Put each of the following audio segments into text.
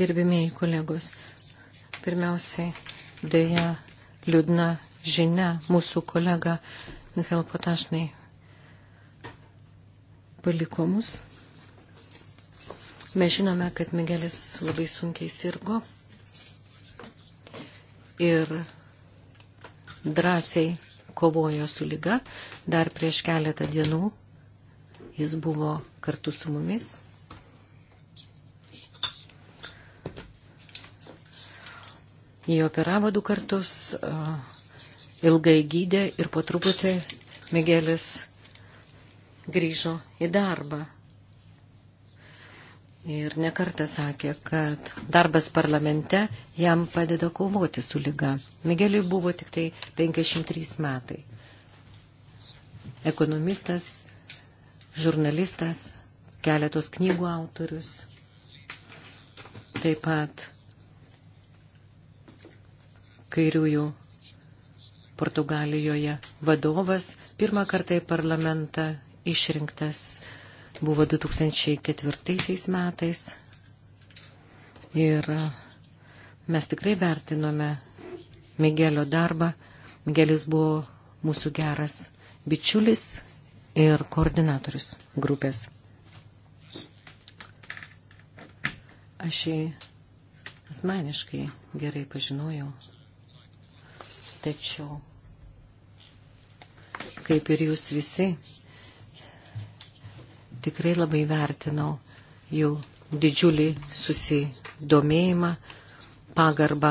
Gerbimiai kolegos, pirmiausiai dėja liūdna žinia mūsų kolega Michael Potašnai paliko mus. Mes žinome, kad Migelis labai sunkiai sirgo ir drąsiai kovojo su lyga. Dar prieš keletą dienų jis buvo kartu su mumis Jį operavo du kartus, ilgai gydė ir po truputį Migelis grįžo į darbą. Ir nekartą sakė, kad darbas parlamente jam padeda kovoti su lyga. Migeliui buvo tik tai 53 metai. Ekonomistas, žurnalistas, keletos knygų autorius, taip pat kairiųjų Portugalijoje vadovas, pirmą kartą į parlamentą išrinktas buvo 2004 metais. Ir mes tikrai vertinome Migelio darbą. Migelis buvo mūsų geras bičiulis ir koordinatorius grupės. Aš jį asmeniškai gerai pažinojau. Tačiau, kaip ir jūs visi, tikrai labai vertinau jų didžiulį susidomėjimą, pagarbą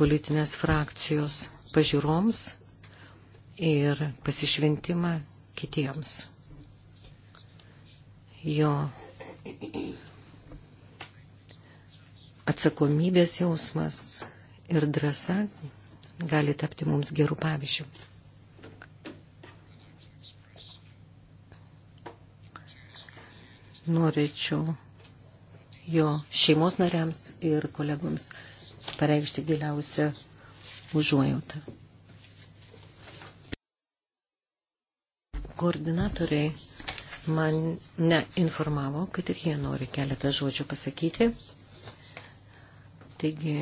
politinės frakcijos pažiūroms ir pasišventimą kitiems. Jo atsakomybės jausmas ir drąsa gali tapti mums gerų pavyzdžių. Norėčiau jo šeimos nariams ir kolegoms pareikšti giliausią užuojautą. Koordinatoriai man neinformavo, kad ir jie nori keletą žodžių pasakyti. Taigi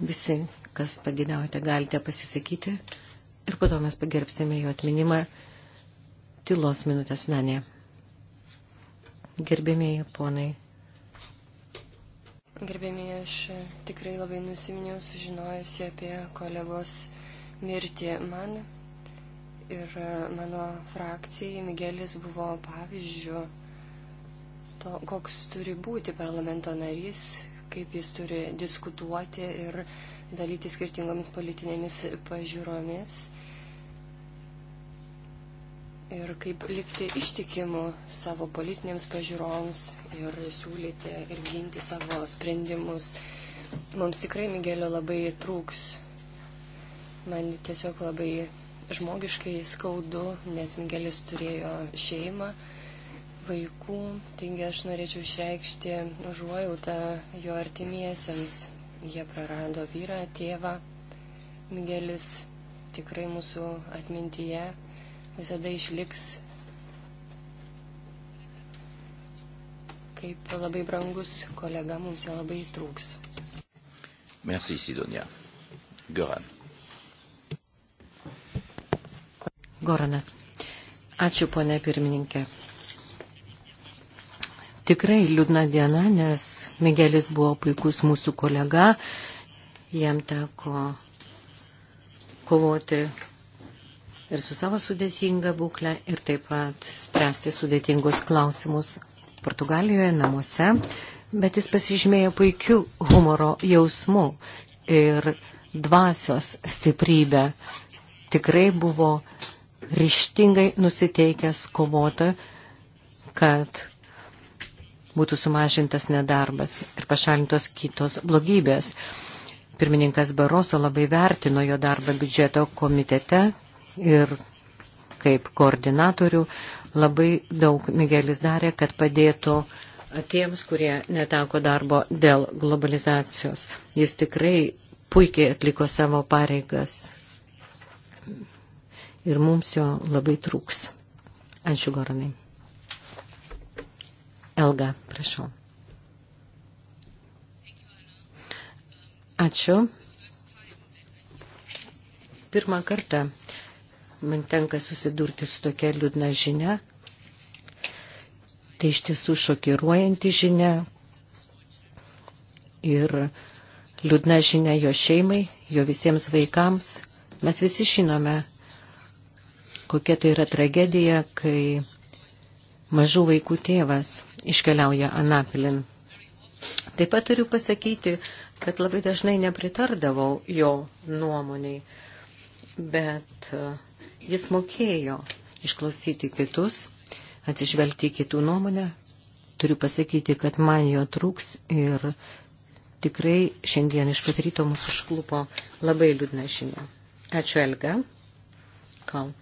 visi, kas pagidavote, galite pasisakyti ir po to mes pagerbsime jo atminimą tylos minutės nanė. Gerbėmėjai ponai. Gerbėmėjai, aš tikrai labai nusiminiau sužinojusi apie kolegos mirtį man ir mano frakcijai Migelis buvo pavyzdžiu to, koks turi būti parlamento narys kaip jis turi diskutuoti ir dalyti skirtingomis politinėmis pažiūromis. Ir kaip likti ištikimu savo politinėms pažiūroms ir siūlyti ir ginti savo sprendimus. Mums tikrai Migelio labai trūks. Man tiesiog labai žmogiškai skaudu, nes Migelis turėjo šeimą vaikų, taigi aš norėčiau išreikšti užuojautą jo artimiesiems. Jie prarado vyrą, tėvą. Migelis tikrai mūsų atmintyje visada išliks kaip labai brangus kolega, mums jo labai trūks. Merci, Sidonia. Goran. Goranas. Ačiū, ponė pirmininkė tikrai liūdna diena, nes Migelis buvo puikus mūsų kolega, jam teko kovoti ir su savo sudėtinga būklė ir taip pat spręsti sudėtingus klausimus Portugalijoje namuose, bet jis pasižymėjo puikiu humoro jausmu ir dvasios stiprybę. Tikrai buvo ryštingai nusiteikęs kovoti, kad būtų sumažintas nedarbas ir pašalintos kitos blogybės. Pirmininkas Baroso labai vertino jo darbą biudžeto komitete ir kaip koordinatorių labai daug Migelis darė, kad padėtų tiems, kurie neteko darbo dėl globalizacijos. Jis tikrai puikiai atliko savo pareigas ir mums jo labai trūks. Ačiū, Goranai. Elga, prašau. Ačiū. Pirmą kartą man tenka susidurti su tokia liūdna žinia. Tai iš tiesų šokiruojanti žinia ir liūdna žinia jo šeimai, jo visiems vaikams. Mes visi žinome, kokia tai yra tragedija, kai mažų vaikų tėvas iškeliauja Anapilin. Taip pat turiu pasakyti, kad labai dažnai nepritardavau jo nuomoniai, bet e, jis mokėjo išklausyti kitus, atsižvelgti į kitų nuomonę. Turiu pasakyti, kad man jo trūks ir tikrai šiandien iš pat ryto mūsų užklupo labai liūdna žinia. Ačiū Elga. Kal.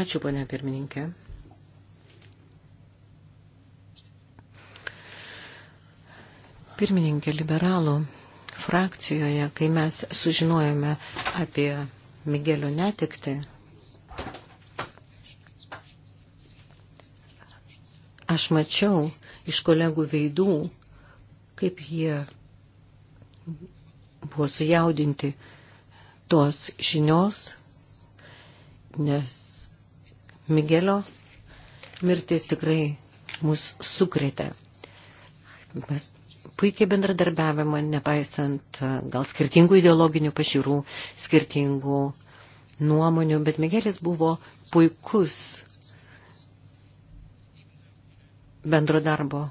Ačiū, ponia pirmininkė. Pirmininkė liberalų frakcijoje, kai mes sužinojome apie Migelio netikti, aš mačiau iš kolegų veidų, kaip jie buvo sujaudinti tos žinios, nes Migelio mirtis tikrai mus sukrėtė. Mes puikiai bendradarbiavimą, nepaisant gal skirtingų ideologinių pažiūrų, skirtingų nuomonių, bet Migelis buvo puikus bendro darbo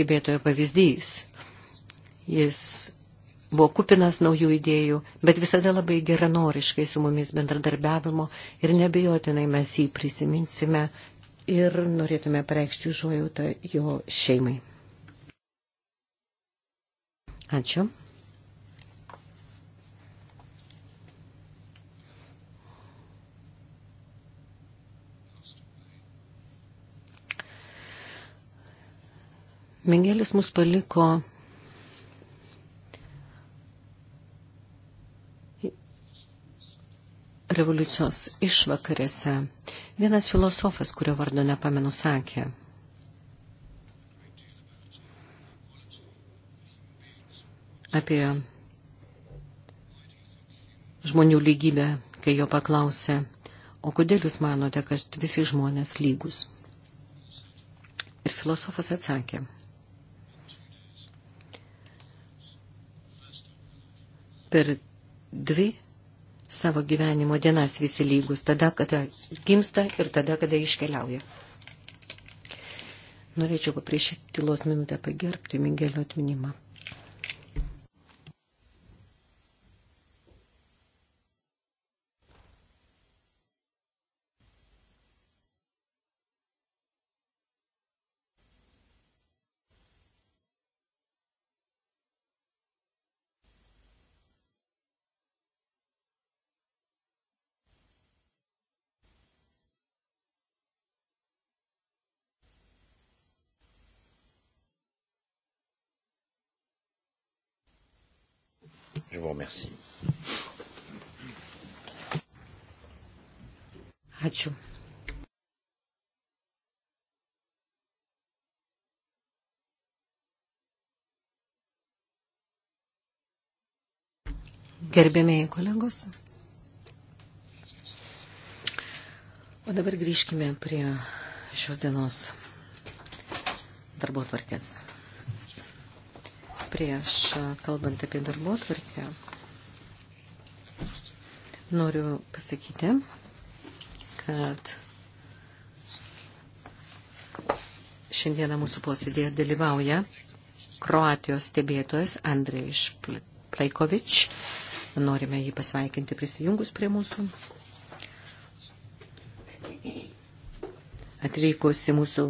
gebėtojo pavyzdys. Jis buvo kupinas naujų idėjų, bet visada labai geranoriškai su mumis bendradarbiavimo ir nebejotinai mes jį prisiminsime ir norėtume pareikšti užuojautą jo šeimai. Ačiū. Mingelis mus paliko revoliucijos išvakarėse vienas filosofas, kurio vardo nepamenu, sakė, apie žmonių lygybę, kai jo paklausė, o kodėl jūs manote, kad visi žmonės lygus? Ir filosofas atsakė, per dvi savo gyvenimo dienas visi lygus, tada, kada gimsta ir tada, kada iškeliauja. Norėčiau paprašyti tylos minutę pagerbti Mingelio atminimą. remercie. Ačiū. Gerbėmėjai kolegos. O dabar grįžkime prie šios dienos darbo tvarkės. Prieš kalbant apie darbo tvarkę, Noriu pasakyti, kad šiandieną mūsų posėdėje dalyvauja Kroatijos stebėtojas Andrejš Plejkovič. Norime jį pasveikinti prisijungus prie mūsų. Atvykus į mūsų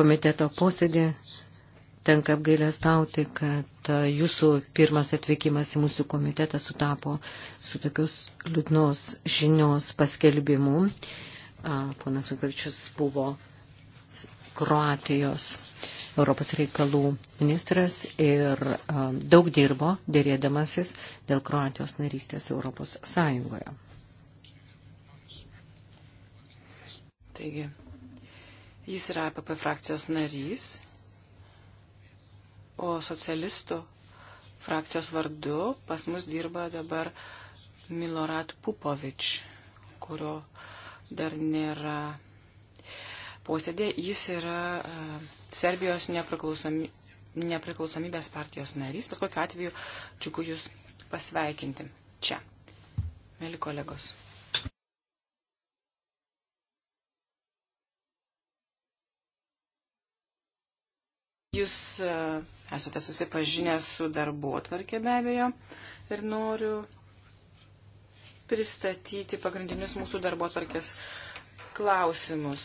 komiteto posėdį tenka apgailestauti, kad kad e, jūsų pirmas atvykimas į mūsų komitetą sutapo su tokius liūdnos žinios paskelbimu. E, ponas Ugarčius buvo Kroatijos Europos reikalų ministras ir e, daug dirbo dėrėdamasis dėl Kroatijos narystės Europos Sąjungoje. Taigi, jis yra APP frakcijos narys o socialistų frakcijos vardu pas mus dirba dabar Milorat Pupovič, kurio dar nėra posėdė. Jis yra e, Serbijos nepriklausomy, nepriklausomybės partijos narys, bet kokiu atveju džiugu jūs pasveikinti čia. Mėly kolegos. Jūs uh, Esate susipažinę su darbo atvarkė be abejo ir noriu pristatyti pagrindinius mūsų darbo atvarkės klausimus.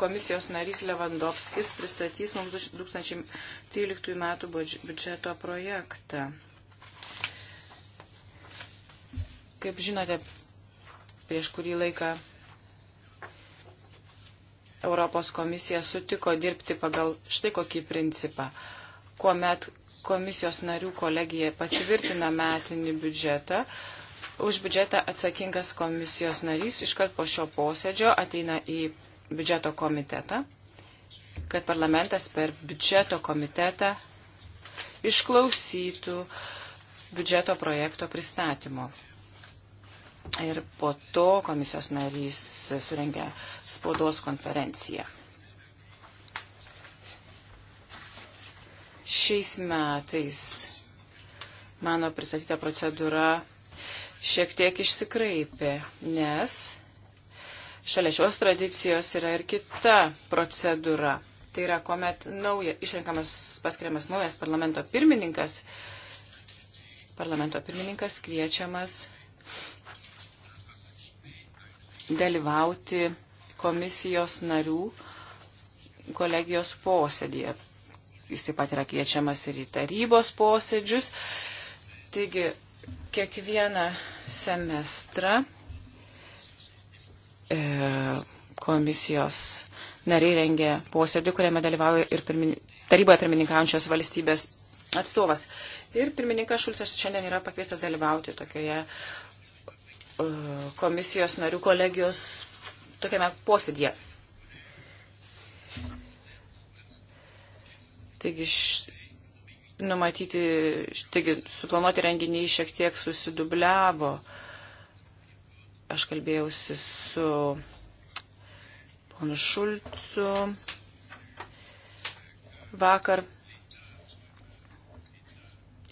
Komisijos narys Levandovskis pristatys mums 2013 metų biudžeto projektą. Kaip žinote, prieš kurį laiką Europos komisija sutiko dirbti pagal štai kokį principą, kuomet komisijos narių kolegija patvirtina metinį biudžetą. Už biudžetą atsakingas komisijos narys iškart po šio posėdžio ateina į biudžeto komitetą, kad parlamentas per biudžeto komitetą išklausytų biudžeto projekto pristatymo. Ir po to komisijos narys surengė spaudos konferenciją. Šiais metais mano pristatyta procedūra šiek tiek išsikraipė, nes šalia šios tradicijos yra ir kita procedūra. Tai yra, kuomet nauja, išrenkamas, paskiriamas naujas parlamento pirmininkas, parlamento pirmininkas kviečiamas dalyvauti komisijos narių kolegijos posėdėje. Jis taip pat yra kviečiamas ir į tarybos posėdžius. Taigi, kiekvieną semestrą e, komisijos nariai rengia posėdį, kuriame dalyvauja ir pirmin, taryboje pirmininkaujančios valstybės atstovas. Ir pirmininkas Šulcas šiandien yra pakviestas dalyvauti tokioje E, komisijos narių kolegijos tokiame posėdėje. Taigi, š, numatyti, taigi suplanuoti renginiai šiek tiek susidubliavo. Aš kalbėjausi su ponu Šulcu vakar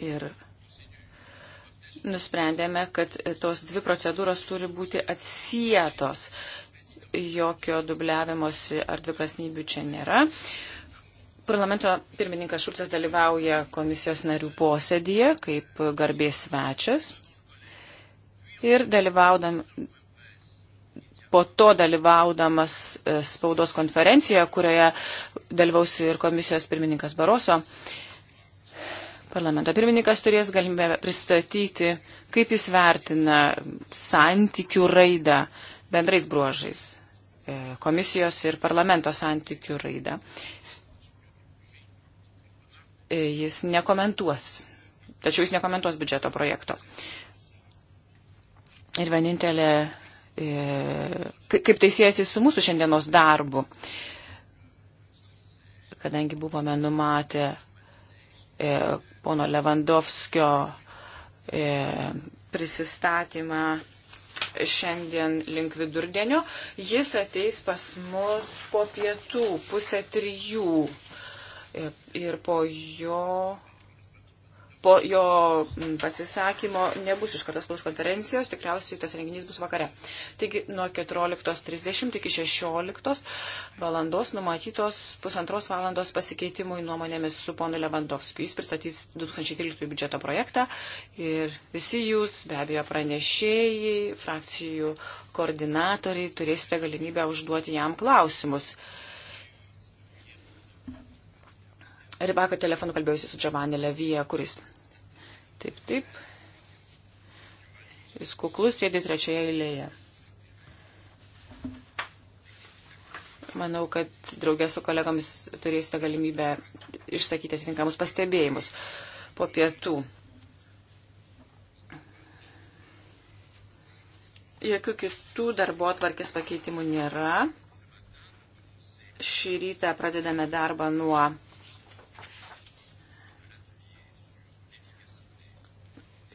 ir nusprendėme, kad tos dvi procedūros turi būti atsietos. Jokio dubliavimosi ar dviprasmybių čia nėra. Parlamento pirmininkas Šulcas dalyvauja komisijos narių posėdėje kaip garbės svečias. Ir dalyvaudam, po to dalyvaudamas e, spaudos konferencijoje, kurioje dalyvausi ir komisijos pirmininkas Baroso, uh, Parlamento pirmininkas turės galimybę pristatyti, kaip jis vertina santykių raidą bendrais bruožais e, komisijos ir parlamento santykių raidą. E, jis nekomentuos, tačiau jis nekomentuos biudžeto projekto. Ir vienintelė, e, kaip tai siejasi su mūsų šiandienos darbu, kadangi buvome numatę pono Levandovskio e, prisistatymą šiandien link vidurdienio. Jis ateis pas mus po pietų, pusę trijų. E, ir po jo po jo mm, pasisakymo nebus iš kartos plus konferencijos, tikriausiai tas renginys bus vakare. Taigi nuo 14.30 iki 16 valandos numatytos pusantros valandos pasikeitimui nuomonėmis su ponu Levandovskiu. Jis pristatys 2013 biudžeto projektą ir visi jūs, be abejo, pranešėjai, frakcijų koordinatoriai, turėsite galimybę užduoti jam klausimus. Ir vakar telefonu kalbėjusi su Giovanni Levija, kuris Taip, taip. Jis kuklus sėdi trečioje eilėje. Manau, kad draugės su kolegomis turėsite galimybę išsakyti atitinkamus pastebėjimus po pietų. Jokių kitų darbo atvarkės pakeitimų nėra. Šį rytą pradedame darbą nuo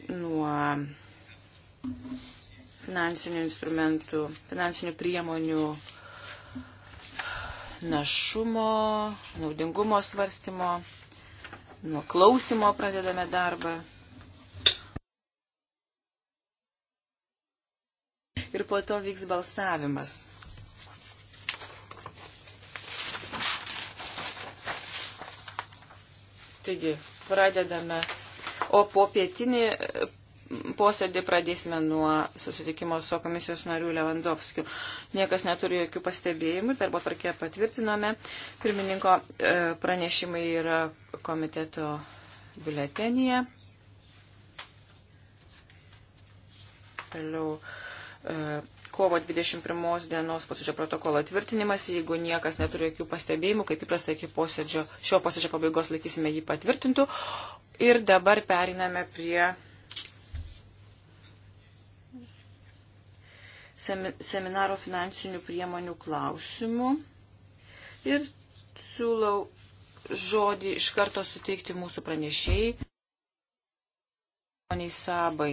nuo finansinių instrumentų, finansinių priemonių našumo, naudingumo svarstymo, nuo klausimo pradedame darbą. Ir po to vyks balsavimas. Taigi, pradedame o po pietinį e, posėdį pradėsime nuo susitikimo su komisijos nariu Levandovskiu. Niekas neturi jokių pastebėjimų, darbo tvarkė patvirtinome. Pirmininko e, pranešimai yra komiteto biuletenyje. Toliau e, kovo 21 dienos posėdžio protokolo tvirtinimas. Jeigu niekas neturi jokių pastebėjimų, kaip įprasta iki posėdžio, šio posėdžio pabaigos laikysime jį patvirtintų. Ir dabar periname prie seminaro finansinių priemonių klausimų. Ir siūlau žodį iš karto suteikti mūsų pranešėjai. Poniai Sabai.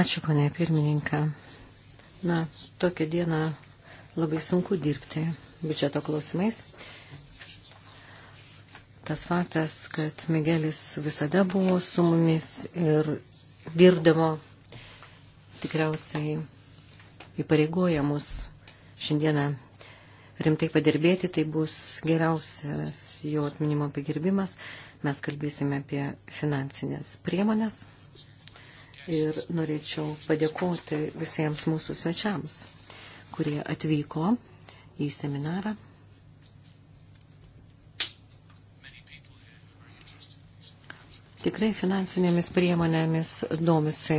Ačiū, ponė pirmininkė. Na, tokią dieną labai sunku dirbti biudžeto klausimais tas faktas, kad Miguelis visada buvo su mumis ir dirbdavo tikriausiai įpareigoja mus šiandieną rimtai padirbėti, tai bus geriausias jo atminimo pagirbimas. Mes kalbėsime apie finansinės priemonės ir norėčiau padėkoti visiems mūsų svečiams, kurie atvyko į seminarą. Tikrai finansinėmis priemonėmis domisi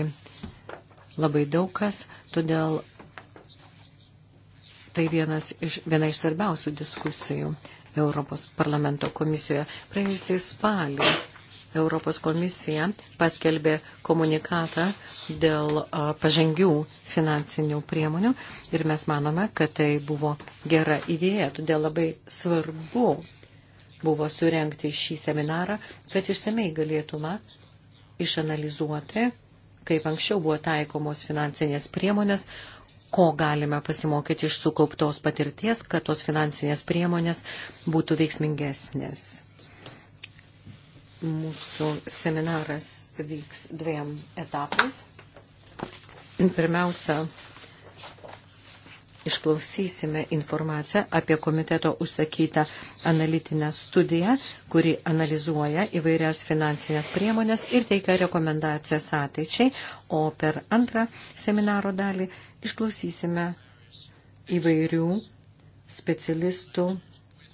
labai daug kas, todėl tai vienas iš, viena iš svarbiausių diskusijų Europos parlamento komisijoje. Praėjusį spalį Europos komisija paskelbė komunikatą dėl pažangių finansinių priemonių ir mes manome, kad tai buvo gera idėja, todėl labai svarbu buvo surenkti šį seminarą, kad išsamei galėtume išanalizuoti, kaip anksčiau buvo taikomos finansinės priemonės, ko galime pasimokyti iš sukauptos patirties, kad tos finansinės priemonės būtų veiksmingesnės. Mūsų seminaras vyks dviem etapais. Pirmiausia, išklausysime informaciją apie komiteto užsakytą analitinę studiją, kuri analizuoja įvairias finansinės priemonės ir teikia rekomendacijas ateičiai, o per antrą seminaro dalį išklausysime įvairių specialistų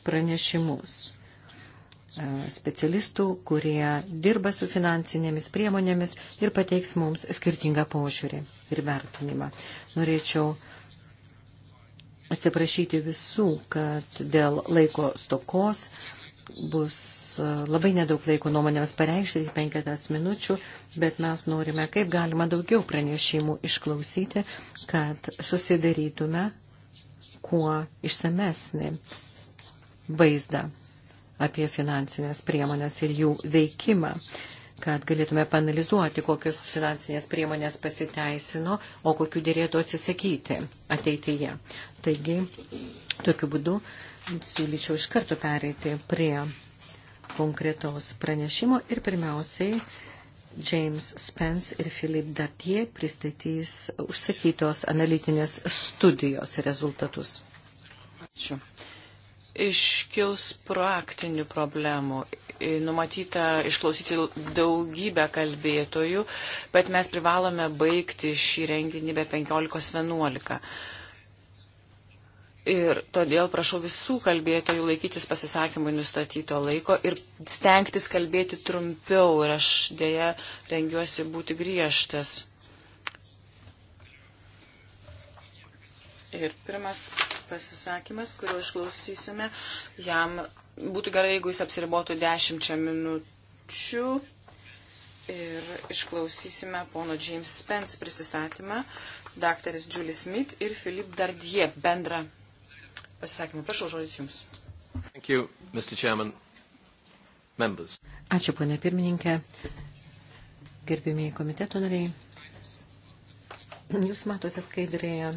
pranešimus e, specialistų, kurie dirba su finansinėmis priemonėmis ir pateiks mums skirtingą požiūrį ir vertinimą. Norėčiau uh, atsiprašyti visų, kad dėl laiko stokos bus e, labai nedaug laiko nuomonėms pareikšti, tik penkiatas minučių, bet mes norime kaip galima daugiau pranešimų išklausyti, kad susidarytume kuo išsamesnį vaizdą apie finansinės priemonės ir jų veikimą kad galėtume panalizuoti, kokios finansinės priemonės pasiteisino, o kokių dėrėtų atsisakyti ateityje. Taigi, tokiu būdu siūlyčiau iš karto pereiti prie konkretaus pranešimo ir pirmiausiai James Spence ir Philip Datie pristatys užsakytos analitinės studijos rezultatus. Ačiū. Iškils praktinių problemų numatyta išklausyti daugybę kalbėtojų, bet mes privalome baigti šį renginį be 15.11. Ir todėl prašau visų kalbėtojų laikytis pasisakymui nustatyto laiko ir stengtis kalbėti trumpiau. Ir aš dėja rengiuosi būti griežtas. Ir pirmas pasisakymas, kurio išklausysime, jam būtų gerai, jeigu jis apsiribotų dešimčia minučių. Ir išklausysime pono James Spence prisistatymą, daktaras Julie Smith ir Filip Dardie bendrą pasisakymą. Prašau, žodis jums. Thank you, Mr. Chairman. Members. Ačiū, ponė pirmininkė. Gerbimiai komiteto nariai. Jūs matote skaidrėje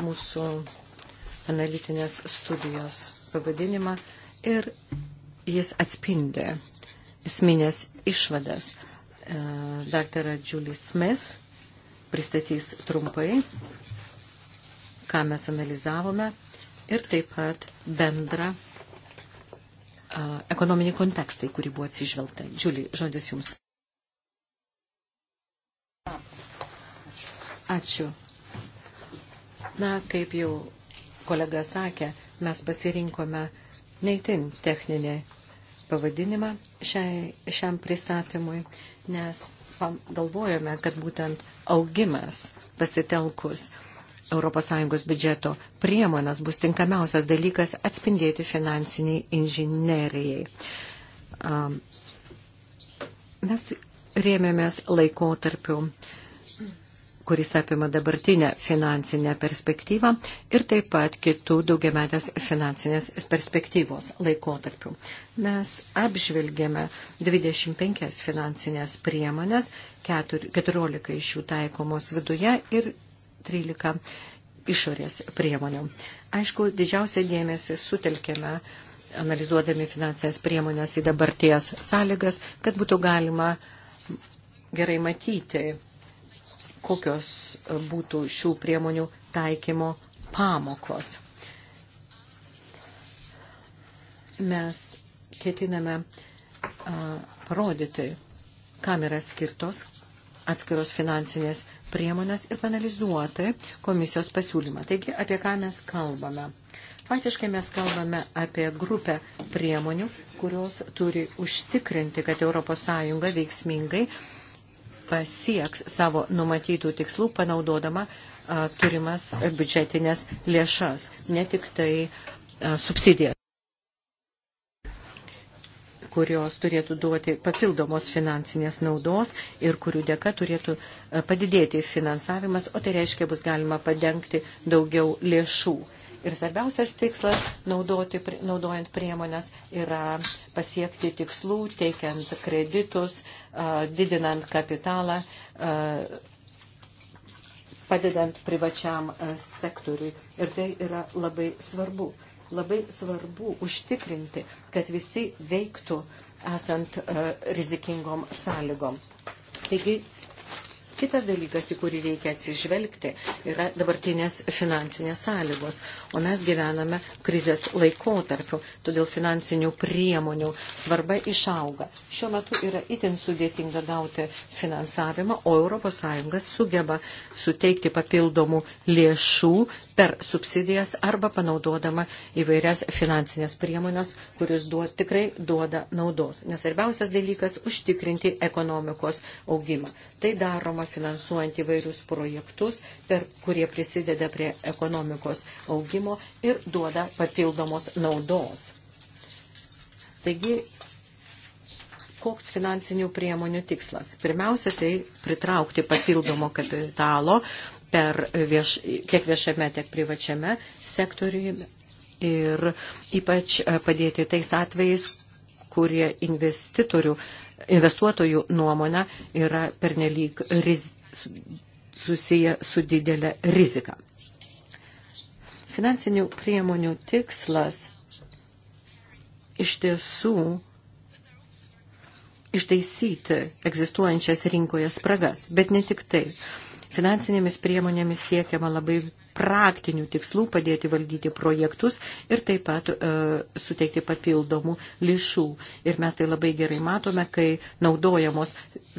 mūsų analitinės studijos pavadinimą ir jis atspindė esminės išvadas. E, Dr. Julie Smith pristatys trumpai, ką mes analizavome ir taip pat bendrą e, ekonominį kontekstą, į kurį buvo atsižvelgta. Džiulį, žodis jums. Ačiū. Na, kaip jau kolega sakė, mes pasirinkome uh, neįtin techninį pavadinimą šiai, šiam pristatymui, nes galvojame, kad būtent augimas pasitelkus ES biudžeto priemonas bus tinkamiausias dalykas atspindėti finansiniai inžinerijai. Mes rėmėmės laikotarpiu 2007-2013 kuris apima dabartinę finansinę perspektyvą ir taip pat kitų daugiametės finansinės perspektyvos laikotarpių. Mes apžvelgėme 25 finansinės priemonės, 14 iš jų taikomos viduje ir 13 išorės priemonių. Aišku, didžiausią dėmesį sutelkėme analizuodami finansinės priemonės į dabarties sąlygas, kad būtų galima gerai matyti kokios e, būtų šių priemonių taikymo pamokos. Mes ketiname a, e, parodyti, kam yra skirtos atskiros finansinės priemonės ir panalizuoti komisijos pasiūlymą. Taigi, apie ką mes kalbame? Faktiškai mes kalbame apie grupę priemonių, kurios turi užtikrinti, kad ES veiksmingai pasieks savo numatytų tikslų, panaudodama a, turimas biudžetinės lėšas, ne tik tai a, subsidijas kurios turėtų duoti papildomos finansinės naudos ir kurių dėka turėtų padidėti finansavimas, o tai reiškia bus galima padengti daugiau lėšų. Ir svarbiausias tikslas, naudoti, naudojant priemonės, yra pasiekti tikslų, teikiant kreditus, didinant kapitalą, padedant privačiam sektoriui. Ir tai yra labai svarbu. Labai svarbu užtikrinti, kad visi veiktų esant rizikingom sąlygom. Taigi Kitas dalykas, į kurį reikia atsižvelgti, yra dabartinės finansinės sąlygos. O mes gyvename krizės laikotarpiu, todėl finansinių priemonių svarba išauga. Šiuo metu yra itin sudėtinga gauti finansavimą, o ES sugeba suteikti papildomų lėšų per subsidijas arba panaudodama įvairias finansinės priemonės, kuris duot, tikrai duoda naudos. Nes svarbiausias dalykas - užtikrinti ekonomikos augimą. Tai daroma finansuojant įvairius projektus, per kurie prisideda prie ekonomikos augimo ir duoda papildomos naudos. Taigi, koks finansinių priemonių tikslas? Pirmiausia, tai pritraukti papildomo kapitalo per vieš, tiek viešame, tiek privačiame sektoriuje ir ypač e, padėti tais atvejais, kurie investitorių uh, investuotojų nuomonę yra pernelyg riz, susiję su didelė rizika. Finansinių priemonių tikslas iš tiesų ištaisyti egzistuojančias rinkoje spragas, bet ne tik tai. Finansinėmis priemonėmis siekiama labai praktinių tikslų, padėti valdyti projektus ir taip pat e, suteikti papildomų lišų. Ir mes tai labai gerai matome, kai naudojamos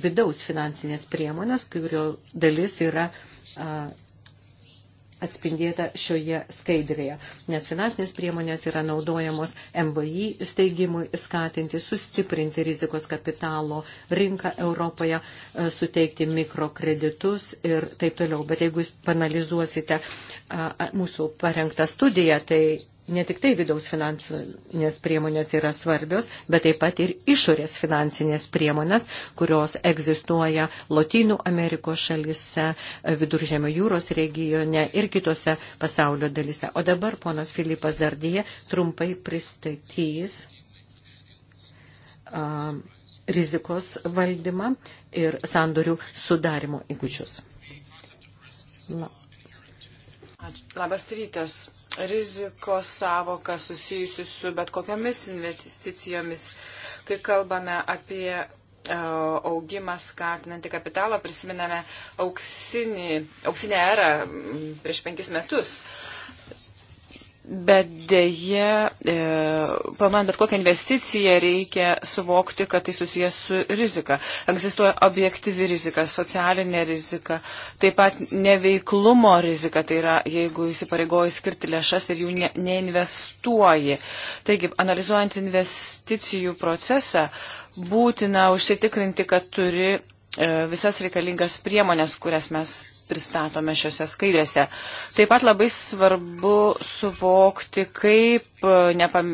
vidaus finansinės priemonės, kurio dalis yra e, atspindėta šioje skaidrėje, nes finansinės priemonės yra naudojamos MVI steigimui skatinti, sustiprinti rizikos kapitalo rinką Europoje, e, suteikti mikrokreditus ir taip toliau. Bet jeigu jūs panalizuosite mūsų parengtą studiją, tai ne tik tai vidaus finansinės priemonės yra svarbios, bet taip pat ir išorės finansinės priemonės, kurios egzistuoja Lotynų Amerikos šalise, Viduržėmio jūros regione ir kitose pasaulio dalise. O dabar ponas Filipas Dardyje trumpai pristatys a, rizikos valdymą ir sandorių sudarimo įgūdžius. Na, Labas rytas. Rizikos savoka susijusi su bet kokiamis investicijomis, kai kalbame apie e, augimą skatinantį kapitalą, prisiminame auksinį, auksinę erą prieš penkis metus. Uh, Bet dėje, e, planuojant bet kokią investiciją, reikia suvokti, kad tai susijęs su rizika. Egzistuoja objektyvi rizika, socialinė rizika, taip pat neveiklumo rizika, tai yra, jeigu įsipareigoji skirti lėšas ir jų ne, neinvestuoji. Taigi, analizuojant investicijų procesą, būtina užsitikrinti, kad turi e, visas reikalingas priemonės, kurias mes pristatome šiuose skaidrėse. Taip pat labai svarbu suvokti, kaip, e, nepam...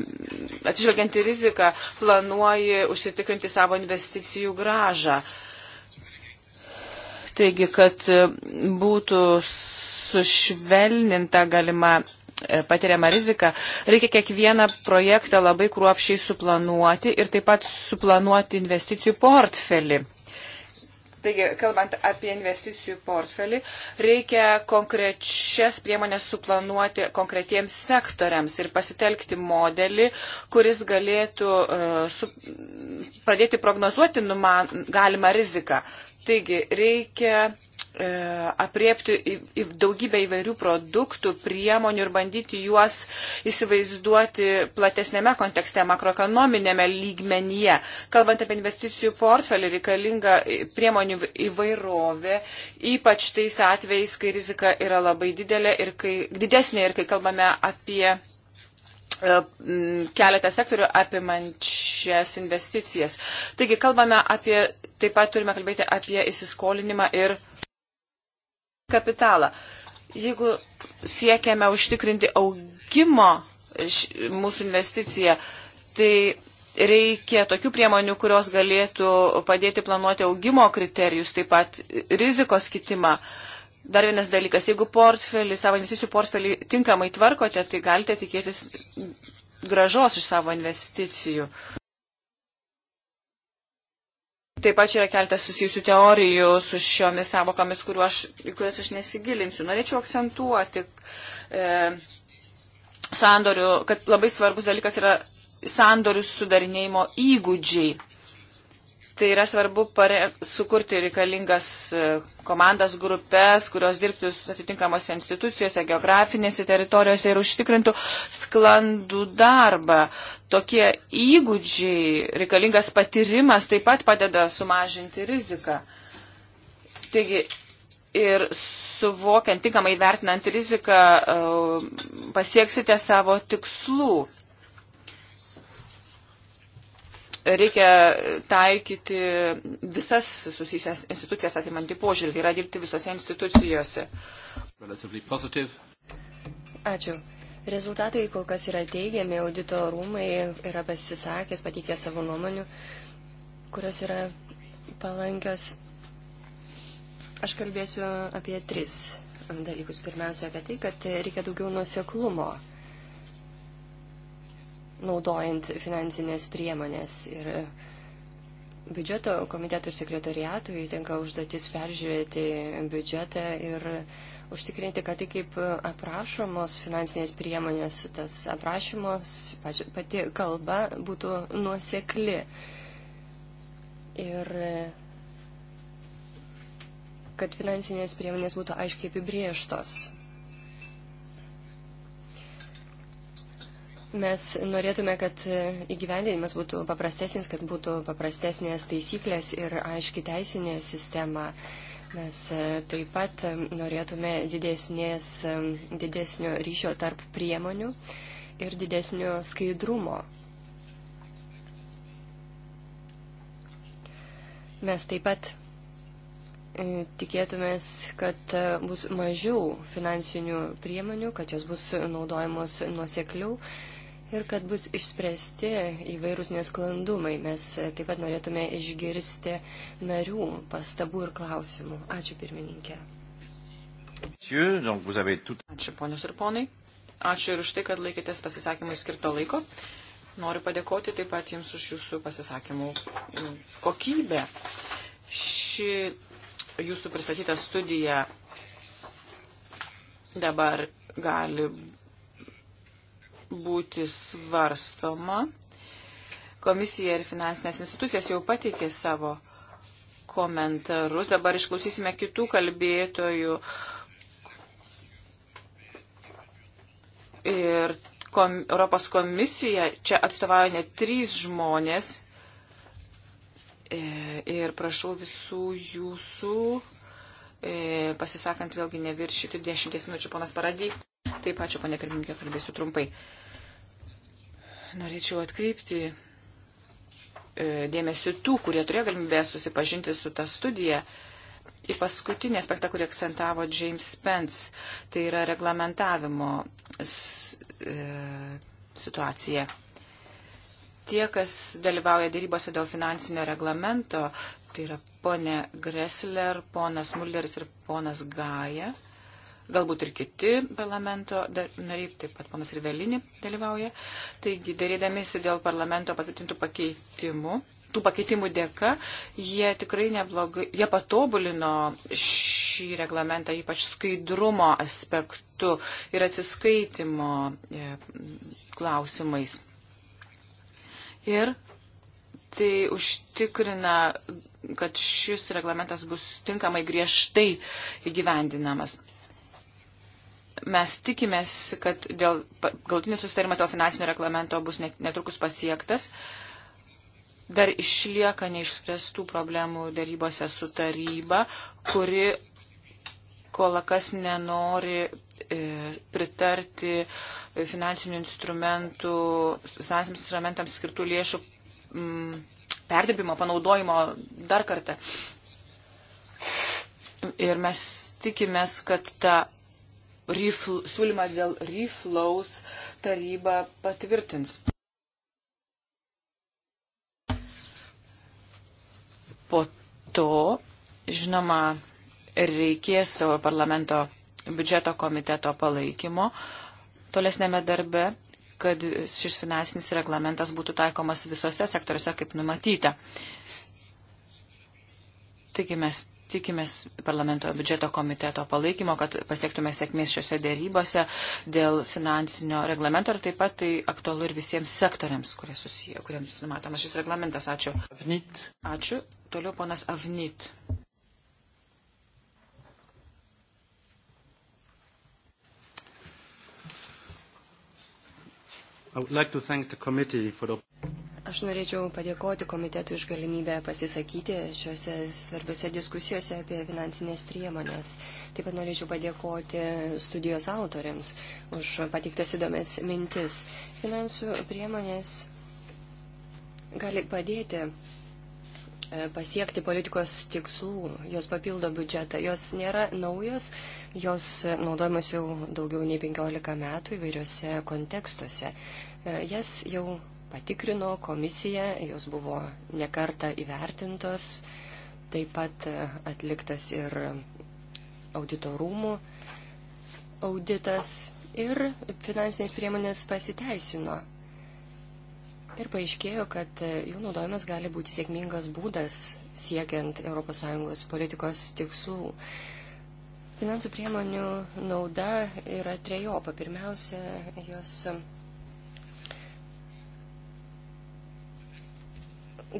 atsižvelgiant į riziką, planuoji užsitikrinti savo investicijų gražą. Taigi, kad e, būtų sušvelninta galima e, patiriamą riziką, reikia kiekvieną projektą labai kruopšiai suplanuoti ir taip pat suplanuoti investicijų portfelį. Taigi, kalbant apie investicijų portfelį, reikia konkrečias priemonės suplanuoti konkretiems sektoriams ir pasitelkti modelį, kuris galėtų uh, su, pradėti prognozuoti numan, galimą riziką. Taigi, reikia e, apriepti į, į daugybę įvairių produktų, priemonių ir bandyti juos įsivaizduoti platesnėme kontekste, makroekonominėme lygmenyje. Kalbant apie investicijų portfelį, reikalinga priemonių įvairovė, ypač tais atvejais, kai rizika yra labai didelė ir kai, didesnė ir kai kalbame apie E, keletą sektorių apimančias investicijas. Taigi kalbame apie, taip pat turime kalbėti apie įsiskolinimą ir kapitalą. Jeigu siekiame užtikrinti augimo mūsų investiciją, tai reikia tokių priemonių, kurios galėtų padėti planuoti augimo kriterijus, taip pat rizikos kitimą. Uh, Dar vienas dalykas, jeigu portfelį, savo investicijų portfelį tinkamai tvarkote, tai galite tikėtis gražos iš savo investicijų. Taip pat čia yra keltas susijusių teorijų su šiomis savokomis, kuriuos aš nesigilinsiu. Norėčiau akcentuoti e, sandorių, kad labai svarbus dalykas yra sandorių sudarinėjimo įgūdžiai. Tai yra svarbu pare, sukurti reikalingas e, komandas grupės, kurios dirbtų atitinkamose institucijose, geografinėse teritorijose ir užtikrintų sklandų darbą. Tokie įgūdžiai, reikalingas patyrimas taip pat padeda sumažinti riziką. Taigi ir suvokiant, tinkamai vertinant riziką, e, pasieksite savo tikslų reikia taikyti visas susijusias institucijas apimantį požiūrį, tai yra dirbti visose institucijose. Ačiū. Rezultatai kol kas yra teigiami, audito rūmai yra pasisakęs, pateikė savo nuomonių, kurios yra palankios. Aš kalbėsiu apie tris dalykus. Pirmiausia, apie tai, kad reikia daugiau nuoseklumo naudojant finansinės priemonės. Ir biudžeto komitetų ir sekretariatui tenka užduotis peržiūrėti biudžetą ir užtikrinti, kad tai kaip aprašomos finansinės priemonės, tas aprašymos, pati kalba būtų nuosekli. Ir kad finansinės priemonės būtų aiškiai apibrieštos. Mes norėtume, kad įgyvendinimas būtų paprastesnis, kad būtų paprastesnės taisyklės ir aiški teisinė sistema. Mes e, taip pat e, norėtume didesnės, e, didesnio ryšio tarp priemonių ir didesnio skaidrumo. Mes taip pat tikėtumės, kad bus mažiau finansinių priemonių, kad jos bus naudojamos nuosekliau ir kad bus išspręsti įvairūs nesklandumai. Mes taip pat norėtume išgirsti narių pastabų ir klausimų. Ačiū pirmininkė. Ačiū ponios ir ponai. Ačiū ir už tai, kad laikėtės pasisakymui skirto laiko. Noriu padėkoti taip pat Jums už Jūsų pasisakymų kokybę. Ši Jūsų pristatyta studija dabar gali būti svarstoma. Komisija ir finansinės institucijas jau pateikė savo komentarus. Dabar išklausysime kitų kalbėtojų. Ir kom, Europos komisija čia atstovauja net trys žmonės. E, ir prašau visų jūsų E, pasisakant vėlgi neviršyti 10 minučių ponas Paradį. Taip, ačiū, ponė pirmininkė, kalbėsiu trumpai. Norėčiau atkreipti e, dėmesį tų, kurie turėjo galimybę susipažinti su tą studiją. Į paskutinį aspektą, kurį akcentavo James Spence, tai yra reglamentavimo e, situacija tie, kas dalyvauja dėrybose dėl finansinio reglamento, Tai yra ponė Gressler, ponas Mulderis ir ponas Gaja. Galbūt ir kiti parlamento nariai, taip pat ponas Rivelini dalyvauja. Taigi, darydamėsi dėl parlamento patvirtintų pakeitimų, tų pakeitimų dėka, jie tikrai neblogai, jie patobulino šį reglamentą, ypač skaidrumo aspektu ir atsiskaitimo e, klausimais. Ir tai užtikrina kad šis reglamentas bus tinkamai griežtai įgyvendinamas. Mes tikimės, kad dėl, galutinis susitarimas dėl finansinio reglamento bus netrukus pasiektas. Dar išlieka neišspręstų problemų darybose su taryba, kuri kol kas nenori e, pritarti finansinių instrumentų, finansiniams instrumentams skirtų lėšų mm, perdirbimo, panaudojimo dar kartą. Ir mes tikimės, kad tą refl, siūlymą dėl reflows taryba patvirtins. Po to, žinoma, reikės savo parlamento biudžeto komiteto palaikymo tolesnėme darbe kad šis finansinis reglamentas būtų taikomas visose sektoriuose, kaip numatyta. Tikimės, tikimės parlamento biudžeto komiteto palaikymo, kad pasiektume sėkmės šiuose dėrybose dėl finansinio reglamento ir taip pat tai aktualu ir visiems sektoriams, kurie susiję, kuriems numatomas šis reglamentas. Ačiū. Avnit. Ačiū. Toliau ponas Avnit. Aš norėčiau padėkoti komitetui už galimybę pasisakyti šiuose svarbiuose diskusijose apie finansinės priemonės. Taip pat norėčiau padėkoti studijos autoriams už patiktas įdomias mintis. Finansų priemonės gali padėti E, pasiekti politikos tikslų, jos papildo biudžetą. Jos nėra naujos, jos e, naudojamas jau daugiau nei 15 metų įvairiuose kontekstuose. E, jas jau patikrino komisija, jos buvo nekarta įvertintos, taip pat atliktas ir auditorumų auditas ir finansinės priemonės pasiteisino. Ir paaiškėjo, kad e, jų naudojimas gali būti sėkmingas būdas siekiant ES politikos tikslų. Finansų priemonių nauda yra trejopa. Pirmiausia, jos e,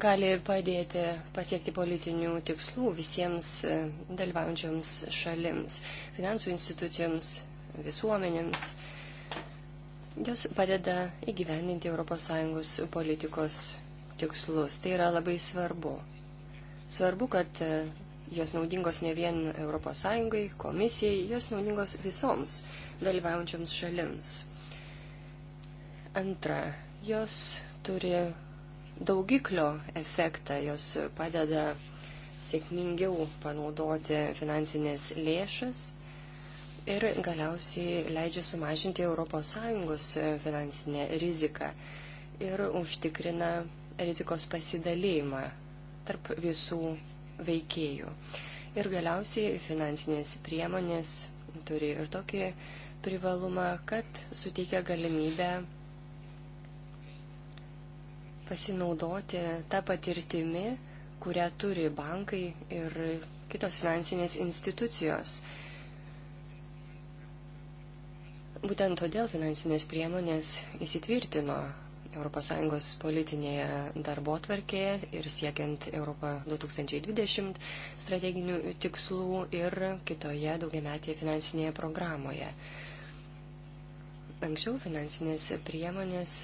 gali padėti pasiekti politinių tikslų visiems e, dalyvaujančioms šalims, finansų institucijoms, visuomenėms. Jos padeda įgyveninti ES politikos tikslus. Tai yra labai svarbu. Svarbu, kad e, jos naudingos ne vien ES, komisijai, jos naudingos visoms dalyvaujančioms šalims. Antra, jos turi daugiklio efektą, jos padeda sėkmingiau panaudoti finansinės lėšas ir galiausiai leidžia sumažinti ES e, finansinę riziką ir užtikrina rizikos pasidalėjimą tarp visų veikėjų. Ir galiausiai finansinės priemonės turi ir tokį privalumą, kad suteikia galimybę pasinaudoti tą patirtimi, kurią turi bankai ir kitos finansinės institucijos. Būtent todėl finansinės priemonės įsitvirtino ES politinėje darbo tvarkėje ir siekiant Europą 2020 strateginių tikslų ir kitoje daugiametėje finansinėje programoje. Anksčiau finansinės priemonės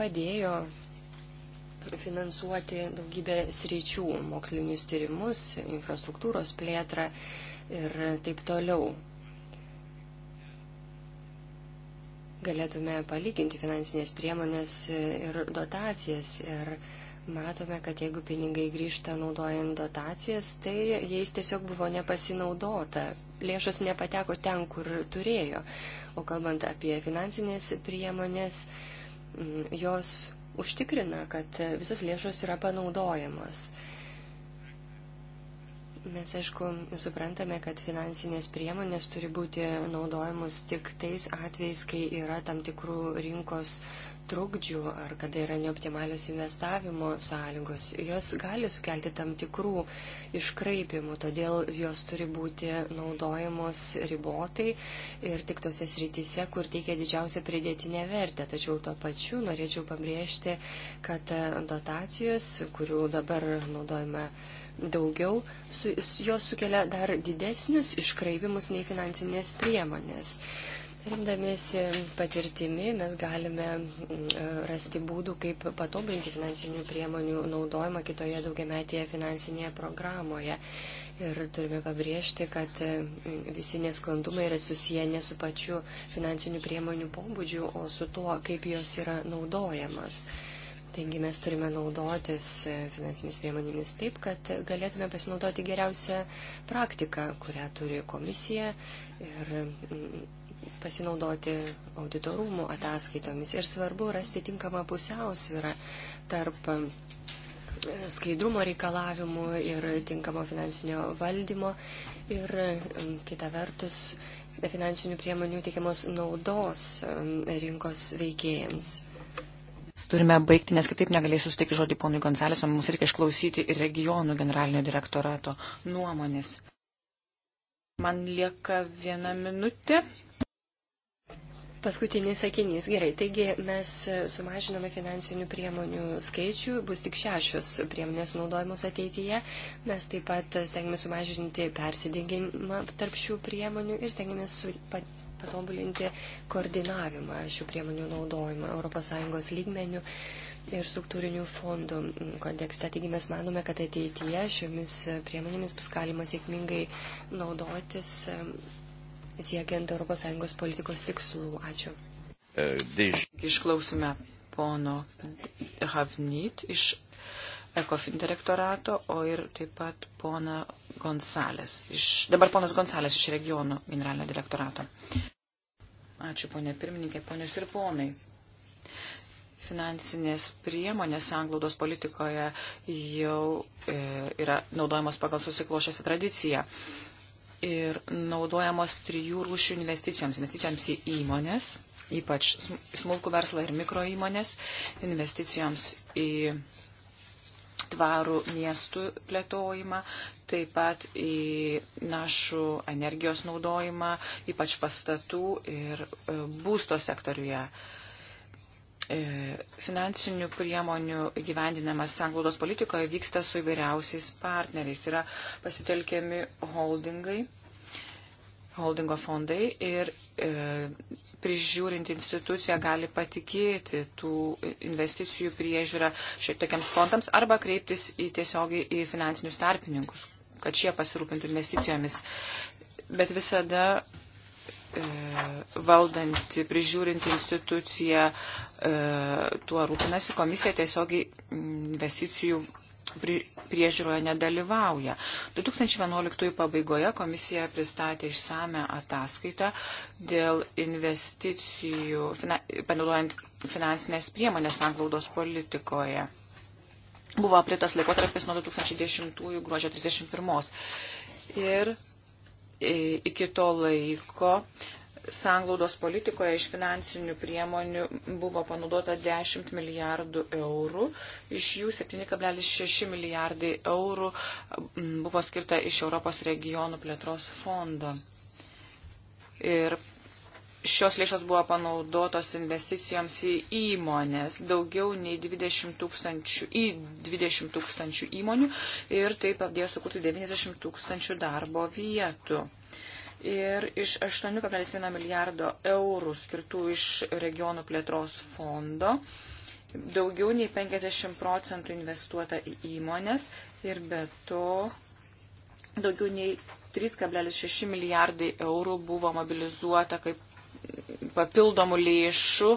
padėjo finansuoti daugybę sričių, mokslinius tyrimus, infrastruktūros plėtrą ir taip toliau. galėtume palyginti finansinės priemonės ir dotacijas. Ir matome, kad jeigu pinigai grįžta naudojant dotacijas, tai jais tiesiog buvo nepasinaudota. Lėšos nepateko ten, kur turėjo. O kalbant apie finansinės priemonės, mm, jos užtikrina, kad visos lėšos yra panaudojamos. Mes, aišku, suprantame, kad finansinės priemonės turi būti naudojamos tik tais atvejais, kai yra tam tikrų rinkos trukdžių ar kada yra neoptimalios investavimo sąlygos. Jos gali sukelti tam tikrų iškraipimų, todėl jos turi būti naudojamos ribotai ir tik tose srityse, kur teikia didžiausią pridėtinę vertę. Tačiau tuo pačiu norėčiau pabrėžti, kad dotacijos, kurių dabar naudojame daugiau, su, jos sukelia dar didesnius iškraipimus nei finansinės priemonės. Rimdamiesi patirtimi mes galime e, rasti būdų, kaip patobulinti finansinių priemonių naudojimą kitoje daugiametėje finansinėje programoje. Ir turime pabrėžti, kad visi nesklandumai yra susiję ne su pačiu finansinių priemonių pobūdžiu, o su tuo, kaip jos yra naudojamas. Taigi mes turime naudotis e, finansinėmis priemonėmis taip, kad galėtume pasinaudoti geriausią praktiką, kurią turi komisija ir mm, pasinaudoti auditorumų ataskaitomis. Ir svarbu rasti tinkamą pusiausvyrą tarp e, skaidrumo reikalavimų ir tinkamo finansinio valdymo ir mm, kita vertus finansinių priemonių teikiamos naudos mm, rinkos veikėjams. Turime baigti, nes kitaip negalėsiu suteikti žodį ponui Gonzalesam, mums reikia išklausyti ir regionų generalinio direktorato nuomonės. Man lieka viena minutė. Paskutinis sakinys. Gerai, taigi mes sumažinome finansinių priemonių skaičių, bus tik šešios priemonės naudojamos ateityje. Mes taip pat stengiamės sumažinti persidengimą tarp šių priemonių ir stengiamės su, pat, patobulinti koordinavimą šių priemonių naudojimą ES lygmenių ir struktūrinių fondų kontekste. Taigi mes manome, kad ateityje šiomis priemonėmis bus galima sėkmingai naudotis siekiant ES politikos tikslų. Ačiū. E, Išklausime pono Havnyt iš ECOFIN direktorato, o ir taip pat pona Gonsalės. Iš, dabar ponas Gonsalės iš regionų generalinio direktorato. Ačiū, ponė pirmininkė, ponės ir ponai. Finansinės priemonės anglaudos politikoje jau e, yra naudojamos pagal susiklošęs tradiciją. Ir naudojamos trijų rūšių investicijoms. Investicijoms į įmonės, ypač smulkų verslą ir mikro įmonės, investicijoms į tvarų miestų plėtojimą, taip pat į našų energijos naudojimą, ypač pastatų ir e, būsto sektoriuje. E, finansinių priemonių gyvendinamas sanglaudos politikoje vyksta su įvairiausiais partneriais. Yra pasitelkiami holdingai holdingo fondai ir e, prižiūrinti institucija gali patikėti tų investicijų priežiūrą šitokiams fondams arba kreiptis į tiesiogiai į finansinius tarpininkus, kad šie pasirūpintų investicijomis. Bet visada e, valdanti, prižiūrinti instituciją e, tuo rūpinasi komisija tiesiogiai investicijų priežiūroje nedalyvauja. 2011 pabaigoje komisija pristatė išsame ataskaitą dėl investicijų, fina, panaudojant finansinės priemonės anglaudos politikoje. Buvo aprėtas laikotarpis nuo 2010 gruodžio 31. Ir iki to laiko sanglaudos politikoje iš finansinių priemonių buvo panaudota 10 milijardų eurų, iš jų 7,6 milijardai eurų buvo skirta iš Europos regionų plėtros fondo. Ir šios lėšos buvo panaudotos investicijoms į įmonės, daugiau nei 20 tūkstančių, į 20 tūkstančių įmonių ir taip padėjo sukurti 90 tūkstančių darbo vietų. Ir iš 8,1 milijardo eurų skirtų iš regionų plėtros fondo daugiau nei 50 procentų investuota į įmonės ir be to daugiau nei 3,6 milijardai eurų buvo mobilizuota kaip papildomų lėšų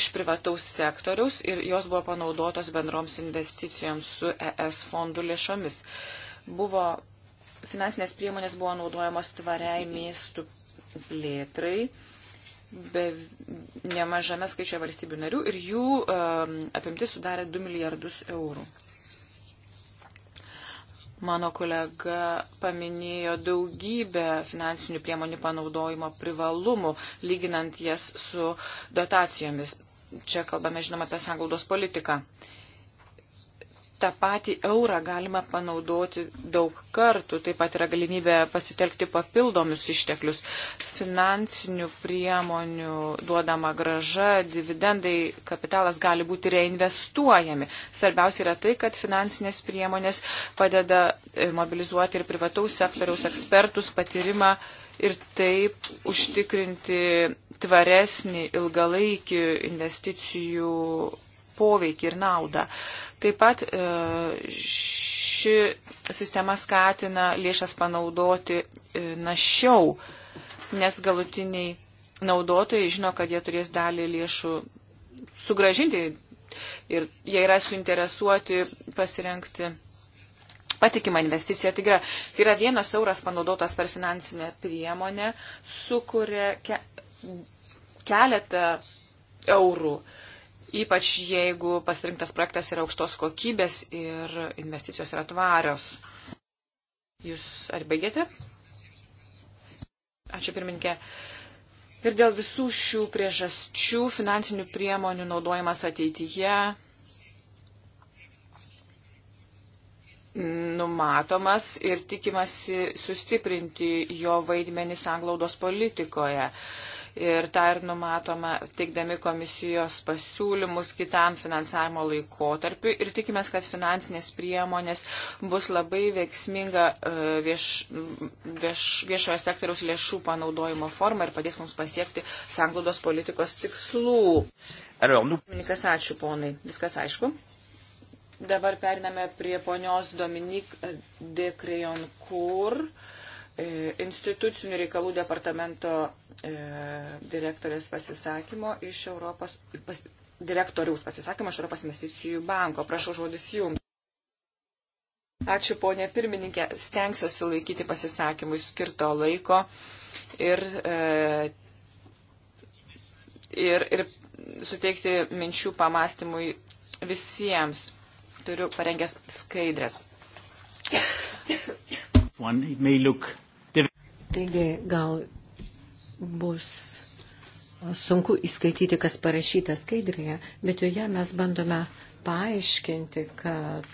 iš privataus sektoriaus ir jos buvo panaudotos bendroms investicijoms su ES fondų lėšomis. Buvo finansinės priemonės buvo naudojamos tvariai miestų plėtrai, be nemažame skaičioje valstybių narių ir jų um, apimtis sudarė 2 milijardus eurų. Mano kolega paminėjo daugybę finansinių priemonių panaudojimo privalumų, lyginant jas su dotacijomis. Čia kalbame, žinoma, apie sanglaudos politiką. Uh, tą patį eurą galima panaudoti daug kartų. Taip pat yra galimybė pasitelkti papildomius išteklius. Finansinių priemonių duodama graža, dividendai, kapitalas gali būti reinvestuojami. Svarbiausia yra tai, kad finansinės priemonės padeda e, mobilizuoti ir privataus sektoriaus ekspertus patyrimą ir taip užtikrinti tvaresnį ilgalaikį investicijų poveikį ir naudą. Taip pat e, ši sistema skatina lėšas panaudoti e, našiau, nes galutiniai naudotojai žino, kad jie turės dalį lėšų sugražinti ir jie yra suinteresuoti pasirengti patikimą investiciją. Tai yra, tai yra vienas euras panaudotas per finansinę priemonę, sukuria ke, keletą eurų. Uh, ypač jeigu pasirinktas projektas yra aukštos kokybės ir investicijos yra tvarios. Jūs ar baigėte? Ačiū pirminkė. Ir dėl visų šių priežasčių finansinių priemonių naudojimas ateityje numatomas ir tikimasi sustiprinti jo vaidmenį sanglaudos politikoje. Uh, ir tą ir numatoma teikdami komisijos pasiūlymus kitam finansavimo laikotarpiu ir tikimės, kad finansinės priemonės bus labai veiksminga e, vieš, vieš, viešojo sektoriaus lėšų panaudojimo forma ir padės mums pasiekti sanglaudos politikos tikslų. Alors, nous... Ačiū, ponai. Viskas aišku. Dabar periname prie ponios Dominik de Krejonkur. E, institucinių reikalų departamento e, direktorės pasisakymo iš Europos, pas, direktoriaus pasisakymo iš Europos investicijų banko. Prašau žodis jums. Ačiū, ponė pirmininkė. Stengsiuosi laikyti pasisakymui skirto laiko ir, e, ir, ir suteikti minčių pamastymui visiems. Turiu parengęs skaidrės. One, it may look Taigi gal bus sunku įskaityti, kas parašyta skaidrėje, bet joje mes bandome paaiškinti, kad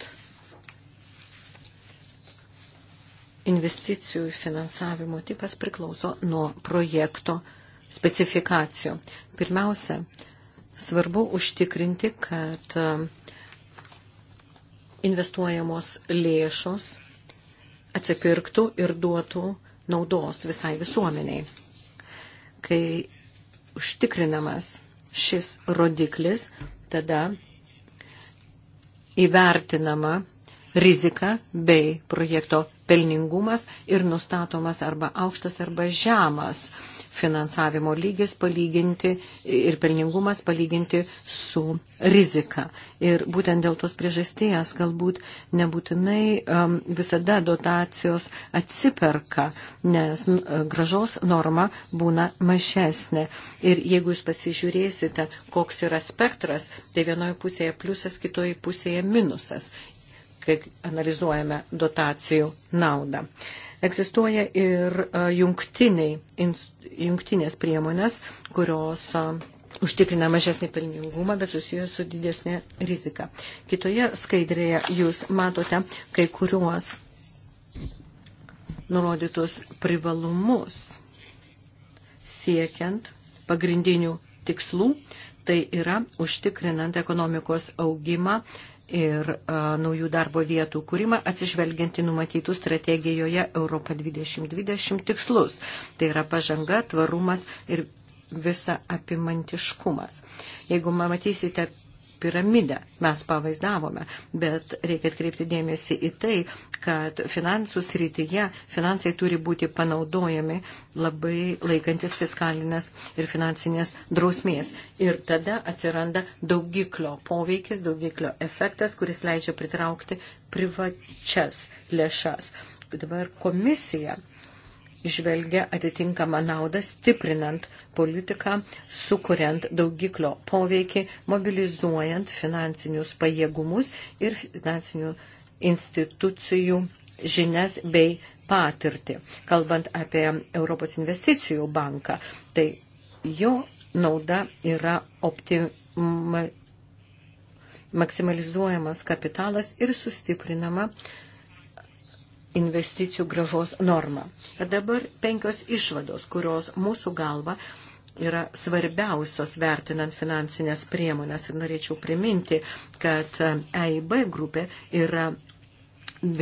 investicijų finansavimo tipas priklauso nuo projekto specifikacijų. Pirmiausia, svarbu užtikrinti, kad investuojamos lėšos atsipirktų ir duotų naudos visai visuomeniai, kai užtikrinamas šis rodiklis, tada įvertinama rizika bei projekto pelningumas ir nustatomas arba aukštas arba žemas finansavimo lygis palyginti ir pelningumas palyginti su rizika. Ir būtent dėl tos priežasties galbūt nebūtinai um, visada dotacijos atsiperka, nes e, gražos norma būna mažesnė. Ir jeigu jūs pasižiūrėsite, koks yra spektras, tai vienoje pusėje pliusas, kitoje pusėje minusas kai analizuojame dotacijų naudą. Uh, Egzistuoja ir e, jungtiniai, jungtinės priemonės, kurios e, užtikrina mažesnį pelningumą, bet susijęs su didesnė rizika. Kitoje skaidrėje jūs matote kai kuriuos nurodytus privalumus siekiant pagrindinių tikslų, tai yra užtikrinant ekonomikos augimą ir a, naujų darbo vietų kūrimą atsižvelginti numatytų strategijoje Europa 2020 tikslus. Tai yra pažanga, tvarumas ir visa apimantiškumas. Jeigu matysite piramidę mes pavaizdavome, bet reikia atkreipti dėmesį į tai, kad finansų srityje finansai turi būti panaudojami labai laikantis fiskalinės ir finansinės drausmės. Ir tada atsiranda daugiklio poveikis, daugiklio efektas, kuris leidžia pritraukti privačias lėšas. Dabar komisija išvelgia atitinkamą naudą, stiprinant politiką, sukuriant daugiklio poveikį, mobilizuojant finansinius pajėgumus ir finansinių institucijų žinias bei patirtį. Kalbant apie Europos investicijų banką, tai jo nauda yra optima, maksimalizuojamas kapitalas ir sustiprinama uh, investicijų gražos normą. Ir dabar penkios išvados, kurios mūsų galva yra svarbiausios vertinant finansinės priemonės. Ir norėčiau priminti, kad EIB e grupė yra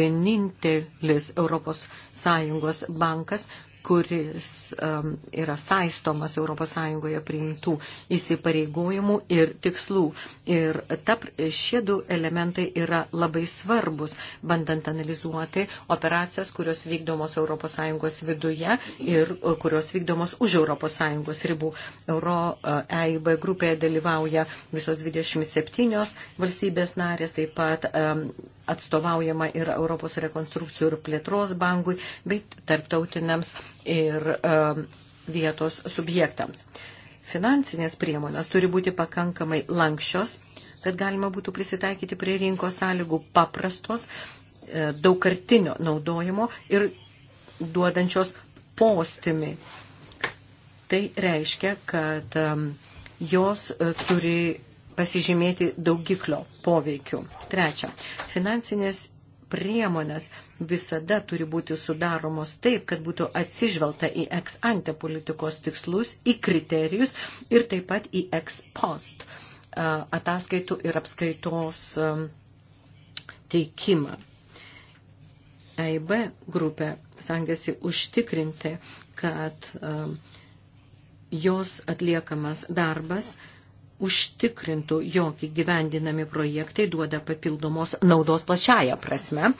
vienintelis ES bankas, kuris um, yra saistomas ES priimtų įsipareigojimų ir tikslų. Ir tap, šie du elementai yra labai svarbus, bandant analizuoti operacijas, kurios vykdomos ES viduje ir uh, kurios vykdomos už ES ribų. Euro uh, EIB grupėje dalyvauja visos 27 valstybės narės, taip pat um, atstovaujama ir Europos rekonstrukcijų ir plėtros bankui, bet tarptautiniams ir um, vietos subjektams. Finansinės priemonės turi būti pakankamai lankščios, kad galima būtų prisitaikyti prie rinkos sąlygų paprastos, e, daugkartinio naudojimo ir duodančios postimi. Tai reiškia, kad um, jos turi pasižymėti daugiklio poveikiu. Trečia, finansinės priemonės visada turi būti sudaromos taip, kad būtų atsižvelgta į ex ante politikos tikslus, į kriterijus ir taip pat į ex post ataskaitų ir apskaitos teikimą. AIB e grupė stengiasi užtikrinti, kad jos atliekamas darbas užtikrintų, jog įgyvendinami projektai duoda papildomos naudos plačiaja prasme.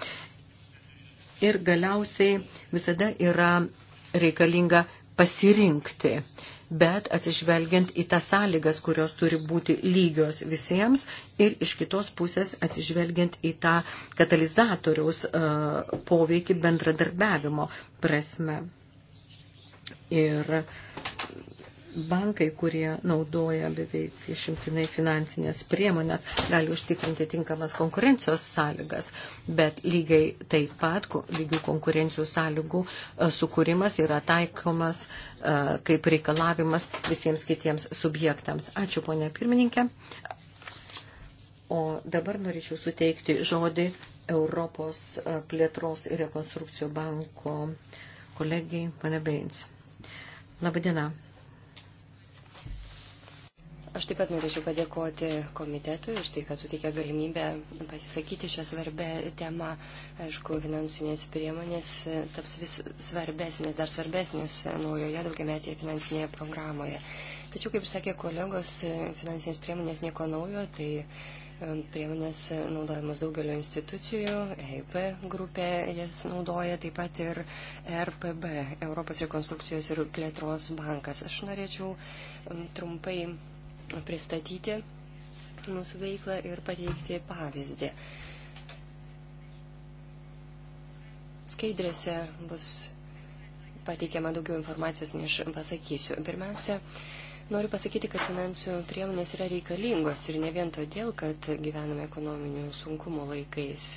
Ir galiausiai visada yra reikalinga pasirinkti, bet atsižvelgiant į tas sąlygas, kurios turi būti lygios visiems ir iš kitos pusės atsižvelgiant į tą katalizatoriaus uh, poveikį bendradarbiavimo prasme. Ir bankai, kurie naudoja beveik išimtinai finansinės priemonės, gali užtikrinti tinkamas konkurencijos sąlygas, bet lygiai taip pat lygių konkurencijų sąlygų e, sukūrimas yra taikomas e, kaip reikalavimas visiems kitiems subjektams. Ačiū, ponė pirmininkė. O dabar norėčiau suteikti žodį Europos e, plėtros ir rekonstrukcijų banko kolegijai, pane Beins. Labadiena. Aš taip pat norėčiau padėkoti komitetui už tai, kad suteikė galimybę pasisakyti šią svarbę temą. Aišku, finansinės priemonės taps vis svarbesnės, dar svarbesnės naujoje daugiametėje finansinėje programoje. Tačiau, kaip ir sakė kolegos, finansinės priemonės nieko naujo, tai e, priemonės naudojamos daugelio institucijų, EIP grupė jas naudoja, taip pat ir ERPB, Europos rekonstrukcijos ir plėtros bankas. Aš norėčiau trumpai pristatyti mūsų veiklą ir pateikti pavyzdį. Skaidrėse bus pateikiama daugiau informacijos, nei aš pasakysiu. Pirmiausia, noriu pasakyti, kad finansų priemonės yra reikalingos ir ne vien todėl, kad gyvename ekonominių sunkumų laikais.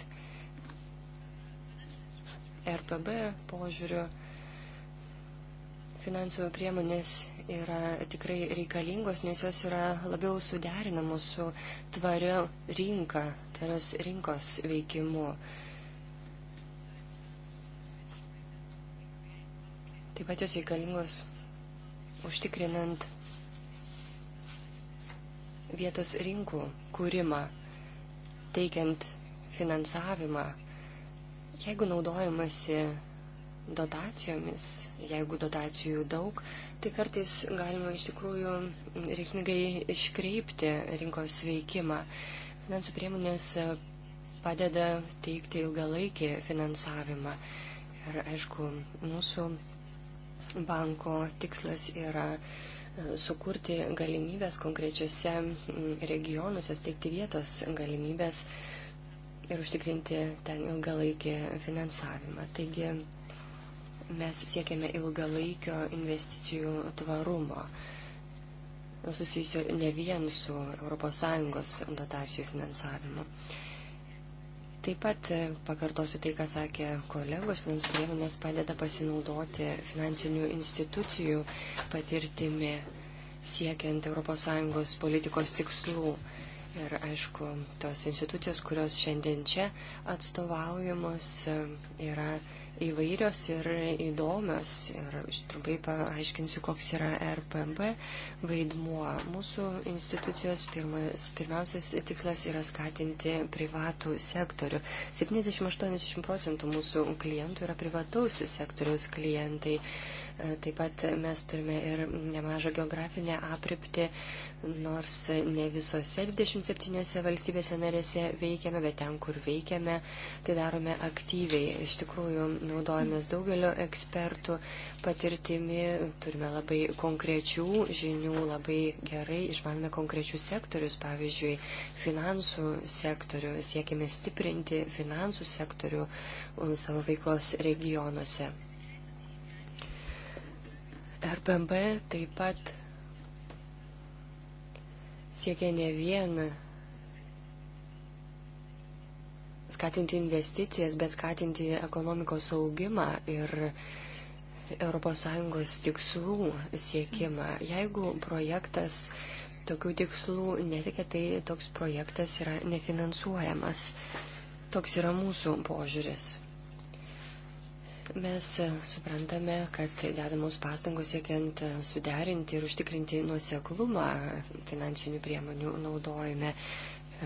RPB požiūriu finansų priemonės yra tikrai reikalingos, nes jos yra labiau suderinamos su tvario rinka, tvarios rinkos veikimu. Taip pat jos reikalingos užtikrinant vietos rinkų kūrimą, teikiant finansavimą. Jeigu naudojamasi dotacijomis, jeigu dotacijų daug, tai kartais galima iš tikrųjų reikmingai iškreipti rinkos veikimą. Finansų priemonės e, padeda teikti ilgalaikį finansavimą. Ir aišku, mūsų banko tikslas yra e, sukurti galimybės konkrečiose regionuose, steigti vietos galimybės ir užtikrinti ten ilgalaikį finansavimą. Taigi Mes siekiame ilgalaikio investicijų tvarumo, susijusio ne vien su ES dotacijų finansavimu. Taip pat e, pakartosiu tai, ką sakė kolegos, finansų priemonės padeda pasinaudoti finansinių institucijų patirtimi siekiant ES politikos tikslų. Ir aišku, tos institucijos, kurios šiandien čia atstovaujamos, e, yra įvairios ir įdomios. Ir aš trumpai paaiškinsiu, koks yra RPMB vaidmuo. Mūsų institucijos pirmas, pirmiausias tikslas yra skatinti privatų sektorių. 70-80 procentų mūsų klientų yra privataus sektoriaus klientai. E, taip pat mes turime ir nemažą geografinę apripti, nors ne visose 27 valstybėse narėse veikiame, bet ten, kur veikiame, tai darome aktyviai. Iš tikrųjų, naudojamės daugelio ekspertų patirtimi, turime labai konkrečių žinių, labai gerai išmanome konkrečius sektorius, pavyzdžiui, finansų sektorių, siekime stiprinti finansų sektorių e, savo veiklos regionuose. RBMB taip pat siekia ne vieną skatinti investicijas, bet skatinti ekonomikos augimą ir ES tikslų siekimą. Jeigu projektas tokių tikslų netikia, tai toks projektas yra nefinansuojamas. Toks yra mūsų požiūris. Mes suprantame, kad dedamos pastangos siekiant suderinti ir užtikrinti nuoseklumą finansinių priemonių naudojime.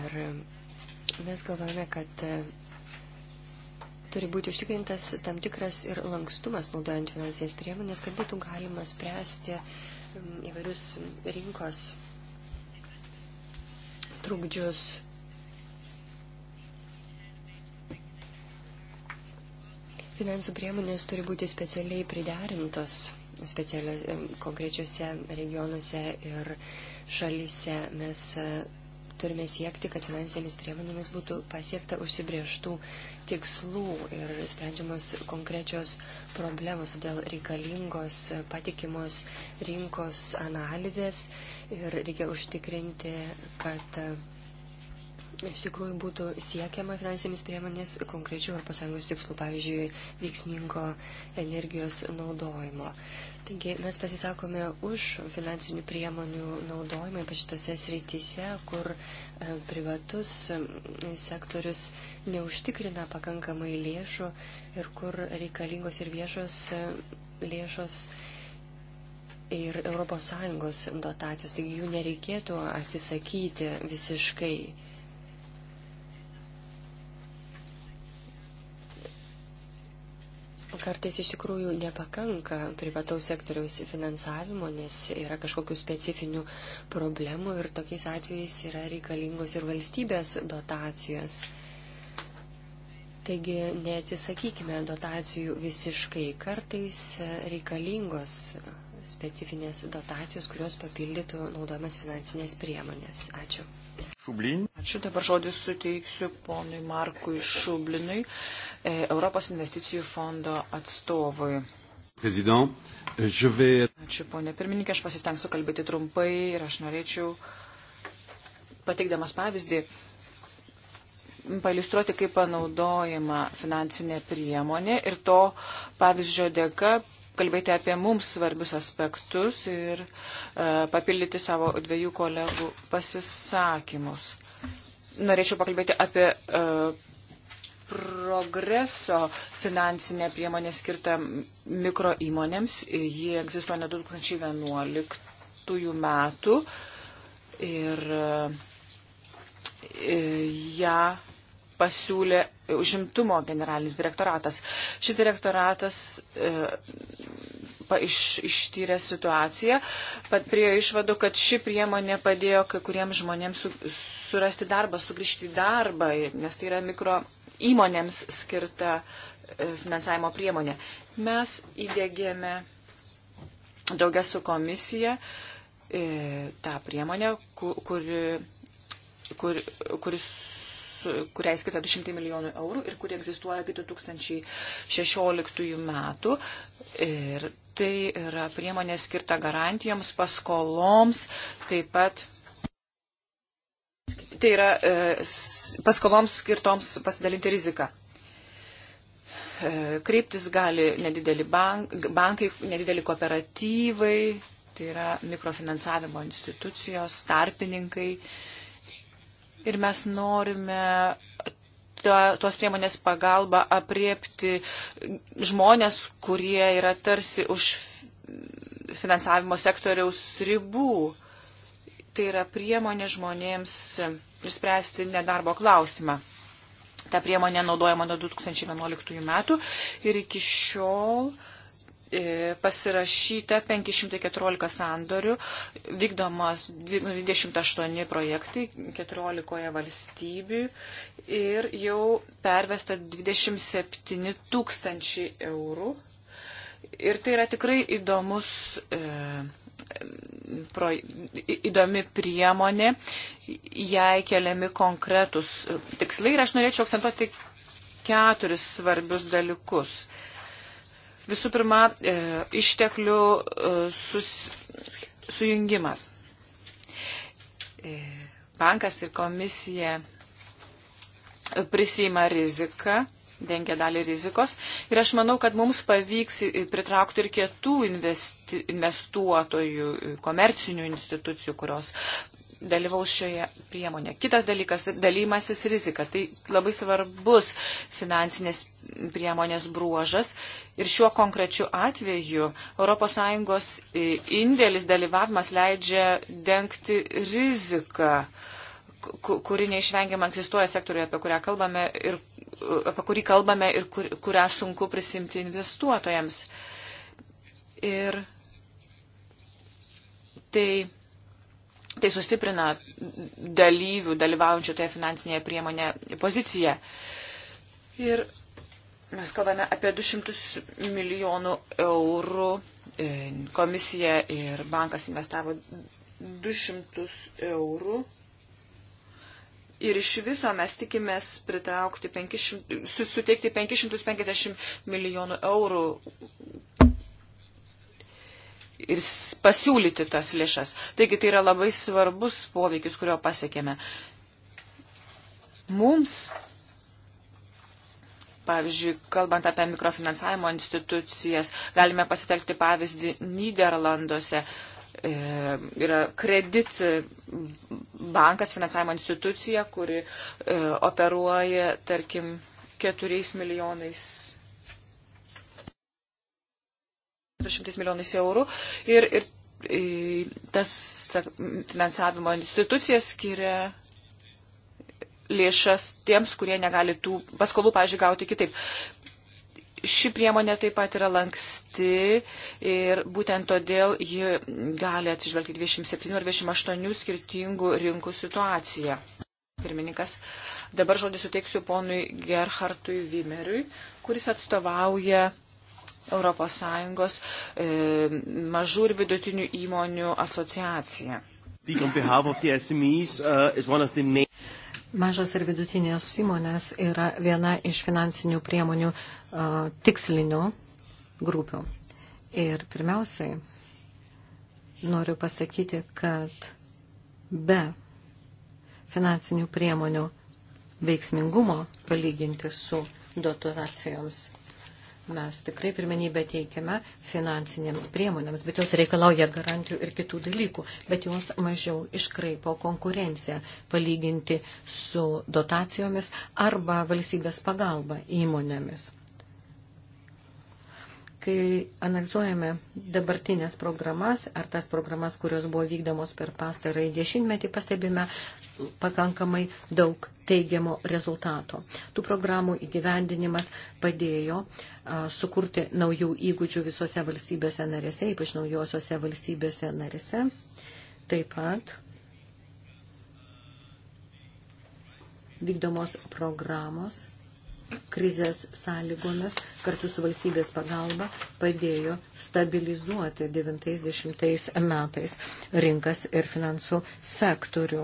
Ir mes galvojame, kad turi būti užtikrintas tam tikras ir lankstumas naudojant finansinės priemonės, kad būtų galima spręsti mm, įvairius rinkos trukdžius Finansų priemonės turi būti specialiai priderintos konkrečiose regionuose ir šalyse. Mes e, turime siekti, kad finansinėmis priemonėmis būtų pasiekta užsibrieštų tikslų ir sprendžiamos konkrečios problemos, todėl reikalingos e, patikimos rinkos analizės ir reikia užtikrinti, kad e, iš tikrųjų būtų siekiama finansinėmis priemonės konkrečių ES tikslų, pavyzdžiui, veiksmingo energijos naudojimo. Taigi mes pasisakome už finansinių priemonių naudojimą, ypač tose srityse, kur e, privatus sektorius neužtikrina pakankamai lėšų ir kur reikalingos ir viešos e, lėšos ir ES dotacijos, taigi jų nereikėtų atsisakyti visiškai. Kartais iš tikrųjų nepakanka privataus sektoriaus finansavimo, nes yra kažkokių specifinių problemų ir tokiais atvejais yra reikalingos ir valstybės dotacijos. Taigi neatsisakykime dotacijų visiškai. Kartais reikalingos specifinės dotacijos, kurios papildytų naudojamas finansinės priemonės. Ačiū. Šublin. Ačiū. Dabar žodis suteiksiu ponui Markui Šublinui. Uh, E, Europos investicijų fondo atstovui. Vais... Ačiū, ponė pirmininkė, aš pasistengsiu kalbėti trumpai ir aš norėčiau, pateikdamas pavyzdį, pailustruoti, kaip panaudojama finansinė priemonė ir to pavyzdžio dėka kalbėti apie mums svarbius aspektus ir e, papildyti savo dviejų kolegų pasisakymus. Norėčiau pakalbėti apie e, progreso finansinė priemonė skirta mikro įmonėms. Ji egzistuoja nuo 2011 metų ir e, ją pasiūlė užimtumo generalinis direktoratas. Šis direktoratas e, pa, iš, ištyrė situaciją, pat priejo išvadų, kad ši priemonė padėjo kai kuriems žmonėms su, surasti darbą, sugrįžti į darbą, nes tai yra mikro įmonėms skirta e, finansavimo priemonė. Mes įdėgėme daugia su komisija e, tą priemonę, kur, kur, kuris kuriai skirta 200 milijonų eurų ir kuri egzistuoja iki 2016 metų. Ir tai yra priemonė skirta garantijoms, paskoloms, taip pat tai yra e, paskoloms skirtoms pasidalinti riziką. E, kreiptis gali nedideli bank, bankai, nedideli kooperatyvai, tai yra mikrofinansavimo institucijos, tarpininkai. Ir mes norime tos priemonės pagalba apriepti žmonės, kurie yra tarsi už finansavimo sektoriaus ribų. Tai yra priemonė žmonėms spręsti nedarbo klausimą. Ta priemonė naudojama nuo 2011 metų ir iki šiol e, pasirašyta 514 sandorių, vykdomas 28 nu, projektai 14 valstybių ir jau pervesta 27 tūkstančiai eurų. Ir tai yra tikrai įdomus e, pro, įdomi priemonė, jai keliami konkretus e, tikslai ir aš norėčiau akcentuoti keturis svarbius dalykus. Visų pirma, e, išteklių e, sus, sujungimas. Bankas ir komisija prisima riziką dengia dalį rizikos. Ir aš manau, kad mums pavyks pritraukti ir kietų investi, investuotojų, komercinių institucijų, kurios dalyvaus šioje priemonė. Kitas dalykas - dalymasis rizika. Tai labai svarbus finansinės priemonės bruožas. Ir šiuo konkrečiu atveju ES indėlis dalyvavimas leidžia dengti riziką kuri neišvengiamai egzistuoja sektoriuje, apie kurią kalbame ir apie kurį kalbame ir kur, kurią sunku prisimti investuotojams. Ir tai, tai sustiprina dalyvių, dalyvaujančių toje finansinėje priemonėje poziciją. Ir mes kalbame apie 200 milijonų eurų. E, komisija ir bankas investavo 200 eurų Ir iš viso mes tikimės pritraukti 500, suteikti 550 milijonų eurų ir pasiūlyti tas lėšas. Taigi tai yra labai svarbus poveikis, kurio pasiekėme. Mums, pavyzdžiui, kalbant apie mikrofinansavimo institucijas, galime pasitelkti pavyzdį Niderlanduose. Uh, E, yra kredit bankas, finansavimo institucija, kuri e, operuoja, tarkim, keturiais milijonais. 200 milijonais eurų ir, ir, ir e, tas ta, finansavimo institucija skiria lėšas tiems, kurie negali tų paskolų, pažiūrėjau, gauti kitaip ši priemonė taip pat yra lanksti ir būtent todėl ji gali atsižvelgti 27 ar 28 skirtingų rinkų situaciją. Pirmininkas, dabar žodį suteiksiu ponui Gerhartui Vimeriui, kuris atstovauja ES e, mažų ir vidutinių įmonių asociaciją. Speak on behalf of the SMEs uh, is one of the main Mažos ir vidutinės įmonės yra viena iš finansinių priemonių tikslinių grupių. Ir pirmiausiai noriu pasakyti, kad be finansinių priemonių veiksmingumo palyginti su dotacijoms Mes tikrai pirmenybę teikiame finansinėms priemonėms, bet jos reikalauja garantijų ir kitų dalykų, bet jos mažiau iškraipo konkurenciją palyginti su dotacijomis arba valstybės pagalba įmonėmis kai analizuojame dabartinės programas ar tas programas, kurios buvo vykdomos per pastarąjį dešimtmetį, pastebime pakankamai daug teigiamo rezultato. Tų programų įgyvendinimas padėjo a, sukurti naujų įgūdžių visose valstybėse narėse, ypač naujosiose valstybėse narėse. Taip pat vykdomos programos krizės sąlygomis kartu su valstybės pagalba padėjo stabilizuoti 90 metais rinkas ir finansų sektorių.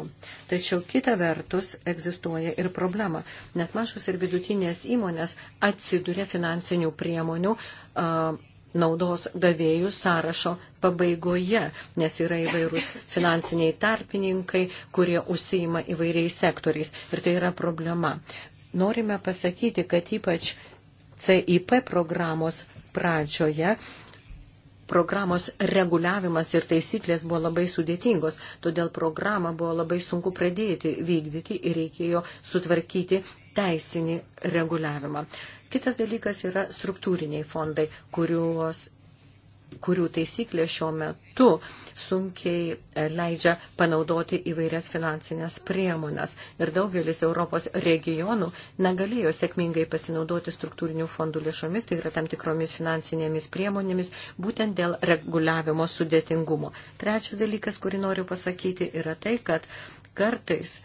Tačiau kita vertus egzistuoja ir problema, nes mažos ir vidutinės įmonės atsiduria finansinių priemonių uh, naudos gavėjų sąrašo pabaigoje, nes yra įvairūs finansiniai tarpininkai, kurie užsima įvairiais sektoriais. Ir tai yra problema norime pasakyti, kad ypač CIP programos pradžioje programos reguliavimas ir taisyklės buvo labai sudėtingos, todėl programą buvo labai sunku pradėti vykdyti ir reikėjo sutvarkyti teisinį reguliavimą. Kitas dalykas yra struktūriniai fondai, kuriuos kurių taisyklė šiuo metu sunkiai e, leidžia panaudoti įvairias finansinės priemonės. Ir daugelis Europos regionų negalėjo sėkmingai pasinaudoti struktūrinių fondų lėšomis, tai yra tam tikromis finansinėmis priemonėmis, būtent dėl reguliavimo sudėtingumo. Trečias dalykas, kurį noriu pasakyti, yra tai, kad kartais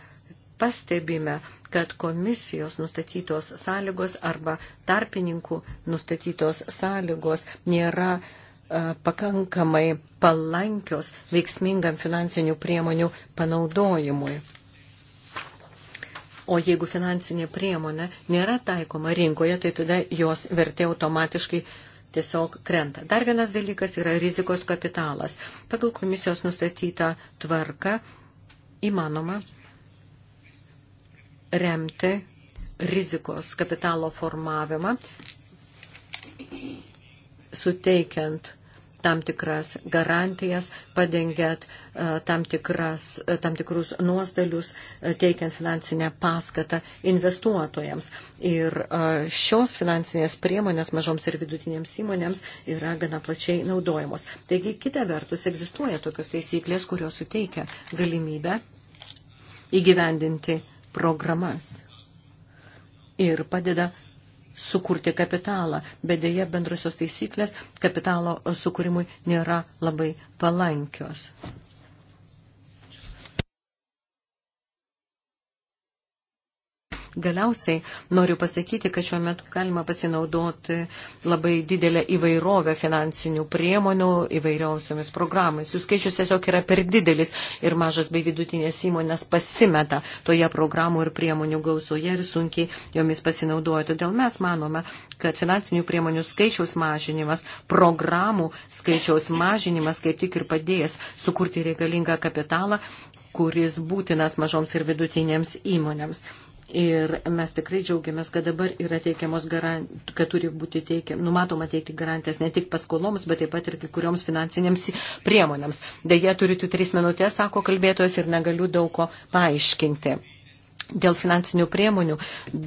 pastebime, kad komisijos nustatytos sąlygos arba tarpininkų nustatytos sąlygos nėra uh, E, pakankamai palankios veiksmingam finansinių priemonių panaudojimui. O jeigu finansinė priemonė nėra taikoma rinkoje, tai tada jos vertė automatiškai tiesiog krenta. Dar vienas dalykas yra rizikos kapitalas. Pagal komisijos nustatytą tvarką įmanoma remti rizikos kapitalo formavimą, suteikiant tam tikras garantijas, padengiat e, tam, tikras, e, tam tikrus nuostolius, e, teikiant finansinę paskatą investuotojams. Ir šios finansinės priemonės mažoms ir vidutinėms įmonėms yra gana plačiai naudojamos. Taigi, kita vertus, egzistuoja tokios taisyklės, kurios suteikia galimybę įgyvendinti programas ir padeda sukurti kapitalą, bet dėja bendrosios taisyklės kapitalo sukūrimui nėra labai palankios. Galiausiai noriu pasakyti, kad šiuo metu galima pasinaudoti labai didelę įvairovę finansinių priemonių įvairiausiomis programais. Jų skaičius tiesiog yra per didelis ir mažas bei vidutinės įmonės pasimeta toje programų ir priemonių gausoje ir sunkiai jomis pasinaudoja. Todėl mes manome, kad finansinių priemonių skaičiaus mažinimas, programų skaičiaus mažinimas kaip tik ir padėjęs sukurti reikalingą kapitalą, kuris būtinas mažoms ir vidutinėms įmonėms. Ir mes tikrai džiaugiamės, kad dabar yra teikiamos garantijos, kad turi būti teikiam, numatoma teikti garantijas ne tik paskoloms, bet taip pat ir kai kurioms finansinėms priemonėms. Deja, turiu tu tris minutės, sako kalbėtojas, ir negaliu daug ko paaiškinti. Dėl finansinių priemonių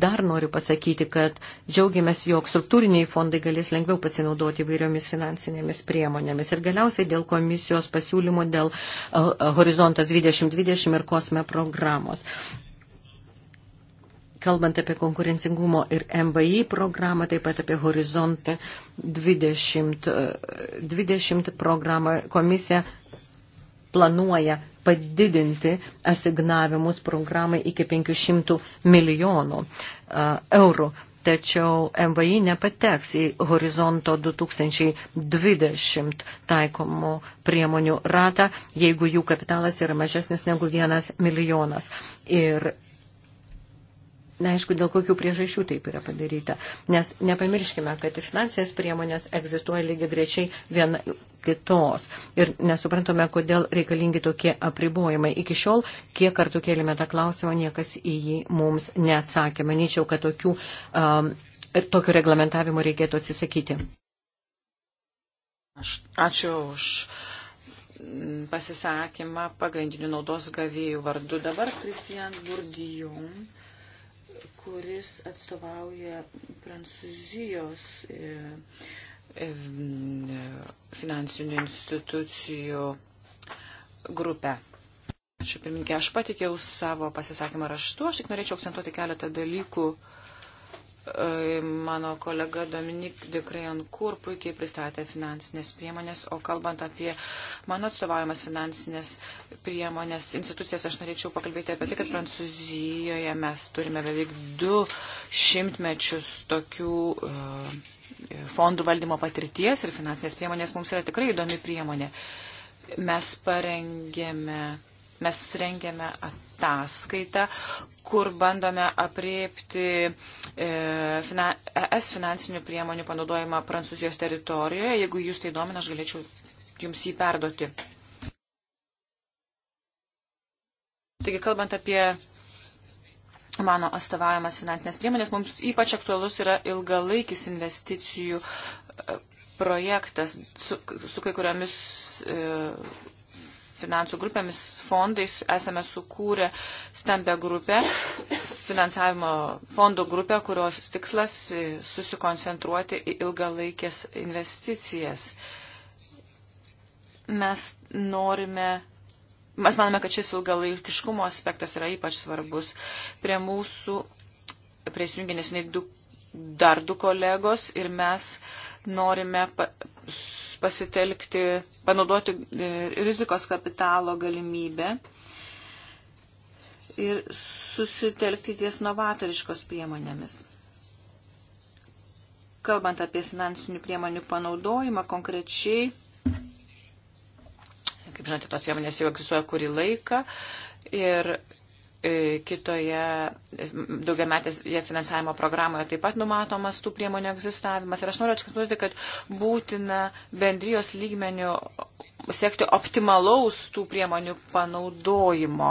dar noriu pasakyti, kad džiaugiamės, jog struktūriniai fondai galės lengviau pasinaudoti įvairiomis finansinėmis priemonėmis. Ir galiausiai dėl komisijos pasiūlymo dėl uh, Horizontas 2020 ir Kosme programos kalbant apie konkurencingumo ir MVI programą, taip pat apie horizontą 20, 20 programą komisija planuoja padidinti asignavimus programai iki 500 milijonų e, eurų. Tačiau MVI nepateks į horizonto 2020 taikomų priemonių ratą, jeigu jų kapitalas yra mažesnis negu vienas milijonas. Ir neaišku, dėl kokių priežasčių taip yra padaryta. Nes nepamirškime, kad finansinės priemonės egzistuoja lygiai grečiai viena kitos. Ir nesuprantame, kodėl reikalingi tokie apribojimai. Iki šiol, kiek kartų kėlėme tą klausimą, niekas į jį mums neatsakė. Manyčiau, kad tokių, um, tokio reglamentavimo reikėtų atsisakyti. Aš, ačiū už mm, pasisakymą pagrindinių naudos gavėjų vardu. Dabar Kristijan Burdijum kuris atstovauja Prancūzijos e, e, finansinių institucijų grupę. Ačiū pirminkė, aš patikėjau savo pasisakymą raštu, aš tik norėčiau akcentuoti keletą dalykų, uh, Mano kolega Dominik Dekrejankur puikiai pristatė finansinės priemonės, o kalbant apie mano atstovaujamas finansinės priemonės institucijas, aš norėčiau pakalbėti apie tai, kad Prancūzijoje mes turime beveik du šimtmečius tokių e, fondų valdymo patirties ir finansinės priemonės mums yra tikrai įdomi priemonė. Mes parengėme, mes rengėme ataskaitą ataskaitą, kur bandome apriepti e, fina, ES finansinių priemonių panaudojimą Prancūzijos teritorijoje. Jeigu jūs tai domina, aš galėčiau jums jį perduoti. Taigi, kalbant apie mano atstovavimas finansinės priemonės, mums ypač aktualus yra ilgalaikis investicijų e, projektas su, su kai kuriomis e, finansų grupėmis, fondais esame sukūrę stambę grupę, finansavimo fondo grupę, kurios tikslas e, susikoncentruoti į ilgalaikės investicijas. Mes norime. Mes manome, kad šis ilgalaikiškumo aspektas yra ypač svarbus. Prie mūsų prisijunginės nei du, dar du kolegos ir mes norime pa, pasitelkti, panaudoti e, rizikos kapitalo galimybę ir susitelkti ties novatoriškos priemonėmis. Kalbant apie finansinių priemonių panaudojimą konkrečiai, kaip žinote, tos priemonės jau egzistuoja kurį laiką ir E, kitoje e, daugiametėje finansavimo programoje taip pat numatomas tų priemonių egzistavimas. Ir aš noriu atskirtuoti, kad būtina bendrijos lygmenių siekti optimalaus tų priemonių panaudojimo,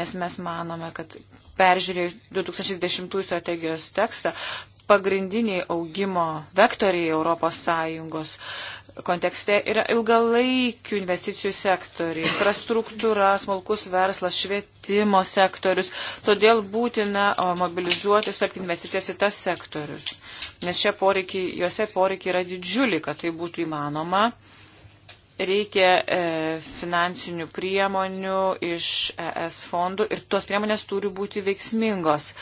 nes mes manome, kad peržiūrėjus 2010 strategijos tekstą, pagrindiniai augimo vektoriai Europos Sąjungos uh, kontekste yra ilgalaikių investicijų sektoriai, infrastruktūra, smulkus verslas, švietimo sektorius. Todėl būtina mobilizuotis tarp investicijas į tas sektorius, nes poreikiai, juose poreikiai yra didžiuliai, kad tai būtų įmanoma. Reikia e, finansinių priemonių iš ES fondų ir tos priemonės turi būti veiksmingos. E,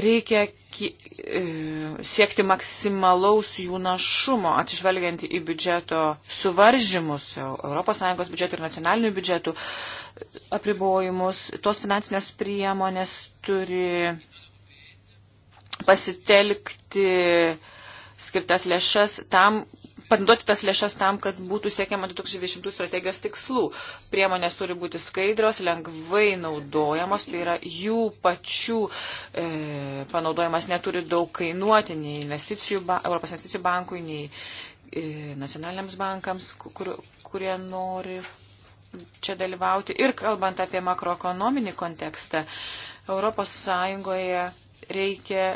reikia e, siekti maksimalaus jų našumo, atsižvelgiant į biudžeto suvaržymus, ES biudžetų ir nacionalinių biudžetų apribojimus. Tos finansinės priemonės turi pasitelkti skirtas lėšas tam, panaudoti tas lėšas tam, kad būtų siekiama 2020 strategijos tikslų. Priemonės turi būti skaidrios, lengvai naudojamos, tai yra jų pačių e, panaudojimas neturi daug kainuoti nei investicijų, Europos investicijų bankui, nei e, nacionaliniams bankams, kur, kurie nori čia dalyvauti. Ir kalbant apie makroekonominį kontekstą, Europos Sąjungoje reikia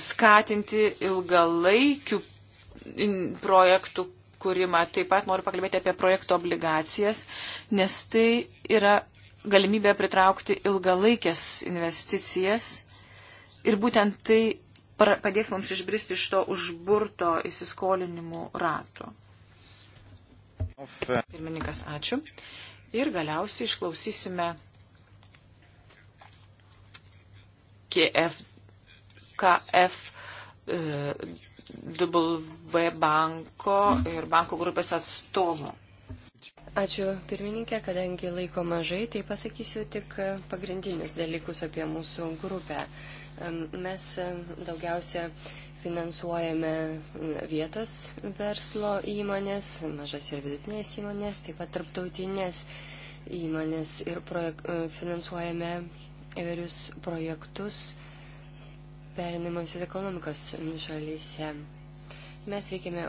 skatinti ilgalaikių projektų kūrimą. Taip pat noriu pakalbėti apie projektų obligacijas, nes tai yra galimybė pritraukti ilgalaikės investicijas ir būtent tai padės mums išbristi iš to užburto įsiskolinimų rato. Pirmininkas, ačiū. Ir galiausiai išklausysime KF, KF E, w banko ir banko grupės atstovų. Ačiū pirmininkė, kadangi laiko mažai, tai pasakysiu tik pagrindinius dalykus apie mūsų grupę. Mes daugiausia finansuojame vietos verslo įmonės, mažas ir vidutinės įmonės, taip pat tarptautinės įmonės ir projek finansuojame įvairius projektus perinamosios ekonomikos šalyse. Mes veikiame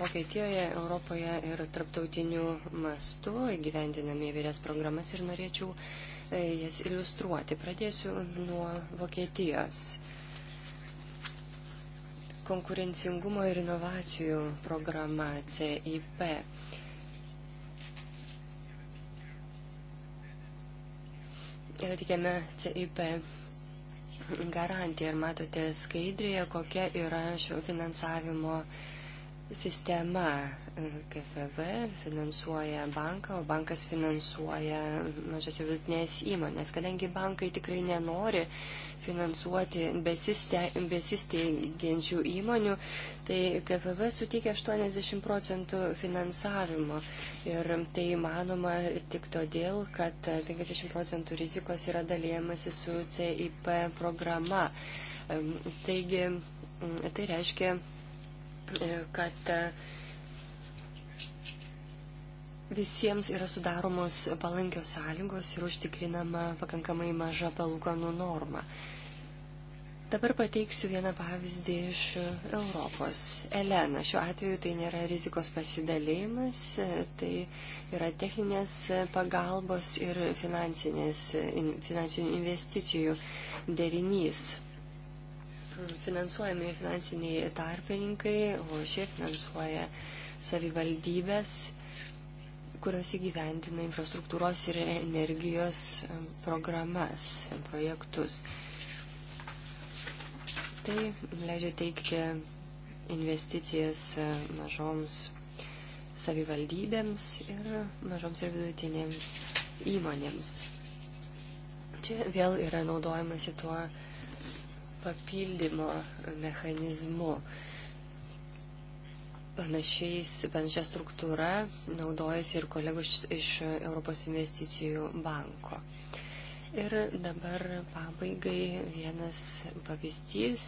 Vokietijoje, Europoje ir tarptautiniu mastu, gyvendinami įvairias programas ir norėčiau e, jas iliustruoti. Pradėsiu nuo Vokietijos konkurencingumo ir inovacijų programa CIP. Yra tikėme CIP garantija ir matote skaidrėje, kokia yra šio finansavimo uh, sistema e, KFV finansuoja banką, o bankas finansuoja mažas ir vidutinės įmonės. Kadangi bankai tikrai nenori finansuoti besisteigiančių įmonių, tai KFV suteikia 80 procentų finansavimo. Ir tai įmanoma tik todėl, kad 50 procentų rizikos yra dalyjamasi su CIP programa. Taigi, tai reiškia, kad e, visiems yra sudaromos palankios sąlygos ir užtikrinama pakankamai maža palūkanų norma. Dabar pateiksiu vieną pavyzdį iš Europos. Elena, šiuo atveju tai nėra rizikos pasidalėjimas, e, tai yra techninės pagalbos ir finansinių investicijų derinys finansuojami finansiniai tarpininkai, o šie finansuoja savivaldybės, kurios įgyvendina infrastruktūros ir energijos programas, projektus. Tai leidžia teikti investicijas mažoms savivaldybėms ir mažoms ir vidutinėms įmonėms. Čia vėl yra naudojamasi tuo papildymo mechanizmu. Panašiais, panašia struktūra naudojasi ir kolegos iš Europos investicijų banko. Ir dabar pabaigai vienas pavyzdys.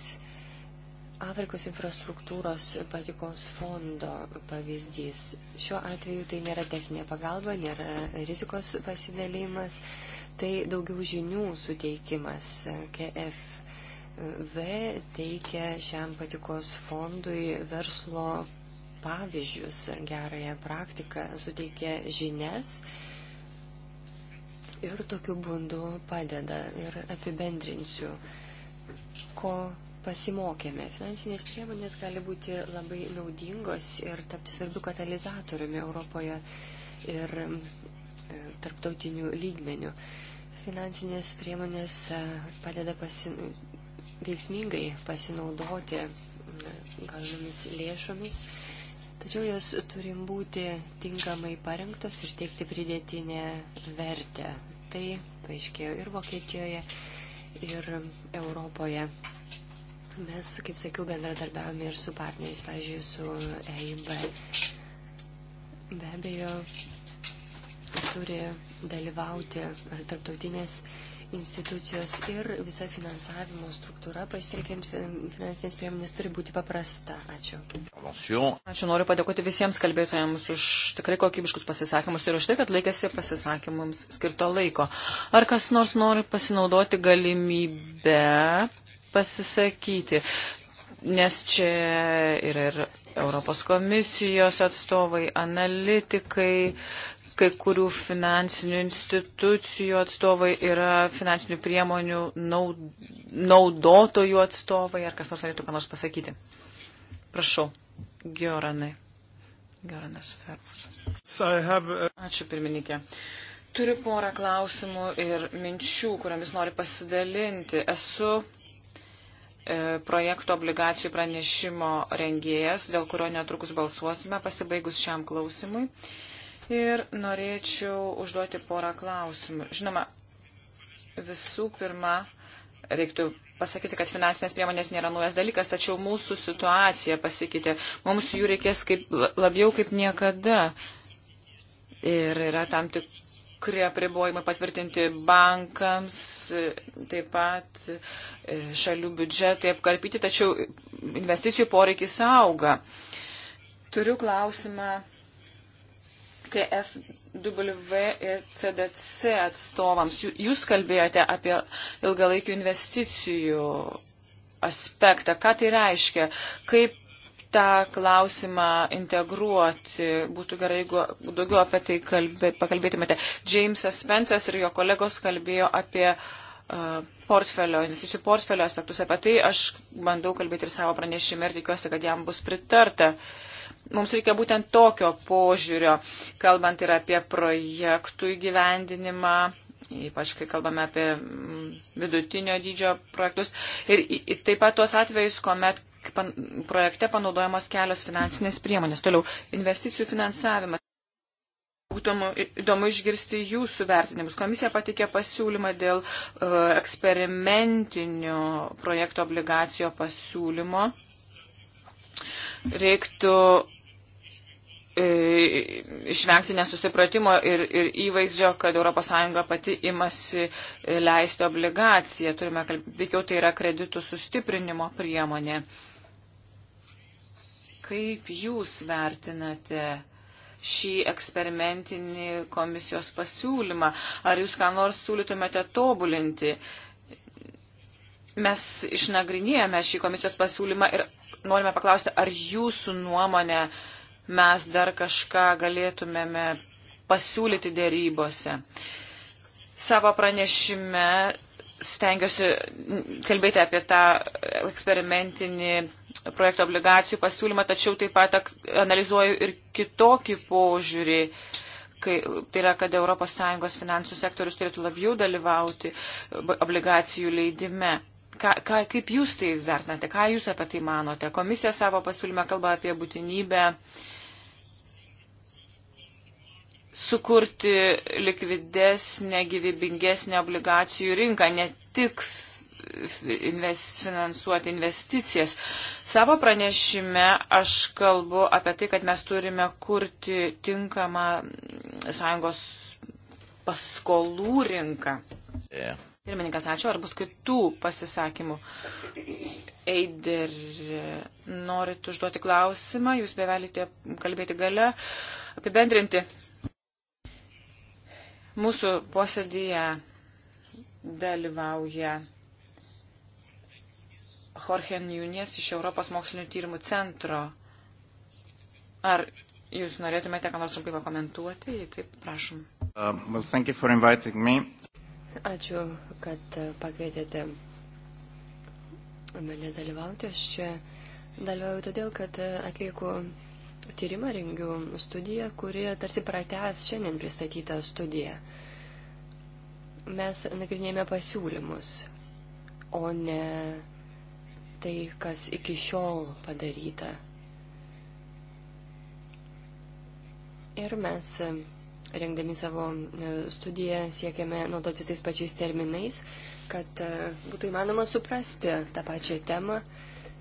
Afrikos infrastruktūros patikos fondo pavyzdys. Šiuo atveju tai nėra techninė pagalba, nėra rizikos pasidalimas, tai daugiau žinių suteikimas KF V teikia šiam patikos fondui verslo pavyzdžius ir gerąją praktiką, suteikia žinias ir tokiu būdu padeda. Ir apibendrinsiu, ko pasimokėme. Finansinės priemonės gali būti labai naudingos ir tapti svarbiu katalizatoriumi Europoje ir e, tarptautiniu lygmeniu. Finansinės priemonės e, padeda pasimokyti veiksmingai pasinaudoti gaunamis lėšomis, tačiau jos turim būti tinkamai parengtos ir teikti pridėtinę vertę. Tai paaiškėjo ir Vokietijoje, ir Europoje. Mes, kaip sakiau, bendradarbiavome ir su partneriais, pavyzdžiui, su EIB. Be abejo, turi dalyvauti ar tarptautinės institucijos ir visa finansavimo struktūra, pasitelkiant finansinės priemonės, turi būti paprasta. Ačiū. Ačiū, noriu padėkoti visiems kalbėtojams už tikrai kokybiškus pasisakymus ir už tai, kad laikėsi pasisakymams skirto laiko. Ar kas nors nori pasinaudoti galimybę pasisakyti? Nes čia yra ir Europos komisijos atstovai, analitikai kai kurių finansinių institucijų atstovai yra finansinių priemonių naudotojų atstovai, ar kas nors norėtų ką nors pasakyti. Prašau, Georanai. Georanas Fermas. Ačiū pirmininkė. Turiu porą klausimų ir minčių, kuriamis noriu pasidalinti. Esu e, projekto obligacijų pranešimo rengėjas, dėl kurio netrukus balsuosime pasibaigus šiam klausimui. E, Ir norėčiau užduoti porą klausimų. Žinoma, visų pirma, reiktų pasakyti, kad finansinės priemonės nėra naujas dalykas, tačiau mūsų situacija pasikeitė. Mums jų reikės kaip, labiau kaip niekada. Ir yra tam tikri apribojimai patvirtinti bankams, taip pat e, šalių biudžetai apkarpyti, tačiau investicijų poreikis auga. Turiu klausimą KFW ir CDC atstovams. Jūs kalbėjote apie ilgalaikių investicijų aspektą. Ką tai reiškia? Kaip tą klausimą integruoti? Būtų gerai, jeigu daugiau apie tai kalbė, pakalbėtumėte. Džeimsas Spencas ir jo kolegos kalbėjo apie uh, portfelio, investicijų portfelio aspektus. Apie tai aš bandau kalbėti ir savo pranešime ir tikiuosi, kad jam bus pritarta. Uh, mums reikia būtent tokio požiūrio, kalbant ir apie projektų įgyvendinimą, ypač kai kalbame apie mm, vidutinio dydžio projektus. Ir taip pat tuos atvejus, kuomet projekte panaudojamos kelios finansinės priemonės. Toliau, investicijų finansavimas. Įdomu, įdomu išgirsti jūsų vertinimus. Komisija patikė pasiūlymą dėl uh, eksperimentinio projekto obligacijo pasiūlymo. Reiktų E, išvengti nesusipratimo ir, ir įvaizdžio, kad ES pati imasi e, leisti obligaciją. Turime kalbėti, veikiau tai yra kreditų sustiprinimo priemonė. Kaip jūs vertinate šį eksperimentinį komisijos pasiūlymą? Ar jūs ką nors siūlytumėte tobulinti? Mes išnagrinėjome šį komisijos pasiūlymą ir norime paklausti, ar jūsų nuomonė uh, mes dar kažką galėtumėme pasiūlyti dėrybose. Savo pranešime stengiuosi kalbėti apie tą eksperimentinį projekto obligacijų pasiūlymą, tačiau taip pat analizuoju ir kitokį požiūrį. Kai, tai yra, kad ES finansų sektorius turėtų labiau dalyvauti obligacijų leidime. Ka, ka, kaip jūs tai vertinate, ką jūs apie tai manote? Komisija savo pasiūlymą kalba apie būtinybę uh, sukurti likvidesnę, gyvybingesnę obligacijų rinką, ne tik invest, finansuoti investicijas. Savo pranešime aš kalbu apie tai, kad mes turime kurti tinkamą sąjungos paskolų rinką. Yeah. Pirmininkas, ačiū. Ar bus kitų pasisakymų? Eider, norit užduoti klausimą, jūs bevelite kalbėti gale, apibendrinti. Mūsų posėdėje dalyvauja Jorge Nunės iš Europos mokslinio tyrimų centro. Ar jūs norėtumėte ką nors trumpai pakomentuoti? Jei taip, prašom. Uh, well, Ačiū, kad pakvietėte mane dalyvauti. Aš čia dalyvauju todėl, kad atlieku tyrimą, rengiu studiją, kuri tarsi pratęs šiandien pristatytą studiją. Mes nagrinėjame pasiūlymus, o ne tai, kas iki šiol padaryta. Ir mes, rengdami savo e, studiją, siekiame naudotis tais pačiais terminais, kad e, būtų įmanoma suprasti tą pačią temą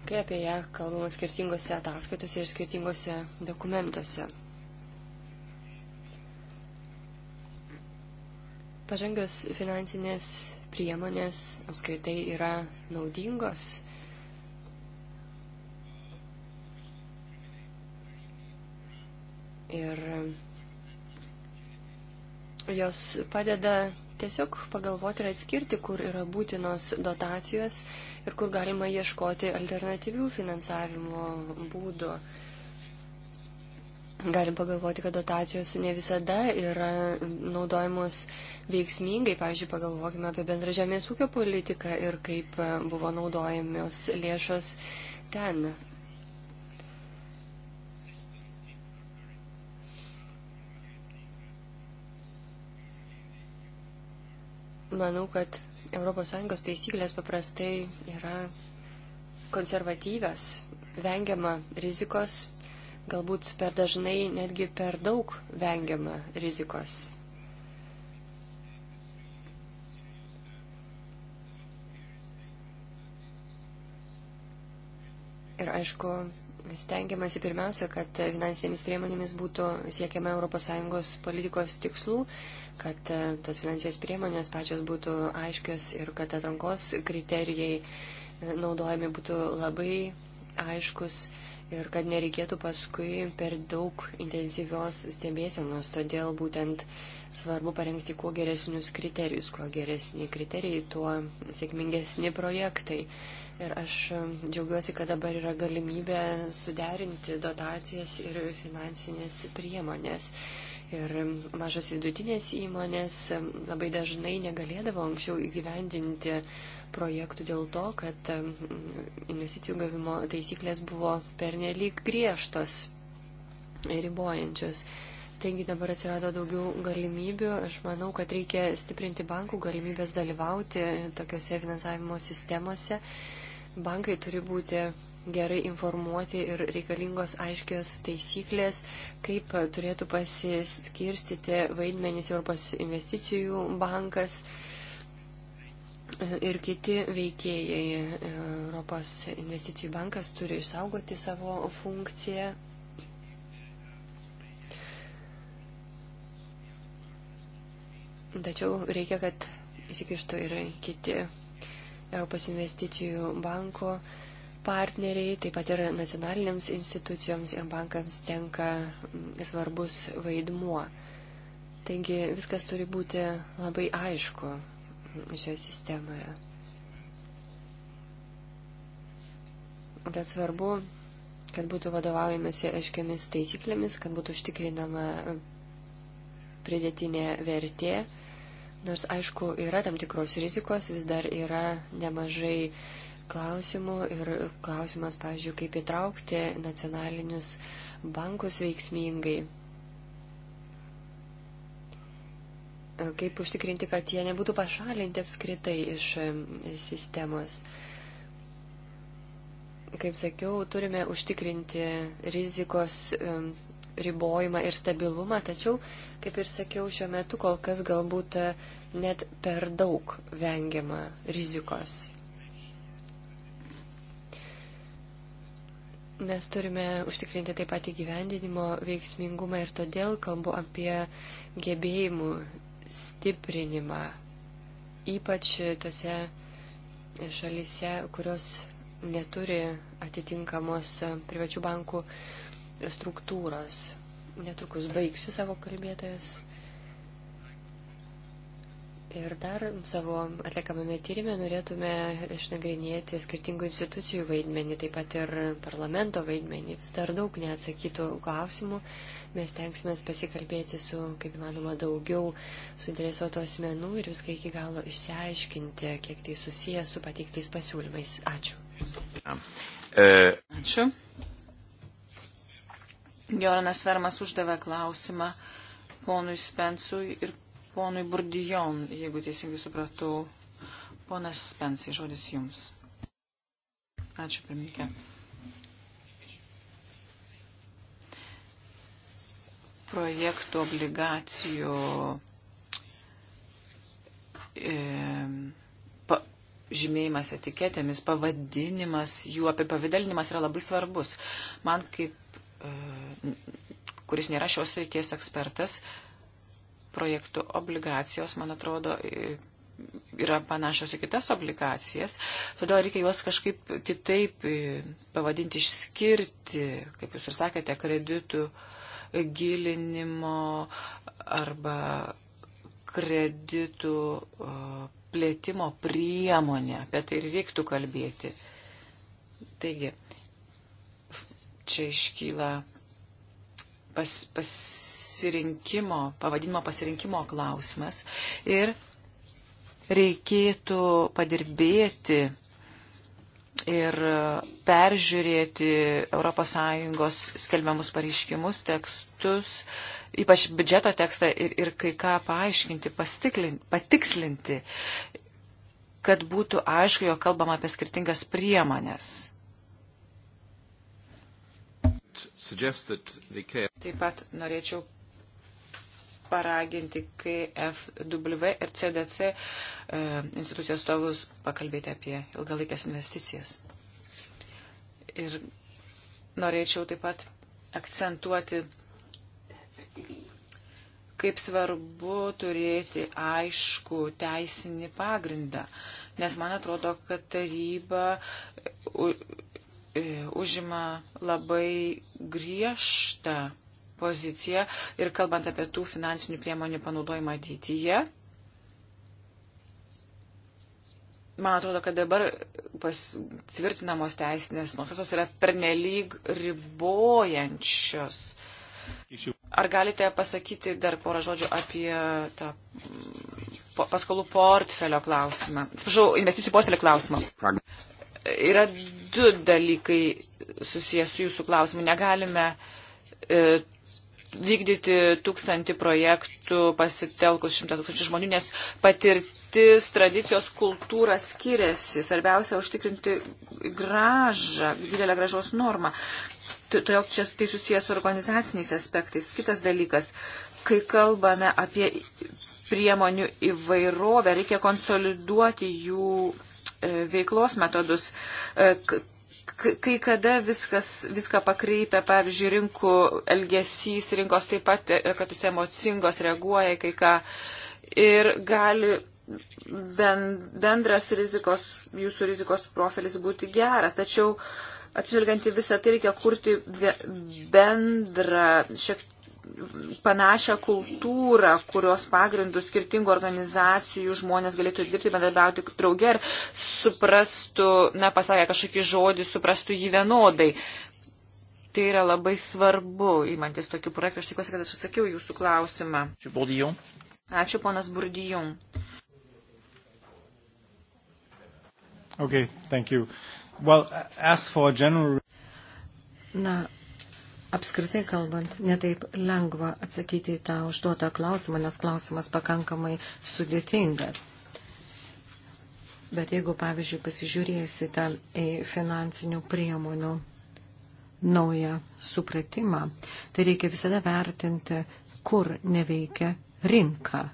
kai apie ją kalbama skirtingose ataskaitose ir skirtingose dokumentuose. Pažangios finansinės priemonės apskritai yra naudingos. Ir jos padeda tiesiog pagalvoti ir atskirti, kur yra būtinos dotacijos ir kur galima ieškoti alternatyvių finansavimo būdų. Galim pagalvoti, kad dotacijos ne visada yra naudojamos veiksmingai. Pavyzdžiui, pagalvokime apie bendrą žemės ūkio politiką ir kaip buvo naudojamos lėšos ten. Manau, kad ES taisyklės paprastai yra konservatyvios, vengiama rizikos, galbūt per dažnai netgi per daug vengiama rizikos. Ir aišku, stengiamasi pirmiausia, kad finansinėmis priemonėmis būtų siekiama ES politikos tikslų, kad e, tos finansinės priemonės pačios būtų aiškios ir kad atrankos kriterijai e, naudojami būtų labai aiškus ir kad nereikėtų paskui per daug intensyvios stebėsenos. Todėl būtent svarbu parengti kuo geresnius kriterijus, kuo geresni kriterijai, tuo sėkmingesni projektai. Ir aš e, džiaugiuosi, kad dabar yra galimybė suderinti dotacijas ir finansinės priemonės. Ir mažos vidutinės įmonės labai dažnai negalėdavo anksčiau įgyvendinti projektų dėl to, kad investicijų gavimo taisyklės buvo pernelyg griežtos, ribojančios. Taigi dabar atsirado daugiau galimybių. Aš manau, kad reikia stiprinti bankų galimybės dalyvauti tokiuose finansavimo sistemose. Bankai turi būti gerai informuoti ir reikalingos aiškios taisyklės, kaip turėtų pasiskirstyti vaidmenys Europos investicijų bankas ir kiti veikėjai. Europos investicijų bankas turi išsaugoti savo funkciją. Tačiau reikia, kad įsikištų ir kiti Europos investicijų banko uh, partneriai, taip pat ir nacionalinėms institucijoms ir bankams tenka mm, svarbus vaidmuo. Taigi viskas turi būti labai aišku mm, šioje sistemoje. Tad svarbu, kad būtų vadovaujamasi aiškiamis taisyklėmis, kad būtų užtikrinama mm, pridėtinė vertė. Nors, aišku, yra tam tikros rizikos, vis dar yra nemažai klausimų ir klausimas, pavyzdžiui, kaip įtraukti nacionalinius bankus veiksmingai. Kaip užtikrinti, kad jie nebūtų pašalinti apskritai iš sistemos kaip sakiau, turime užtikrinti rizikos ribojimą ir stabilumą, tačiau, kaip ir sakiau, šiuo metu kol kas galbūt e, net per daug vengiama rizikos. Mes turime užtikrinti taip pat įgyvendinimo veiksmingumą ir todėl kalbu apie gebėjimų stiprinimą, ypač tose šalise, kurios neturi atitinkamos privačių bankų struktūros. Netrukus baigsiu savo kalbėtojas Ir dar savo atliekamame tyrimė norėtume išnagrinėti skirtingų institucijų vaidmenį, taip pat ir parlamento vaidmenį. Vis dar daug neatsakytų klausimų. Mes tenksime pasikalbėti su, kaip manoma, daugiau suinteresuotų asmenų ir viską iki galo išsiaiškinti, kiek tai susiję su pateiktais pasiūlymais. Ačiū. E, Ačiū. Joranas Vermas uždavė klausimą ponui Spensui ir ponui Burdijon, jeigu teisingai supratau. Ponas Spensai, žodis jums. Ačiū, pirmininkė. Projektų obligacijų e, pa, žymėjimas etiketėmis, pavadinimas, jų apipavidalinimas yra labai svarbus. Man kaip, e, kuris nėra šios reikės ekspertas, e, projektų obligacijos, man atrodo, yra panašios į kitas obligacijas, todėl reikia juos kažkaip kitaip e, pavadinti, išskirti, kaip jūs ir sakėte, kreditų gilinimo arba kreditų e, plėtimo priemonė, apie tai reiktų kalbėti. Taigi, čia iškyla pas, pasirinkimo, pavadinimo pasirinkimo klausimas ir reikėtų padirbėti ir peržiūrėti ES skelbiamus pareiškimus, tekstus, ypač biudžeto tekstą ir, ir kai ką paaiškinti, patikslinti, kad būtų aišku, jo kalbama apie skirtingas priemonės. Taip pat norėčiau paraginti KFW ir CDC e, institucijos stovus pakalbėti apie ilgalaikės investicijas. Ir norėčiau taip pat akcentuoti, kaip svarbu turėti aišku teisinį pagrindą, nes man atrodo, kad taryba E, užima labai griežtą poziciją ir kalbant apie tų finansinių priemonių panaudojimą ateityje. Man atrodo, kad dabar pasitvirtinamos teisinės nuostatos yra pernelyg ribojančios. Ar galite pasakyti dar porą žodžių apie tą paskolų portfelio klausimą? Atsiprašau, investicijų portfelio klausimą. Yra du dalykai susijęs su jūsų klausimu. Negalime e, vykdyti tūkstantį projektų pasitelkus šimtą tūkstančių žmonių, nes patirtis, tradicijos, kultūra skiriasi. Svarbiausia užtikrinti gražą, didelę gražos normą. Todėl čia tai susijęs su organizaciniais aspektais. Kitas dalykas, kai kalbame apie priemonių įvairovę, reikia konsoliduoti jų veiklos metodus. E, kai kada viskas, viską pakreipia, pavyzdžiui, rinkų elgesys, rinkos taip pat, e, kad jis emocingos reaguoja kai ką ir gali bendras rizikos, jūsų rizikos profilis būti geras. Tačiau atsižvelgiant į visą tai reikia kurti bendrą, šiek panašią kultūrą, kurios pagrindų skirtingų organizacijų žmonės galėtų dirbti, bendradarbiauti draugė ir suprastų, na, pasakė kažkokį žodį, suprastų jį vienodai. Tai yra labai svarbu, įmantis tokių projektų. Aš tikiuosi, kad aš atsakiau jūsų klausimą. Ačiū, ponas Burdijon. Okay, thank you. Well, as for general... Na, apskritai kalbant, netaip lengva atsakyti į tą užduotą klausimą, nes klausimas pakankamai sudėtingas. Bet jeigu, pavyzdžiui, pasižiūrėsite į finansinių priemonių naują supratimą, tai reikia visada vertinti, kur neveikia rinka.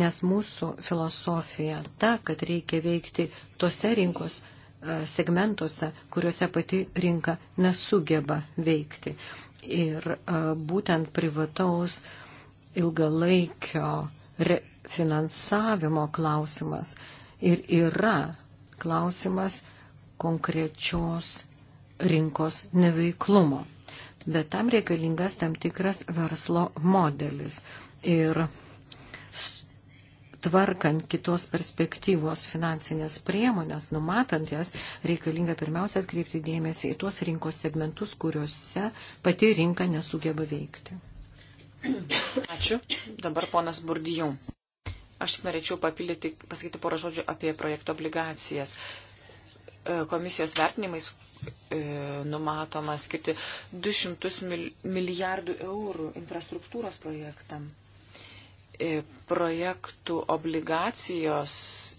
Nes mūsų filosofija ta, kad reikia veikti tose rinkos e, segmentuose, kuriuose pati rinka nesugeba veikti. Ir e, būtent privataus ilgalaikio finansavimo klausimas ir yra klausimas konkrečios rinkos neveiklumo. Bet tam reikalingas tam tikras verslo modelis. Ir tvarkant kitos perspektyvos finansinės priemonės, numatant jas, reikalinga pirmiausia atkreipti dėmesį į tuos rinkos segmentus, kuriuose pati rinka nesugeba veikti. Ačiū. Dabar ponas Burdijų. Aš tik norėčiau papildyti, pasakyti porą žodžių apie projekto obligacijas. E, komisijos vertinimais e, numatoma skirti 200 milijardų eurų infrastruktūros projektam. E, projektų obligacijos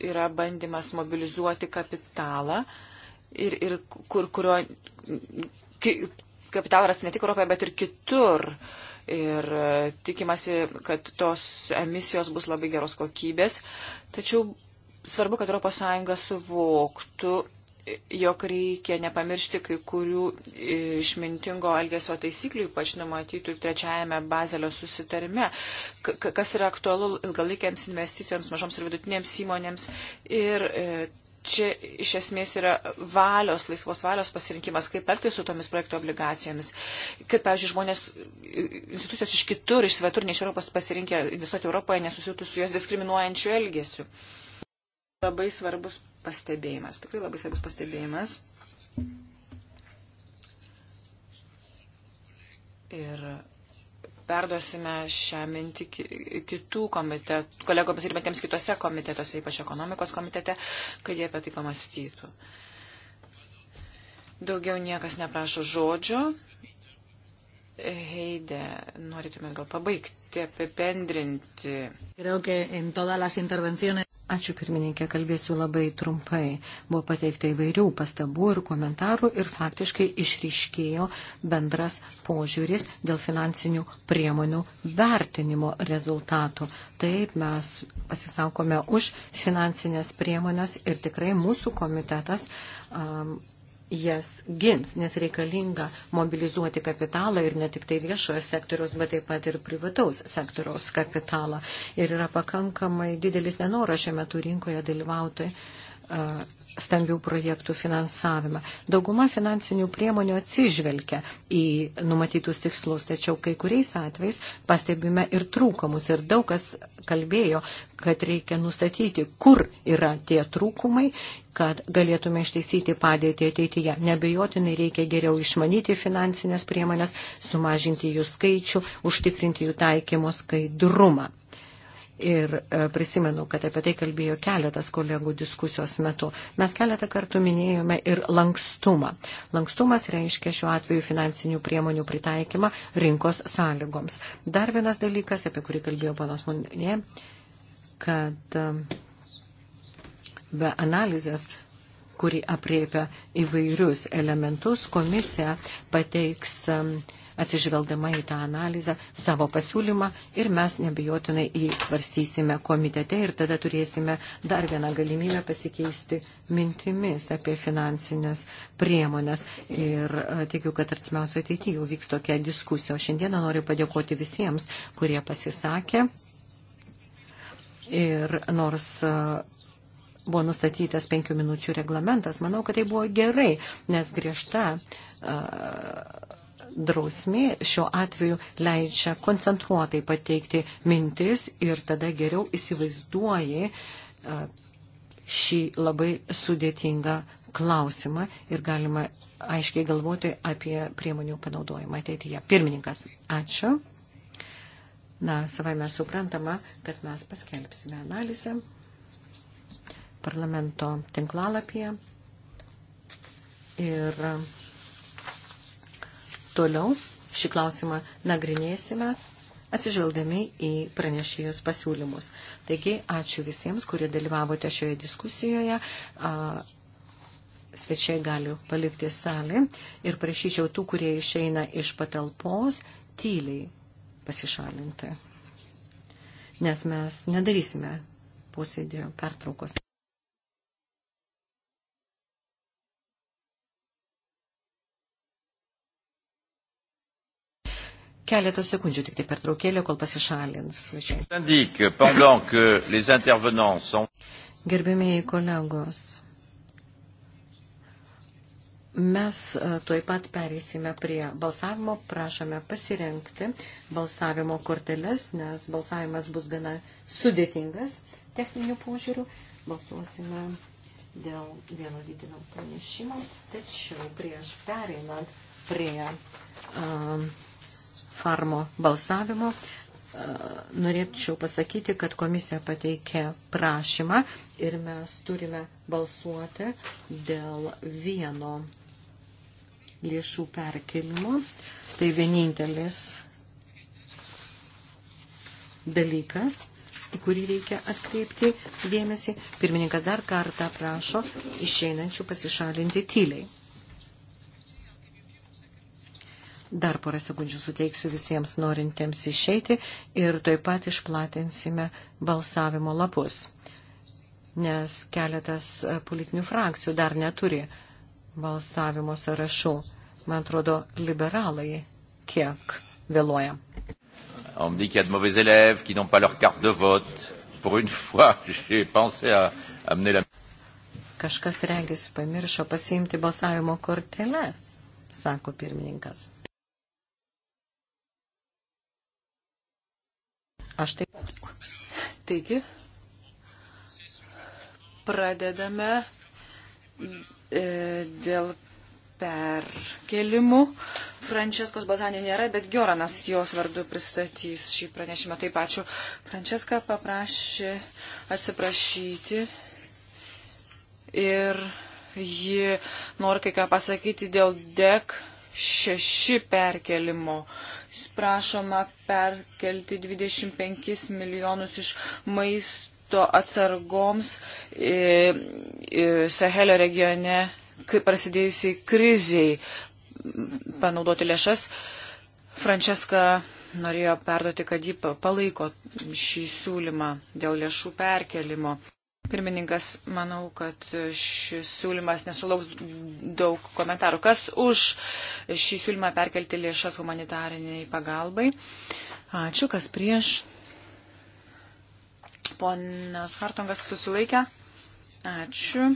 yra bandymas mobilizuoti kapitalą ir, ir kur, kurio ki, kapitalas ne tik Europoje, bet ir kitur. Ir e, tikimasi, kad tos emisijos bus labai geros kokybės. Tačiau svarbu, kad ES suvoktų jog reikia nepamiršti kai kurių išmintingo elgesio taisyklių, ypač numatytų trečiajame bazelio susitarime, kas yra aktualu ilgalaikiams investicijoms, mažoms ir vidutinėms įmonėms. Ir e, čia iš esmės yra valios, laisvos valios pasirinkimas, kaip elgtis su tomis projektų obligacijomis. Kad, pavyzdžiui, žmonės, institucijos iš kitur, iš svetur, ne iš Europos pasirinkę investuoti Europoje, nesusijutų su jos diskriminuojančiu elgesiu. Labai svarbus pastebėjimas, tikrai labai svarbus pastebėjimas. Ir perduosime šią mintį kitų komitetų, kolegomis ir metiems kitose komitetuose, ypač ekonomikos komitete, kad jie apie tai pamastytų. Daugiau niekas neprašo žodžio. Heide, norėtumėt gal pabaigti, apibendrinti. Creo que en todas las intervenciones. Ačiū pirmininkė, kalbėsiu labai trumpai. Buvo pateikta įvairių pastabų ir komentarų ir faktiškai išryškėjo bendras požiūris dėl finansinių priemonių vertinimo rezultatų. Taip, mes pasisakome už finansinės priemonės ir tikrai mūsų komitetas um, jas gins, nes reikalinga mobilizuoti kapitalą ir ne tik tai viešojo sektoriaus, bet taip pat ir privataus sektoriaus kapitalą. Ir yra pakankamai didelis nenoras šiuo metu rinkoje dalyvauti uh, stambių projektų finansavimą. Dauguma finansinių priemonių atsižvelgia į numatytus tikslus, tačiau kai kuriais atvejais pastebime ir trūkumus. Ir daug kas kalbėjo, kad reikia nustatyti, kur yra tie trūkumai, kad galėtume ištaisyti padėtį ateityje. Nebejotinai reikia geriau išmanyti finansinės priemonės, sumažinti jų skaičių, užtikrinti jų taikymo skaidrumą ir e, prisimenu, kad apie tai kalbėjo keletas kolegų diskusijos metu. Mes keletą kartų minėjome ir lankstumą. Lankstumas reiškia šiuo atveju finansinių priemonių pritaikymą rinkos sąlygoms. Dar vienas dalykas, apie kurį kalbėjo panas Munė, kad e, be analizės kuri apriepia įvairius elementus, komisija pateiks e, atsižvelgdama į tą analizę, savo pasiūlymą ir mes nebejotinai jį svarstysime komitete ir tada turėsime dar vieną galimybę pasikeisti mintimis apie finansinės priemonės. Ir e, tikiu, kad artimiausioje ateityje jau vyks tokia diskusija. O šiandieną noriu padėkoti visiems, kurie pasisakė. Ir nors e, buvo nustatytas penkių minučių reglamentas. Manau, kad tai buvo gerai, nes griežta uh, drausmė šiuo atveju leidžia koncentruotai pateikti mintis ir tada geriau įsivaizduoji šį labai sudėtingą klausimą ir galima aiškiai galvoti apie priemonių panaudojimą ateityje. Pirmininkas, ačiū. Na, savai mes suprantama, kad mes paskelbsime analizę parlamento tinklalapyje ir Toliau šį klausimą nagrinėsime atsižvelgdami į pranešėjus pasiūlymus. Taigi, ačiū visiems, kurie dalyvavote šioje diskusijoje. Svečiai galiu palikti salį ir prašyčiau tų, kurie išeina iš patalpos, tyliai pasišalinti. Nes mes nedarysime posėdėjo pertraukos. Keletą sekundžių tik tai per traukėlę, kol pasišalins. Gerbėmiai kolegos, mes e, tuoj pat perėsime prie balsavimo, prašome pasirenkti balsavimo korteles, nes balsavimas bus gana sudėtingas techninių požiūrių. Balsuosime dėl vieno didinamo pranešimo, tačiau prieš pereinant prie. Uh, um, farmo balsavimo norėčiau pasakyti, kad komisija pateikė prašymą ir mes turime balsuoti dėl vieno lėšų perkelimo. Tai vienintelis dalykas, į kurį reikia atkreipti dėmesį. Pirmininkas dar kartą prašo išeinančių pasišalinti tyliai. Dar porą sekundžių suteiksiu visiems norintiems išeiti ir taip pat išplatinsime balsavimo lapus, nes keletas e, politinių frakcijų dar neturi balsavimo sąrašų. Man atrodo, liberalai kiek vėluoja. On me dit qu'il y a de mauvais élèves qui n'ont pas leur carte de vote. Pour une fois, j'ai pensé à amener la. Kažkas regis pamiršo pasiimti balsavimo korteles, sako pirmininkas. Aš taip pat. Taigi, pradedame e, dėl perkelimų. Franceskos Balzanė nėra, bet Gioranas jos vardu pristatys šį pranešimą. Taip ačiū. Franceska paprašė atsiprašyti ir ji nori kai ką pasakyti dėl DEC 6 perkelimo. Uh, prašoma perkelti 25 milijonus iš maisto atsargoms e, e, Sahelio regione, kai prasidėjusiai kriziai panaudoti lėšas. Frančeska norėjo perduoti, kad ji palaiko šį siūlymą dėl lėšų perkelimo. Pirmininkas, manau, kad šis siūlymas nesulauks daug komentarų. Kas už šį siūlymą perkelti lėšas humanitariniai pagalbai? Ačiū, kas prieš? Ponas Hartongas susilaikė. Ačiū.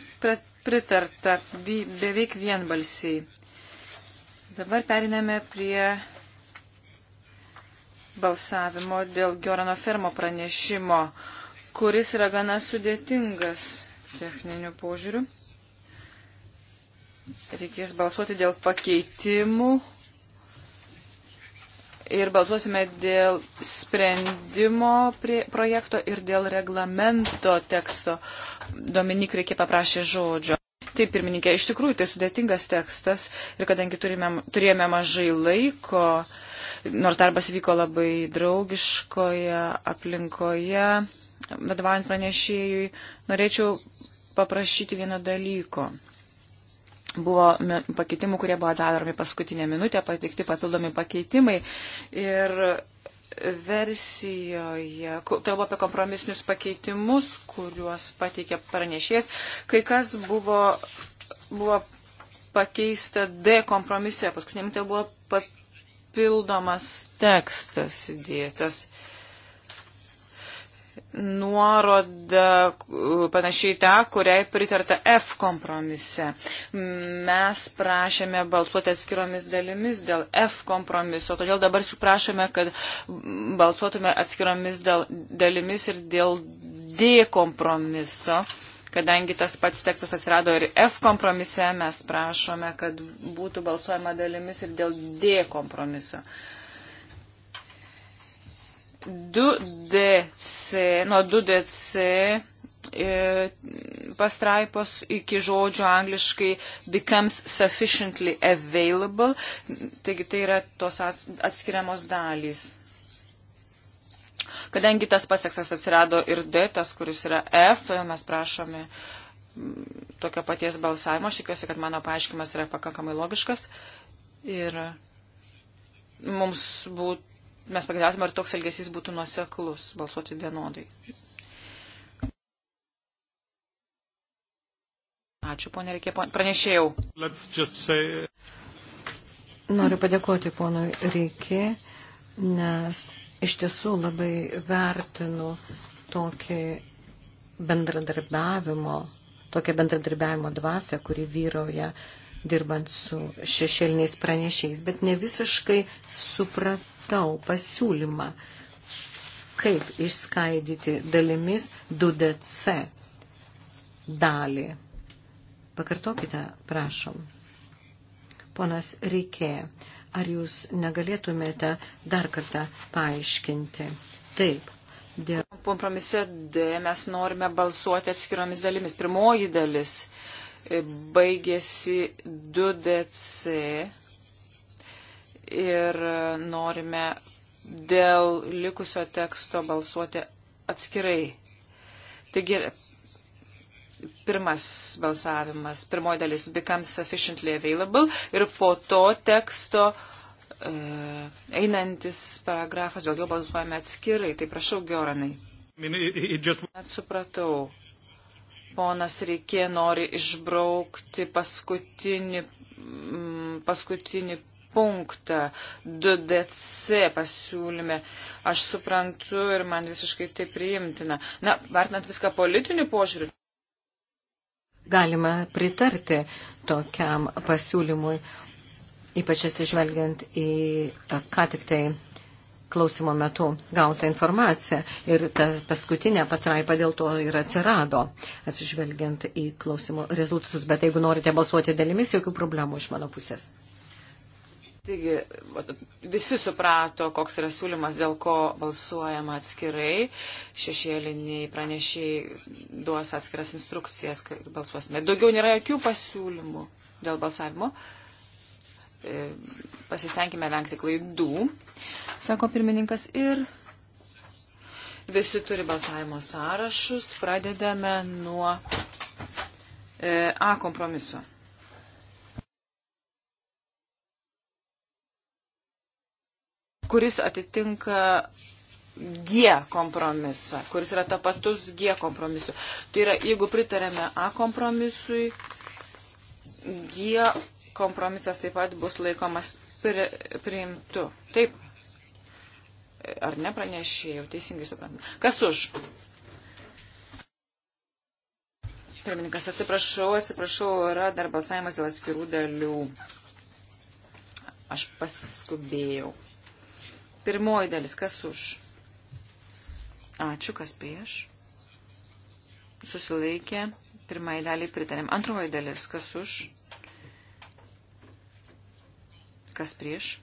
Pritarta beveik vienbalsiai. Dabar periname prie balsavimo dėl Giorano Fermo pranešimo kuris yra gana sudėtingas techniniu požiūriu. Reikės balsuoti dėl pakeitimų ir balsuosime dėl sprendimo prie, projekto ir dėl reglamento teksto. Dominik reikia paprašė žodžio. Taip, pirmininkė, iš tikrųjų tai sudėtingas tekstas ir kadangi turime, turėjome mažai laiko, nors darbas vyko labai draugiškoje aplinkoje, vadovaujant pranešėjui, norėčiau paprašyti vieno dalyko. Buvo pakeitimų, kurie buvo daromi paskutinę minutę, pateikti papildomi pakeitimai ir versijoje, kalbu apie kompromisinius pakeitimus, kuriuos pateikė pranešėjas, kai kas buvo, buvo pakeista D kompromise, paskutinė minutė buvo papildomas tekstas įdėtas. Uh, nuoroda uh, panašiai tą, kuriai pritarta F kompromise. Mes prašėme balsuoti atskiromis dalimis dėl F kompromiso, todėl dabar suprašome, kad balsuotume atskiromis dal, dalimis ir dėl D kompromiso. Kadangi tas pats tekstas atsirado ir F kompromise, mes prašome, kad būtų balsuojama dalimis ir dėl D kompromiso. Uh, 2DC, nuo 2DC e, pastraipos iki žodžio angliškai becomes sufficiently available. Taigi tai yra tos atskiriamos dalys. Kadangi tas paseksas atsirado ir D, tas, kuris yra F, mes prašome mm, tokio paties balsavimo. Aš tikiuosi, kad mano paaiškimas yra pakankamai logiškas. Ir mums būtų mes pageidautume, ar toks elgesys būtų nuoseklus, balsuoti vienodai. Ačiū, ponė Reikė, pranešėjau. Say... Noriu padėkoti ponui Reikė, nes iš tiesų labai vertinu tokį bendradarbiavimo, tokią bendradarbiavimo dvasę, kuri vyroja dirbant su šešėliniais pranešiais, bet ne visiškai supratau pasiūlymą, kaip išskaidyti dalimis 2DC dalį. Pakartokite, prašom. Ponas Reikė, ar jūs negalėtumėte dar kartą paaiškinti? Taip. Dėl... Kompromise D mes norime balsuoti atskiromis dalimis. Pirmoji dalis. Uh, baigėsi 2DC ir norime dėl likusio teksto balsuoti atskirai. Taigi, pirmas balsavimas, pirmoji dalis becomes sufficiently available ir po to teksto e, einantis paragrafas, dėl jo balsuojame atskirai. Tai prašau, Geranai. Net supratau ponas Reikė nori išbraukti paskutinį, mm, paskutinį punktą 2DC pasiūlyme. Aš suprantu ir man visiškai tai priimtina. Na, vertinant viską politiniu požiūriu. Galima pritarti tokiam pasiūlymui, ypač atsižvelgiant į ką tik tai klausimo metu gautą informaciją ir ta paskutinė pastraipa dėl to ir atsirado, atsižvelgiant į klausimo rezultatus. Bet jeigu norite balsuoti dalimis, jokių problemų iš mano pusės. Taigi, visi suprato, koks yra siūlymas, dėl ko balsuojama atskirai. Šešėliniai pranešiai duos atskiras instrukcijas, kai balsuosime. Daugiau nėra jokių pasiūlymų dėl balsavimo. E, pasistengime vengti klaidų sako pirmininkas, ir visi turi balsavimo sąrašus. Pradedame nuo e, A kompromiso. kuris atitinka G kompromisą, kuris yra tapatus G kompromisu. Tai yra, jeigu pritarėme A kompromisui, G kompromisas taip pat bus laikomas pri, priimtu. Taip, Ar ne pranešėjau, teisingai suprantu. Kas už? Pirmininkas, atsiprašau, atsiprašau, yra dar balsavimas dėl atskirų dalių. Aš paskubėjau. Pirmoji dalis, kas už? Ačiū, kas prieš? Susilaikė. Pirmąjį dalį pritarėm. Antroji dalis, kas už? Kas prieš?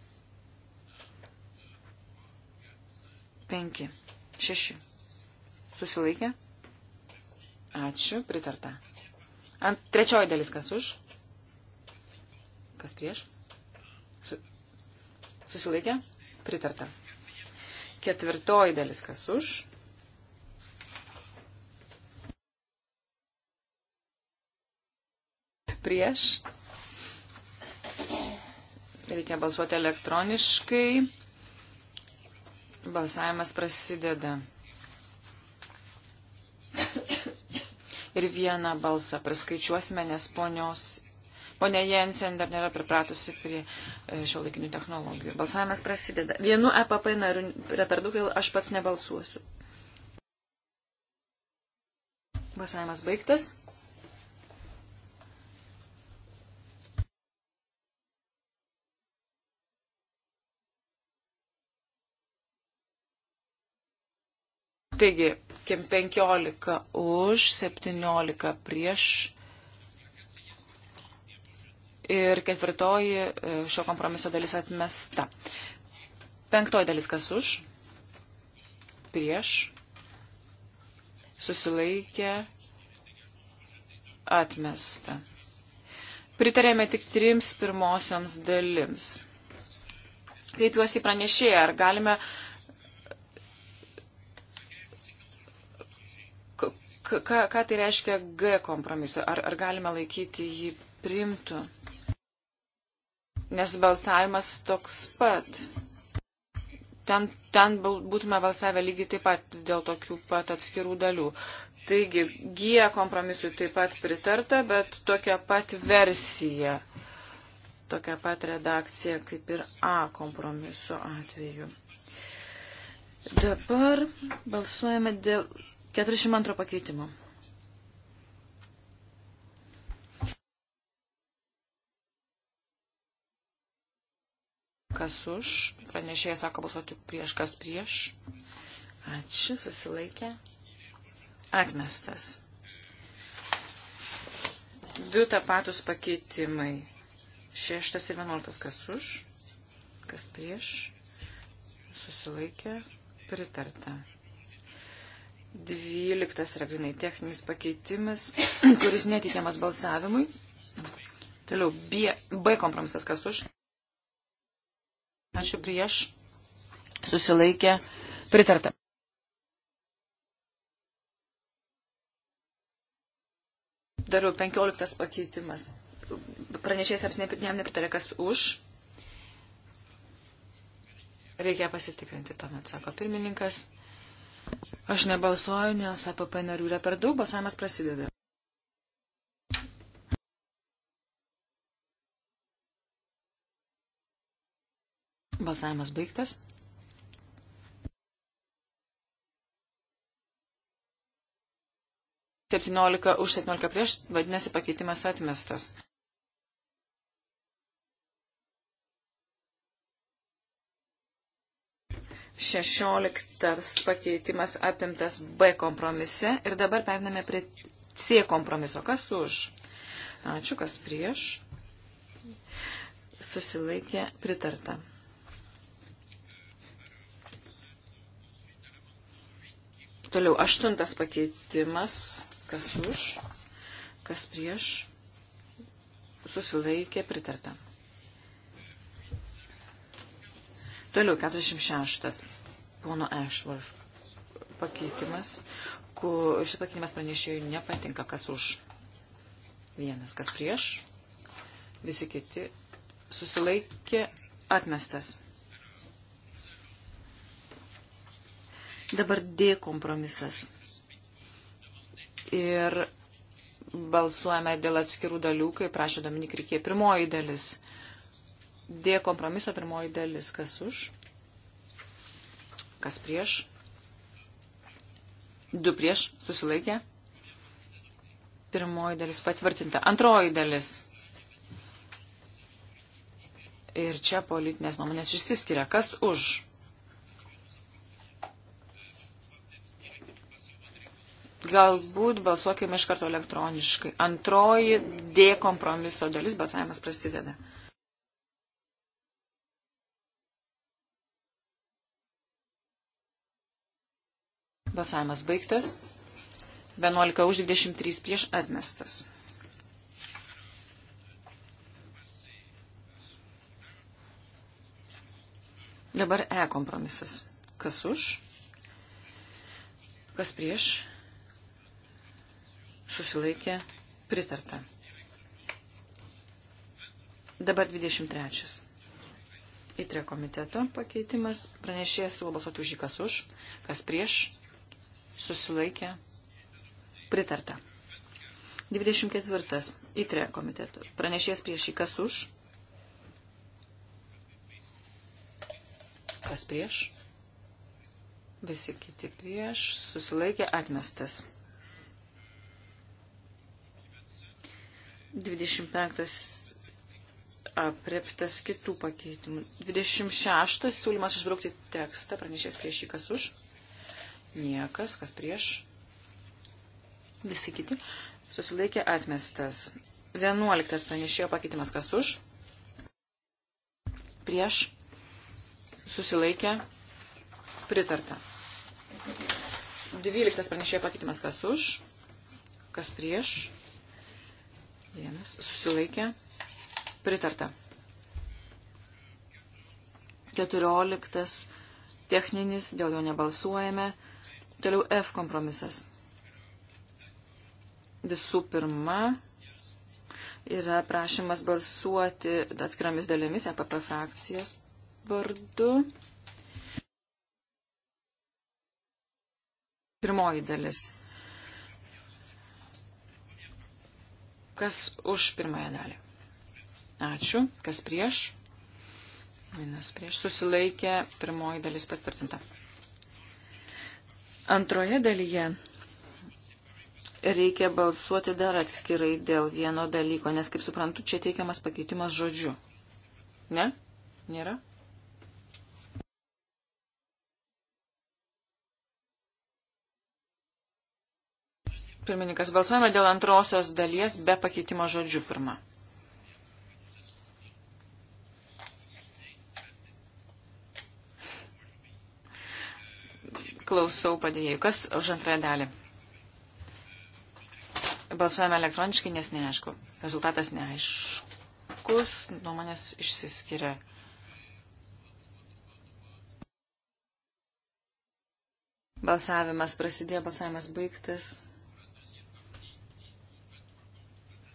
5, 6. Susilaikė? Ačiū, pritarta. Ant trečioji dalis kas už? Kas prieš? Su, susilaikė? Pritarta. Ketvirtoji dalis kas už? Prieš. Reikia balsuoti elektroniškai. Balsavimas prasideda. Ir vieną balsą praskaičiuosime, nes ponios, ponia Jensen dar nėra pripratusi prie e, šio laikinių technologijų. Balsavimas prasideda. Vienu EPP nariu yra per daug, aš pats nebalsuosiu. Balsavimas baigtas. Taigi, 15 už, 17 prieš. Ir ketvirtoji e, šio kompromiso dalis atmesta. Penktoji dalis kas už, prieš, susilaikė, atmesta. Pritarėme tik trims pirmosioms dalims. Kreipiuosi pranešėją, ar galime uh, ką, ką tai reiškia G kompromisu? Ar, ar galime laikyti jį priimtų? Nes balsavimas toks pat. Ten, ten būtume balsavę lygiai taip pat dėl tokių pat atskirų dalių. Taigi, G kompromisui taip pat pritarta, bet tokia pat versija, tokia pat redakcija kaip ir A kompromiso atveju. Dabar balsuojame dėl 42 pakeitimo. Kas už? Pranešėjas sako balsuoti prieš, kas prieš. Ačiū, susilaikė. Atmestas. Du tapatus pakeitimai. Šeštas ir vienuoltas kas už, kas prieš. Susilaikė. Pritarta. Dvyliktas yra grinai techninis pakeitimas, kuris neteikiamas balsavimui. Toliau B, B kompromisas kas už. Ačiū prieš. Susilaikė. Pritarta. Dariau 15 pakeitimas. Pranešėjas apsnėpit, jam nepritarė, kas už. Reikia pasitikrinti tuomet, sako pirmininkas. Aš nebalsuoju, nes APP narių yra per daug, balsavimas prasideda. Balsavimas baigtas. Septyniolika už septyniolika prieš, vadinasi, pakeitimas atmestas. 16 pakeitimas apimtas B kompromise ir dabar pername prie C kompromiso. Kas už? Ačiū, kas prieš? Susilaikė pritarta. Toliau, aštuntas pakeitimas. Kas už? Kas prieš? Susilaikė pritarta. Toliau 46. Pono Ashworth pakeitimas. Kur šis pakeitimas pranešėjų nepatinka, kas už vienas, kas prieš. Visi kiti susilaikė atmestas. Dabar D kompromisas. Ir balsuojame dėl atskirų dalių, kaip prašė Dominik Rikė. Pirmoji dalis D kompromiso pirmoji dalis. Kas už? Kas prieš? Du prieš susilaikė. Pirmoji dalis patvirtinta. Antroji dalis. Ir čia politinės nuomonės išsiskiria. Kas už? Galbūt balsuokime iš karto elektroniškai. Antroji D kompromiso dalis balsavimas prasideda. Balsavimas baigtas. 11 už 23 prieš atmestas. Dabar E kompromisas. Kas už? Kas prieš? Susilaikė pritarta. Dabar 23. Įtre komiteto pakeitimas. Pranešėjas siūlo balsuoti už jį kas už, kas prieš, susilaikė, pritarta. 24. Įtrė komitetų. Pranešės prieš jį, kas už, kas prieš, visi kiti prieš, susilaikė, atmestas. 25 apreptas kitų pakeitimų. 26 siūlymas išbraukti tekstą, pranešės prieš jį kas už, Niekas, kas prieš. Visi kiti. Susilaikė atmestas. Vienuoliktas pranešėjo pakeitimas, kas už. Prieš. Susilaikė. Pritarta. Dvyliktas pranešėjo pakeitimas, kas už. Kas prieš. Vienas. Susilaikė. Pritarta. Keturioliktas techninis, dėl jo nebalsuojame. Toliau F kompromisas. Visų pirma, yra prašymas balsuoti atskiromis dalimis EPP frakcijos vardu. Pirmoji dalis. Kas už pirmąją dalį? Ačiū. Kas prieš? Vienas prieš. Susilaikė pirmoji dalis patvirtinta. Antroje dalyje reikia balsuoti dar atskirai dėl vieno dalyko, nes, kaip suprantu, čia teikiamas pakeitimas žodžiu. Ne? Nėra? Pirmininkas, balsuojame dėl antrosios dalies be pakeitimo žodžių pirmą. Klausau padėjėjų. Kas už antrąją dalį? Balsuojame elektroniškai, nes neaišku. Rezultatas neaiškus, nuomonės išsiskiria. Balsavimas prasidėjo, balsavimas baigtas.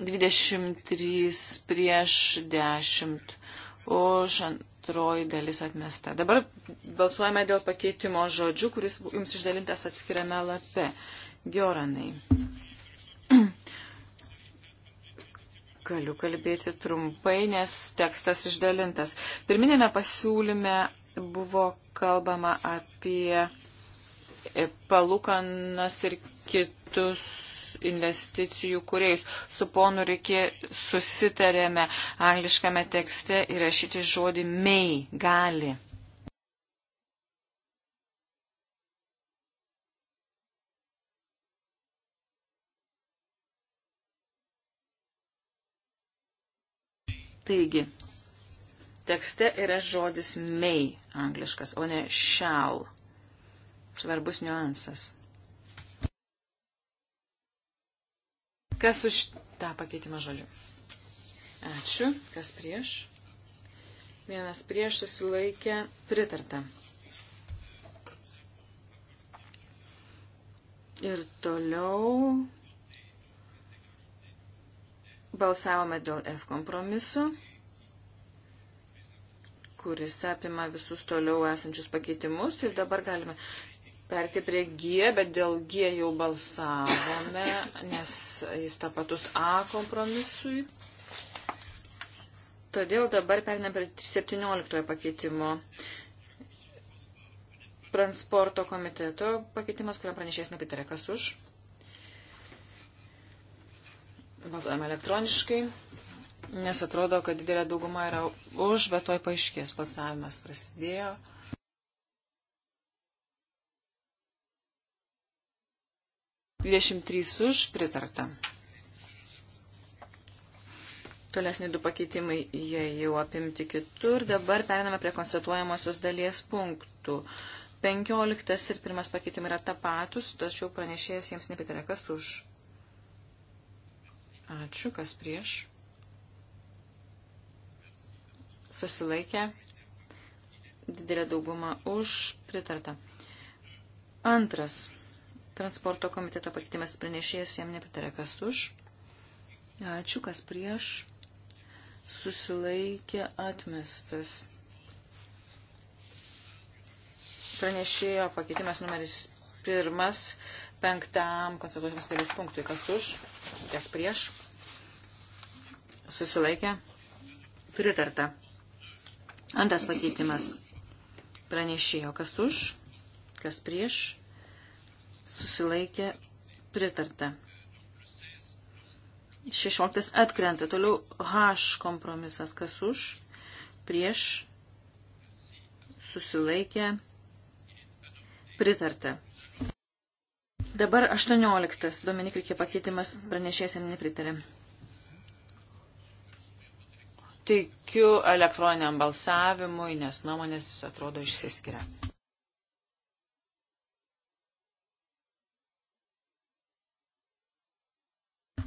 23 prieš 10 už antroji dalis atmesta. Dabar balsuojame dėl pakeitimo žodžių, kuris jums išdalintas atskiriame lape. Gioranai. Galiu kalbėti trumpai, nes tekstas išdalintas. Pirminėme pasiūlyme buvo kalbama apie palūkanas ir kitus investicijų kuriais. Su ponu Rikė susitarėme angliškame tekste įrašyti žodį mei, gali. Taigi, tekste yra žodis may angliškas, o ne shall. Svarbus niuansas. Kas už tą pakeitimą žodžiu? Ačiū. Kas prieš? Vienas prieš susilaikė pritarta. Ir toliau balsavome dėl F kompromisu, kuris apima visus toliau esančius pakeitimus ir dabar galime perti prie G, bet dėl G jau balsavome, nes jis tapatus A kompromisui. Todėl dabar perinam prie 17 pakeitimo. Transporto komiteto pakeitimas, kuriam pranešėjas nepritarė, kas už. Balsuojame elektroniškai, nes atrodo, kad didelė dauguma yra už, bet toj paaiškės balsavimas prasidėjo. 23 už pritarta. Tolesni du pakeitimai, jie jau apimti kitur. Dabar periname prie konstatuojamosios dalies punktų. 15 ir pirmas pakeitimai yra tapatus, tačiau pranešėjas jiems nepritarė. Kas už? Ačiū, kas prieš? Susilaikė. Didelė dauguma už pritarta. Antras Transporto komiteto pakeitimas pranešėjas jam nepritarė, kas už. Ačiū, kas prieš. Susilaikė atmestas. Pranešėjo pakeitimas numeris pirmas, penktam konstatuojamas dalis punktui, kas už, kas prieš. Susilaikė. Pritarta. Antras pakeitimas. Pranešėjo, kas už, kas prieš susilaikė pritarta. 16 atkrenta. Toliau H kompromisas. Kas už? Prieš susilaikė pritarta. Dabar 18. Dominik reikia pakeitimas pranešėjas jam nepritarė. Tikiu elektroniniam balsavimui, nes nuomonės atrodo išsiskiria.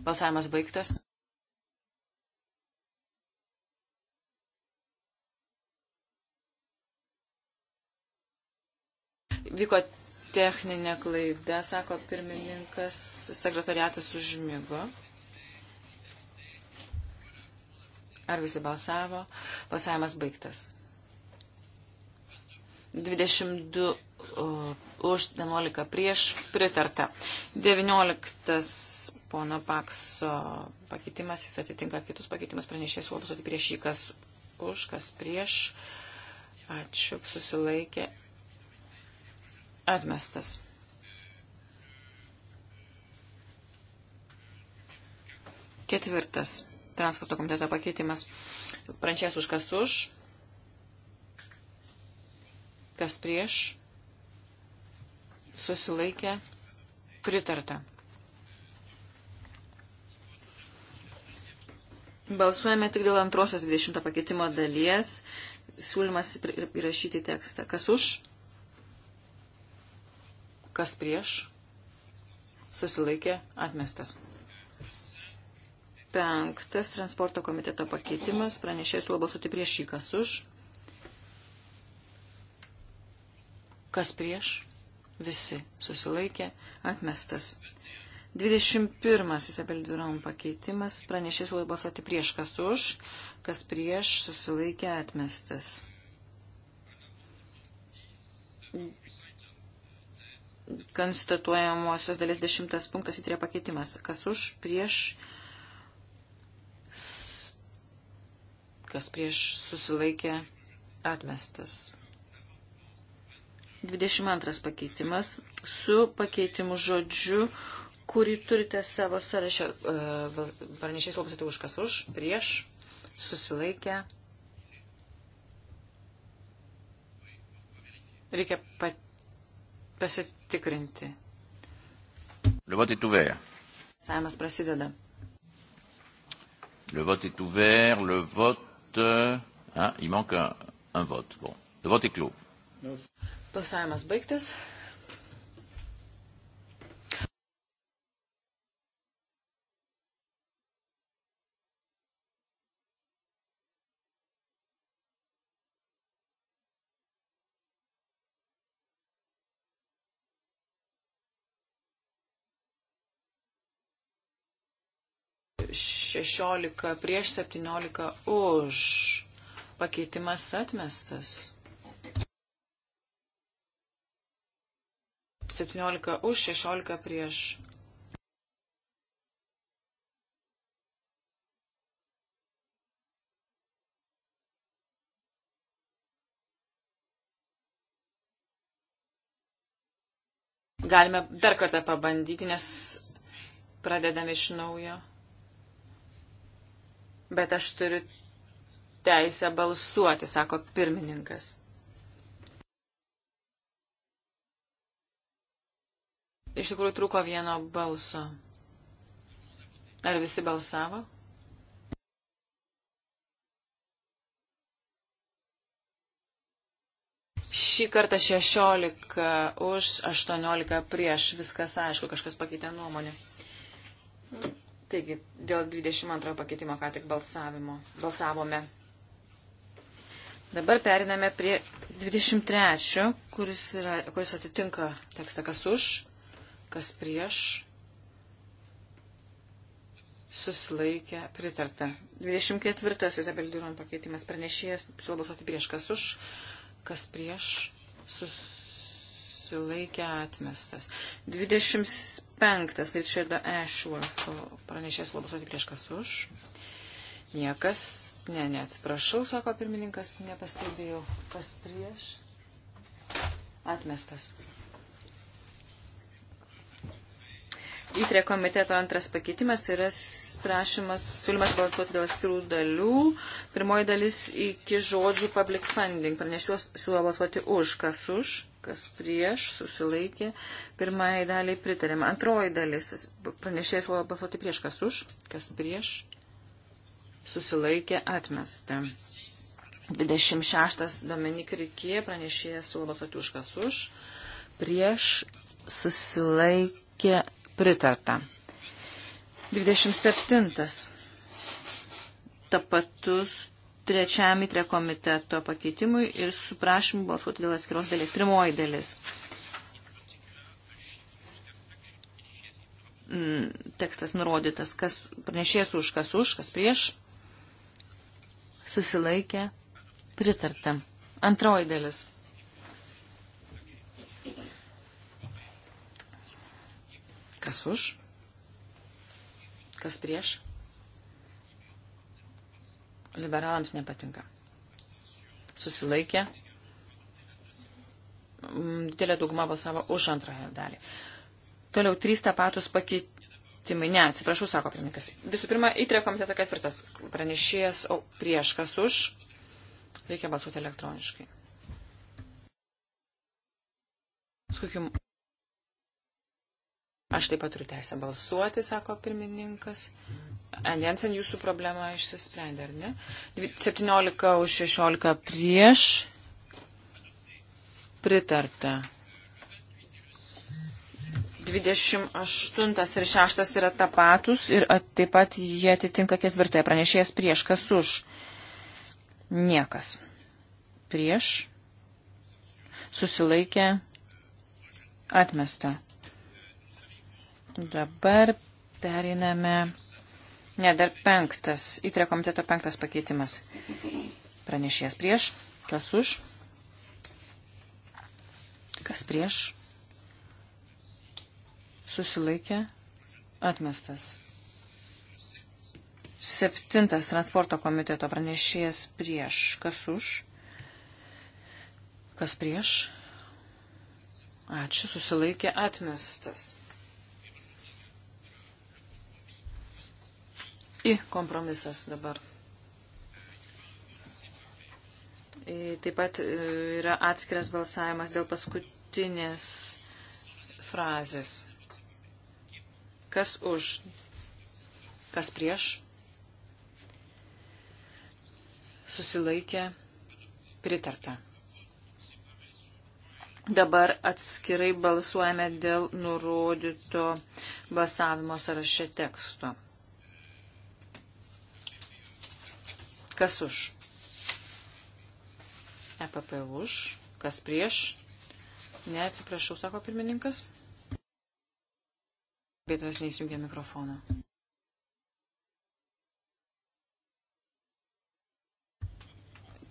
Balsavimas baigtas. Vyko techninė klaida, sako pirmininkas, sekretariatas užmygo. Ar visi balsavo? Balsavimas baigtas. 22 uh, už 11 prieš pritarta. 19 pono Pakso pakeitimas, jis atitinka kitus pakeitimus, pranešės suopusuoti prieš jį, kas už, kas prieš. Ačiū, susilaikė. Atmestas. Ketvirtas. Transporto komiteto pakeitimas. Pranešės už, kas už, kas prieš. Susilaikė. Pritarta. Balsuojame tik dėl antrosios 20 pakeitimo dalies. Siūlymas įrašyti tekstą. Kas už? Kas prieš? Susilaikė atmestas. Penktas transporto komiteto pakeitimas. Pranešėjai siūlo balsuoti prieš jį. Kas už? Kas prieš? Visi susilaikė atmestas. 21. Isabel Duram pakeitimas. Pranešės laibos ati prieš kas už, kas prieš susilaikė atmestas. Konstatuojamosios dalis 10 punktas įtrė pakeitimas. Kas už, prieš, kas prieš susilaikė atmestas. 22 pakeitimas su pakeitimu žodžiu kurį turite savo sąraše. E, Pranešės labai tai už kas už, prieš, susilaikę. Reikia pa pasitikrinti. Le vote est ouvert. Saimas prasideda. Le vote est ouvert, le vote... Hein, il manque un, un vote. Bon. Le vote est clos. Balsavimas baigtas. 16 prieš 17 už. Pakeitimas atmestas. 17 už, 16 prieš. Galime dar kartą pabandyti, nes pradedame iš naujo bet aš turiu teisę balsuoti, sako pirmininkas. Iš tikrųjų trūko vieno balso. Ar visi balsavo? Šį kartą 16 už 18 prieš, viskas aišku, kažkas pakeitė nuomonę. Taigi, dėl 22 pakeitimo ką tik balsavome. Dabar periname prie 23, kuris, yra, kuris atitinka tekstą kas už, kas prieš, susilaikė, pritarta. 24 Izabel Duron pakeitimas pranešėjas, siūlo balsuoti prieš kas už, kas prieš, susilaikė atmestas. 25 5. Richardo Ashworth pranešės balsuoti prieš kas už. Niekas, ne, neatsiprašau, sako pirmininkas, nepastebėjau, kas prieš. Atmestas. Įtrė komiteto antras pakeitimas yra prašymas, siūlymas balsuoti dėl atskirų dalių. Pirmoji dalis iki žodžių public funding. Pranešiuos siūlo balsuoti už, kas už, kas prieš, susilaikė. Pirmai daliai pritarėme. Antroji dalis, pranešėjas siūlo balsuoti prieš, kas už, kas prieš, susilaikė, atmesta. 26 Dominik Rikė, pranešėjas siūlo balsuoti už, kas už, prieš, susilaikė, pritarta. 27. Tapatus trečiam įtre komiteto pakeitimui ir su prašymu balsuoti dėl atskiros dalies. Pirmoji dalis. Mm, tekstas nurodytas, kas pranešės už, kas už, kas prieš. Susilaikė. Pritarta. Antroji dalis. Kas už? Kas prieš? Liberalams nepatinka. Susilaikė. Mm, didelė dauguma balsavo už antrąją dalį. Toliau trys tapatus pakeitimai. Ne, atsiprašau, sako pirmininkas. Visų pirma, įtrė komiteto ketvirtas pranešėjas o, prieš, kas už. Reikia balsuoti elektroniškai. Skukim. Aš taip pat turiu teisę balsuoti, sako pirmininkas. Jensen, jūsų problema išsisprendė, ar ne? 17 už 16 prieš. Pritarta. 28 ir 6 yra tapatus ir taip pat jie atitinka ketvirtąją. Pranešėjas prieš, kas už? Niekas. Prieš. Susilaikė. Atmesta. Dabar periname. Ne, dar penktas. Įtrė komiteto penktas pakeitimas. Pranešėjas prieš. Kas už? Kas prieš? Susilaikė. Atmestas. Septintas transporto komiteto pranešėjas prieš. Kas už? Kas prieš? Ačiū, susilaikė atmestas. į kompromisas dabar. Taip pat e, yra atskiras balsavimas dėl paskutinės frazės. Kas už, kas prieš, susilaikė, pritarta. Dabar atskirai balsuojame dėl nurodyto balsavimo sąraše teksto. Kas už? EPP už. Kas prieš? Ne, atsiprašau, sako pirmininkas. Bėtojas neįsijungia mikrofoną.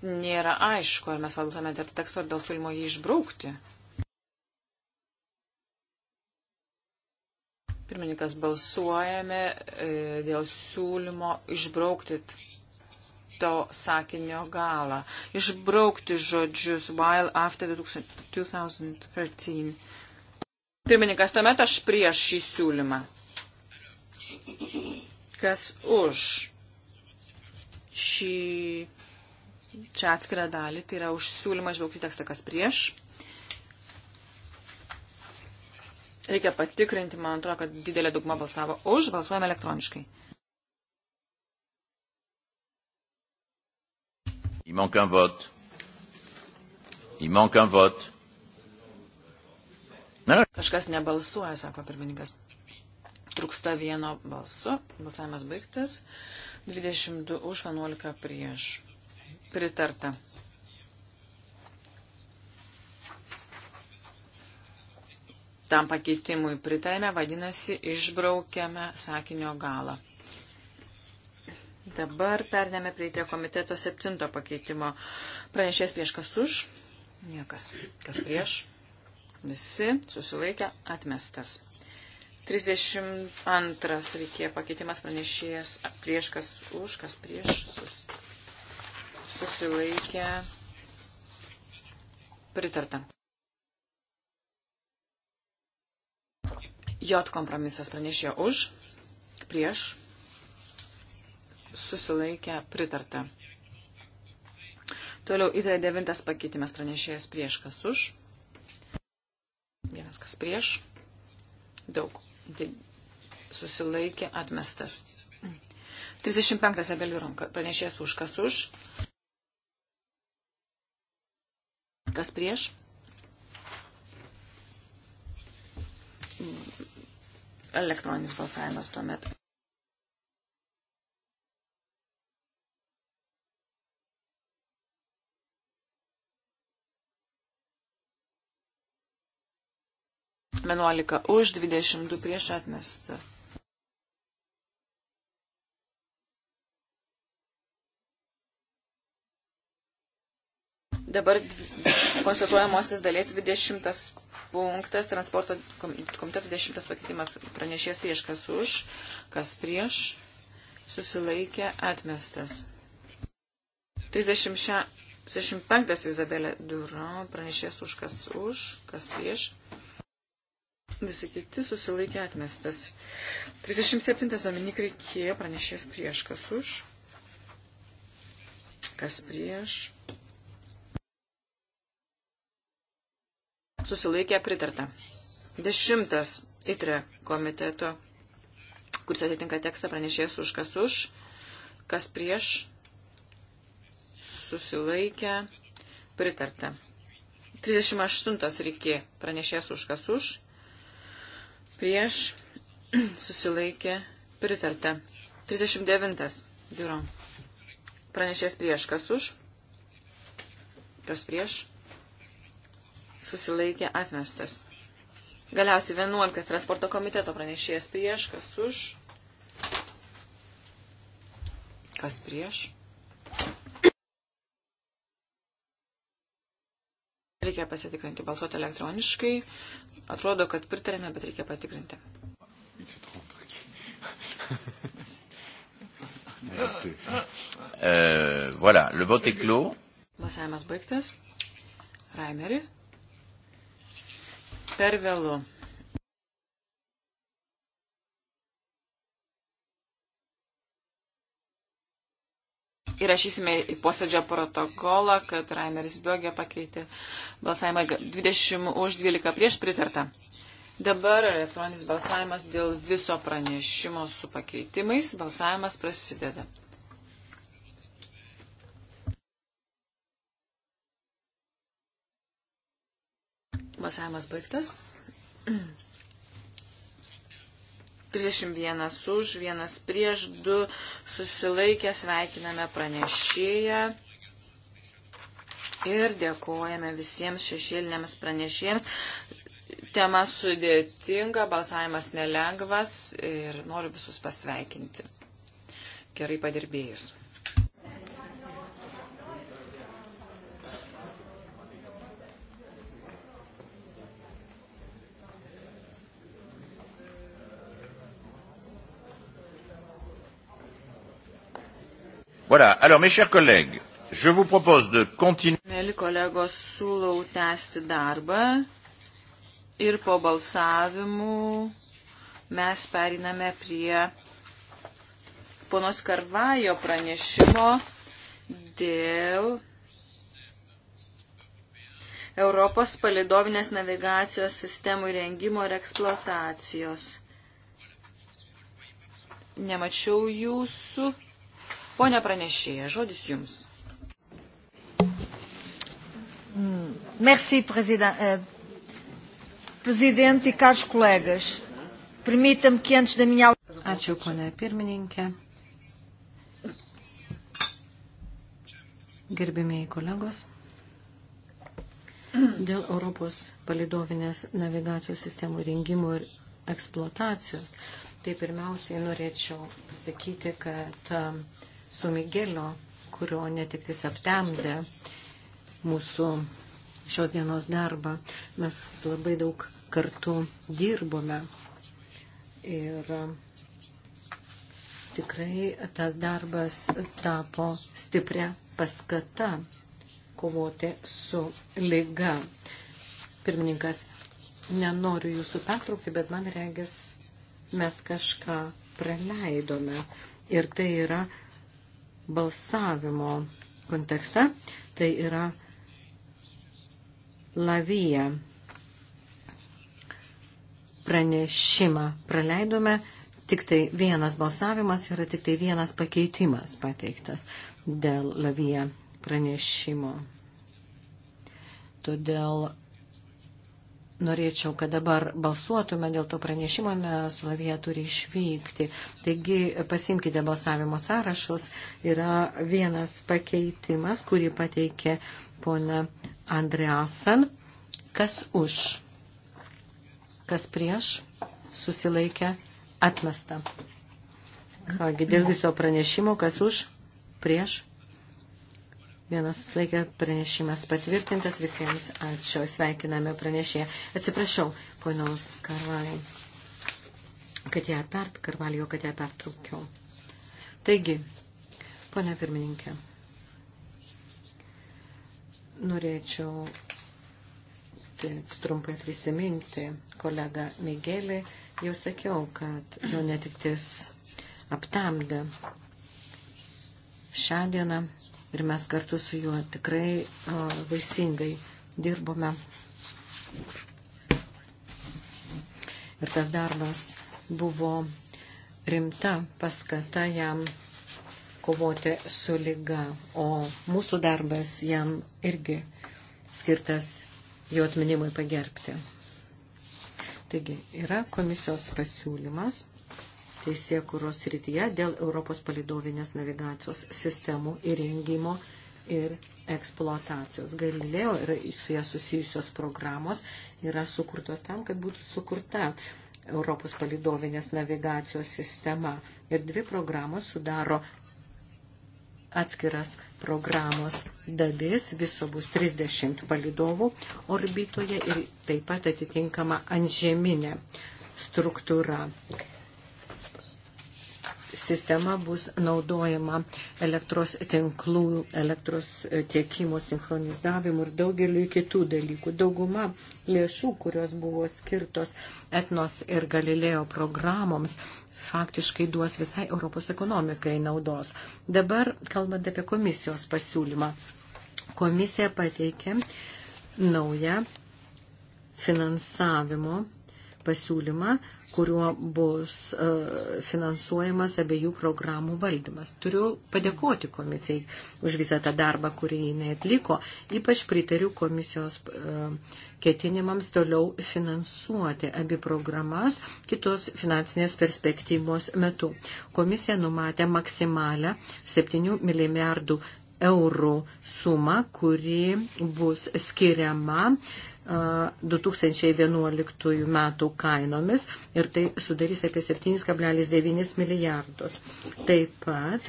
Nėra aišku, ar mes valutame dėl teksto ar dėl filmo jį išbraukti. Pirmininkas balsuojame e, dėl siūlymo išbraukti to sakinio galą. Išbraukti žodžius while after 2013. Pirmininkas, tuomet aš prieš šį siūlymą. Kas už šį čia atskirą dalį, tai yra už siūlymą žvelgti tekstą, kas prieš. Reikia patikrinti, man atrodo, kad didelė dauguma balsavo už, balsuojame elektroniškai. Il manque un vote. Il manque un vote. Na. Kažkas nebalsuoja, sako pirmininkas. Truksta vieno balsu. Balsavimas baigtas. 22 už 11 prieš. Pritarta. Tam pakeitimui pritarėme, vadinasi, išbraukėme sakinio galą. Dabar pernėme prie tie komiteto septinto pakeitimo. Pranešės prieš kas už? Niekas. Kas prieš? Visi susilaikę atmestas. 32 reikėjo pakeitimas pranešėjas prieš kas už, kas prieš sus, susilaikę pritarta. J kompromisas pranešėjo už, prieš susilaikę pritarta. Toliau įtrė devintas pakeitimas pranešėjas prieš kas už. Vienas kas prieš. Daug. Susilaikė atmestas. 35 abelių ranka. Pranešėjas už kas už. Kas prieš? Elektroninis balsavimas tuomet. 11 už, 22 prieš atmestą. Dabar konstatuojamosios dalies 20 punktas, transporto komiteto 10 pakeitimas pranešės prieš kas už, kas prieš, susilaikė atmestas. 36. 65 Izabelė Duro pranešės už kas už, kas prieš, Visi kiti susilaikė atmestas. 37 Dominik reikėjo pranešės prieš. Kas už? Kas prieš? Susilaikė pritarta. Dešimtas ITRE komiteto, kuris atitinka tekstą pranešės už kas už, kas prieš, susilaikė pritarta. 38 reikėjo pranešės už kas už, Prieš susilaikė pritarta. 39. Biuro. Pranešės prieš. Kas už? Kas prieš? Susilaikė atmestas. Galiausiai 11. Transporto komiteto pranešėjas prieš. Kas už? Kas prieš? Reikia pasitikrinti balsuoti elektroniškai. Atrodo, kad pritarėme, bet reikia patikrinti. Euh, voilà, le vote est clos. Balsavimas baigtas. Raimeri. Per vėlų. įrašysime į posėdžio protokolą, kad Raimeris Biogė pakeitė balsavimą 20 už 12 prieš pritartą. Dabar elektroninis balsavimas dėl viso pranešimo su pakeitimais. Balsavimas prasideda. Balsavimas baigtas. 31 už, 1 prieš, 2 susilaikę sveikiname pranešėją. Ir dėkojame visiems šešėliniams pranešėjams. Tema sudėtinga, balsavimas nelengvas ir noriu visus pasveikinti. Gerai padirbėjus. Voilà. Alors, mes chers collègues, je vous propose de continuer. Mėly kolegos, siūlau tęsti darbą ir po balsavimų mes periname prie ponos Karvajo pranešimo dėl Europos palidovinės navigacijos sistemų rengimo ir eksploatacijos. Nemačiau jūsų. Pone pranešėja, žodis jums. Merci, prezidentė, eh, karš e kolegas. Permitam, que antes da minha... Ačiū, ponė pirmininkė. Gerbimieji kolegos, dėl Europos palidovinės navigacijos sistemų rengimų ir eksploatacijos, tai pirmiausiai norėčiau pasakyti, kad su Migelio, kurio netiktis aptemdė mūsų šios dienos darbą. Mes labai daug kartu dirbome ir tikrai tas darbas tapo stiprią paskata kovoti su lyga. Pirmininkas, nenoriu jūsų pertraukti, bet man regis mes kažką praleidome. Ir tai yra balsavimo kontekste, tai yra Lavija pranešimą praleidome, tik tai vienas balsavimas yra tik tai vienas pakeitimas pateiktas dėl Lavija pranešimo. Todėl norėčiau, kad dabar balsuotume dėl to pranešimo, nes Lavija turi išvykti. Taigi pasimkite balsavimo sąrašus. Yra vienas pakeitimas, kurį pateikė pona Andreasan. Kas už? Kas prieš? Susilaikė atmesta. Kągi, dėl viso pranešimo, kas už? Prieš? Vienas laikė pranešimas patvirtintas, visiems ačiū, sveikiname pranešėją. Atsiprašau, ponios Karvalio, kad ją pert, Karvalio, kad ją pertraukiau. Taigi, ponia pirmininkė, norėčiau trumpai prisiminti kolegą Migelį. Jau sakiau, kad jo netiktis aptamdė šią dieną ir mes kartu su juo tikrai vaisingai dirbome. Ir tas darbas buvo rimta paskata jam kovoti su lyga, o mūsų darbas jam irgi skirtas jo atminimui pagerbti. Taigi yra komisijos pasiūlymas teisėkuros srityje dėl Europos palidovinės navigacijos sistemų įrengimo ir eksploatacijos. Galileo ir su ją susijusios programos yra sukurtos tam, kad būtų sukurta Europos palidovinės navigacijos sistema. Ir dvi programos sudaro atskiras programos dalis, viso bus 30 palidovų orbitoje ir taip pat atitinkama antžeminė struktūra sistema bus naudojama elektros tinklų, elektros e, tiekimo sinchronizavimu ir daugeliu kitų dalykų. Dauguma lėšų, kurios buvo skirtos etnos ir Galilėjo programoms, faktiškai duos visai Europos ekonomikai naudos. Dabar, kalbant apie komisijos pasiūlymą, komisija pateikė naują finansavimo pasiūlymą, kuriuo bus e, finansuojamas abiejų programų valdymas. Turiu padėkoti komisijai už visą tą darbą, kurį jinai atliko. Ypač pritariu komisijos e, ketinimams toliau finansuoti abi programas kitos finansinės perspektyvos metu. Komisija numatė maksimalę 7 milijardų eurų sumą, kuri bus skiriama uh, 2011 metų kainomis ir tai sudarys apie 7,9 milijardus. Taip pat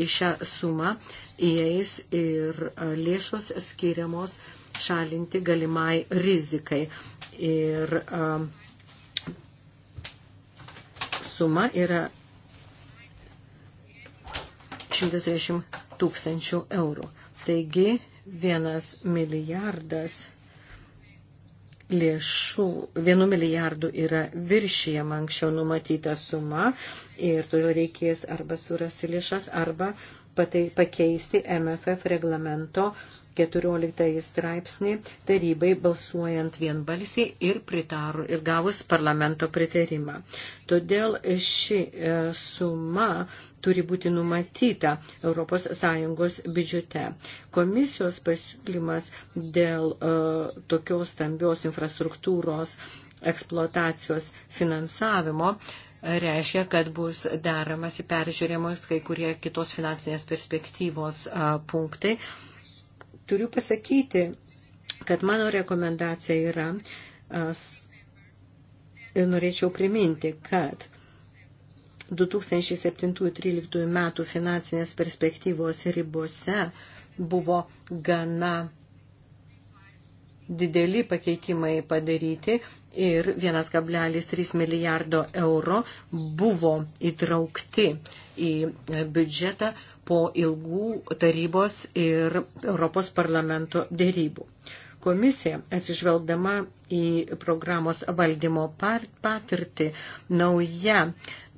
į šią sumą įeis ir lėšos skiriamos šalinti galimai rizikai. Ir suma yra 130 tūkstančių eurų. Taigi vienas milijardas lėšų, vienu milijardu yra viršijama anksčiau numatyta suma ir todėl reikės arba surasti lėšas, arba patai, pakeisti MFF reglamento 14 straipsnį tarybai balsuojant vienbalsiai ir, pritaru, ir gavus parlamento pritarimą. Todėl ši e, suma turi būti numatyta ES biudžete. Komisijos pasiūlymas dėl uh, tokios stambios infrastruktūros eksploatacijos finansavimo reiškia, kad bus deramasi peržiūrėmos kai kurie kitos finansinės perspektyvos uh, punktai. Turiu pasakyti, kad mano rekomendacija yra uh, ir norėčiau priminti, kad 2007-2013 metų finansinės perspektyvos ribose buvo gana dideli pakeitimai padaryti ir 1,3 milijardo euro buvo įtraukti į biudžetą po ilgų tarybos ir Europos parlamento dėrybų. Komisija, atsižvelgdama į programos valdymo patirtį, nauja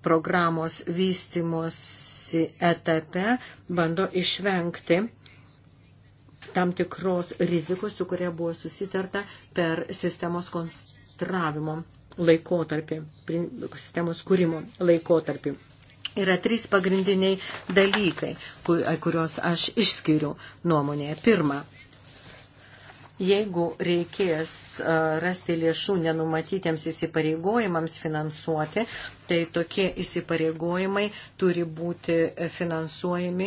programos vystimosi etape bando išvengti tam tikros rizikos, su kuria buvo susitarta per sistemos konstravimo laikotarpį, sistemos kūrimo laikotarpį. Yra trys pagrindiniai dalykai, kuriuos aš išskiriu nuomonėje. Pirma, jeigu reikės rasti lėšų nenumatytiems įsipareigojimams finansuoti, tai tokie įsipareigojimai turi būti finansuojami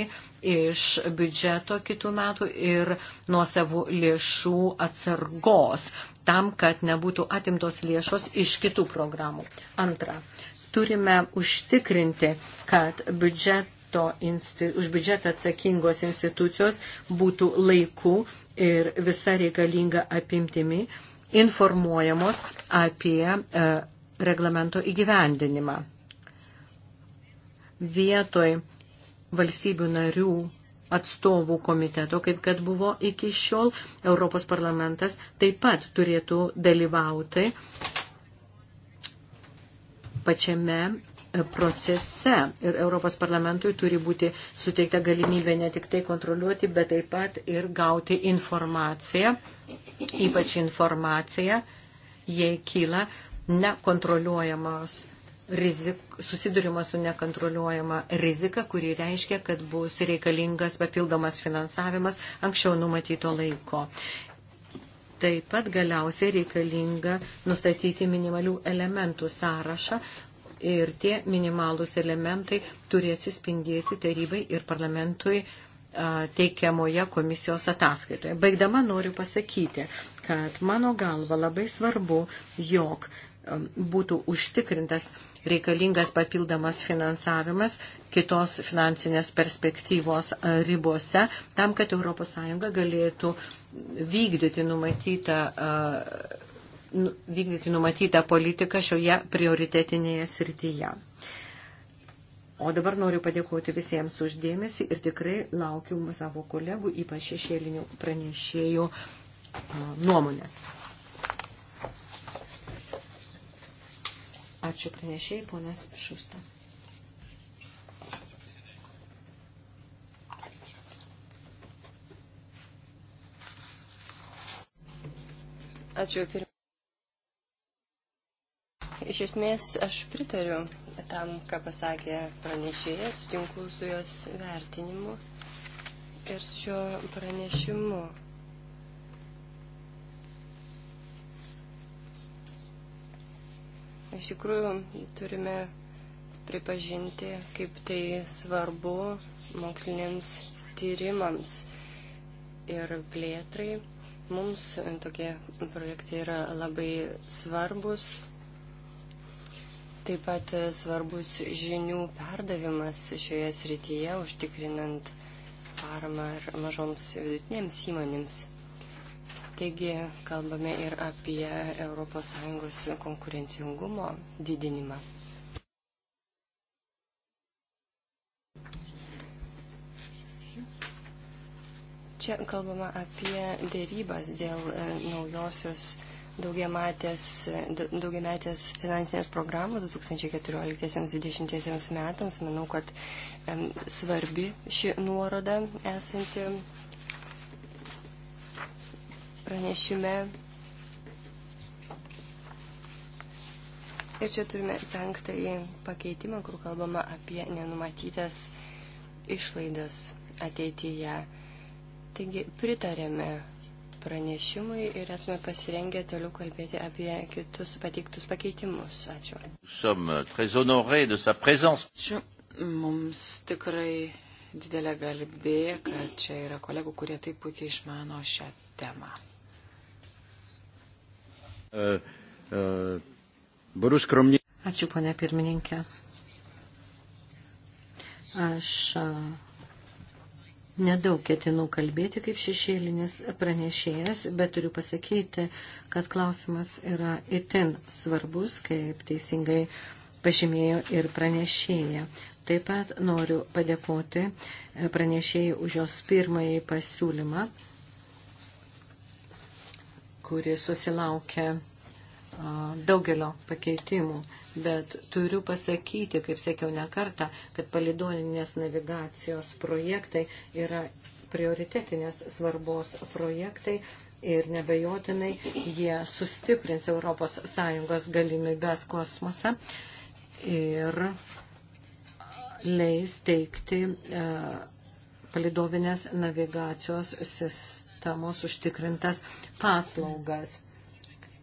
iš biudžeto kitų metų ir nuo savų lėšų atsargos tam, kad nebūtų atimtos lėšos iš kitų programų. Antra, turime užtikrinti, kad biudžeto, už biudžetą atsakingos institucijos būtų laiku ir visa reikalinga apimtimi informuojamos apie e, reglamento įgyvendinimą. Vietoj valstybių narių atstovų komiteto, kaip kad buvo iki šiol, Europos parlamentas taip pat turėtų dalyvauti pačiame e, procese ir Europos parlamentui turi būti suteikta galimybė ne tik tai kontroliuoti, bet taip pat ir gauti informaciją, ypač informaciją, jei kyla nekontroliuojamos rizik, susidurima su nekontroliuojama rizika, kuri reiškia, kad bus reikalingas papildomas finansavimas anksčiau numatyto laiko. Taip pat galiausiai reikalinga nustatyti minimalių elementų sąrašą ir tie minimalūs elementai turi atsispindėti tarybai ir parlamentui teikiamoje komisijos ataskaitoje. Baigdama noriu pasakyti, kad mano galva labai svarbu, jog uh, būtų užtikrintas reikalingas papildomas finansavimas kitos finansinės perspektyvos ribose, tam, kad ES galėtų vykdyti numatytą, nu, vykdyti numatytą politiką šioje prioritetinėje srityje. O dabar noriu padėkoti visiems uždėmesi ir tikrai laukiu savo kolegų, ypač šešėlinių pranešėjų nuomonės. Ačiū pranešėjai, ponas Šusta. Ačiū pirmiausia. Iš esmės aš pritariu tam, ką pasakė pranešėjas, sutinku su jos vertinimu ir su šio pranešimu. Iš tikrųjų, turime pripažinti, kaip tai svarbu moksliniams tyrimams ir plėtrai. Mums tokie projektai yra labai svarbus, Taip pat svarbus žinių perdavimas šioje srityje, užtikrinant paramą ir mažoms vidutinėms įmonėms. Taigi kalbame ir apie ES konkurencingumo didinimą. Čia kalbama apie dėrybas dėl e, naujosios daugiametės, daugiametės finansinės programos 2014-2020 metams. Manau, kad svarbi ši nuoroda esanti pranešime. Ir čia turime penktąjį pakeitimą, kur kalbama apie nenumatytas išlaidas ateityje. Taigi pritarėme pranešimui ir esame pasirengę toliau kalbėti apie kitus pateiktus pakeitimus. Ačiū. Ačiū. Mums tikrai didelė galbė, kad čia yra kolegų, kurie taip puikiai išmano šią temą. Ačiū, ponė pirmininkė. Aš Nedaug ketinau kalbėti kaip šešėlinis pranešėjas, bet turiu pasakyti, kad klausimas yra itin svarbus, kaip teisingai pažymėjo ir pranešėja. Taip pat noriu padėkoti pranešėjai už jos pirmąjį pasiūlymą kuri susilaukė daugelio pakeitimų, bet turiu pasakyti, kaip sakiau ne kartą, kad palidoninės navigacijos projektai yra prioritetinės svarbos projektai ir nebejotinai jie sustiprins ES galimybės kosmose ir leis teikti e, palidovinės navigacijos sistemas aptamos užtikrintas paslaugas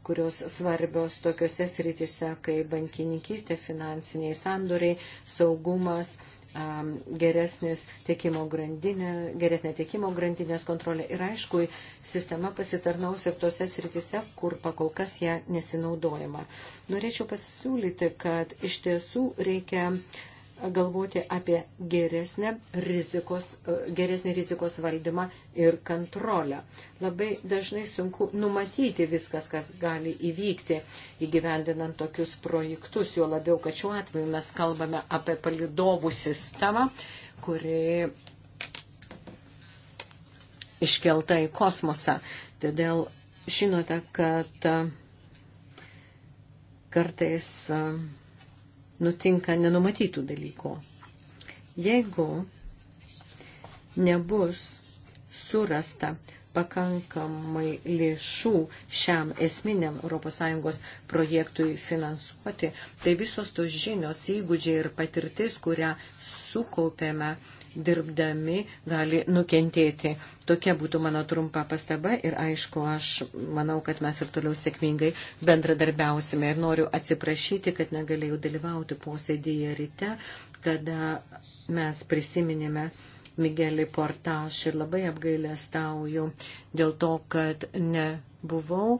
kurios svarbios tokiuose sritise, kaip bankininkystė, finansiniai sandoriai, saugumas, geresnis tiekimo grandinė, geresnė tiekimo grandinės kontrolė. Ir aišku, sistema pasitarnaus ir tose sritise, kur pakol kas ją nesinaudojama. Norėčiau pasisiūlyti, kad iš tiesų reikia uh, galvoti apie geresnę rizikos, e, geresnį rizikos valdymą ir kontrolę. Labai dažnai sunku numatyti viskas, kas gali įvykti įgyvendinant tokius projektus, jo labiau, kad šiuo atveju mes kalbame apie palidovų sistemą, kuri iškelta į kosmosą. Todėl žinote, kad e, kartais uh, nutinka nenumatytų dalykų. Jeigu nebus surasta pakankamai lėšų šiam esminiam ES projektui finansuoti, tai visos tos žinios, įgūdžiai ir patirtis, kurią sukaupėme dirbdami gali nukentėti. Tokia būtų mano trumpa pastaba ir aišku, aš manau, kad mes ir toliau sėkmingai bendradarbiausime ir noriu atsiprašyti, kad negalėjau dalyvauti posėdėje ryte, kada mes prisiminėme Migelį Portaš ir labai apgailę stauju dėl to, kad nebuvau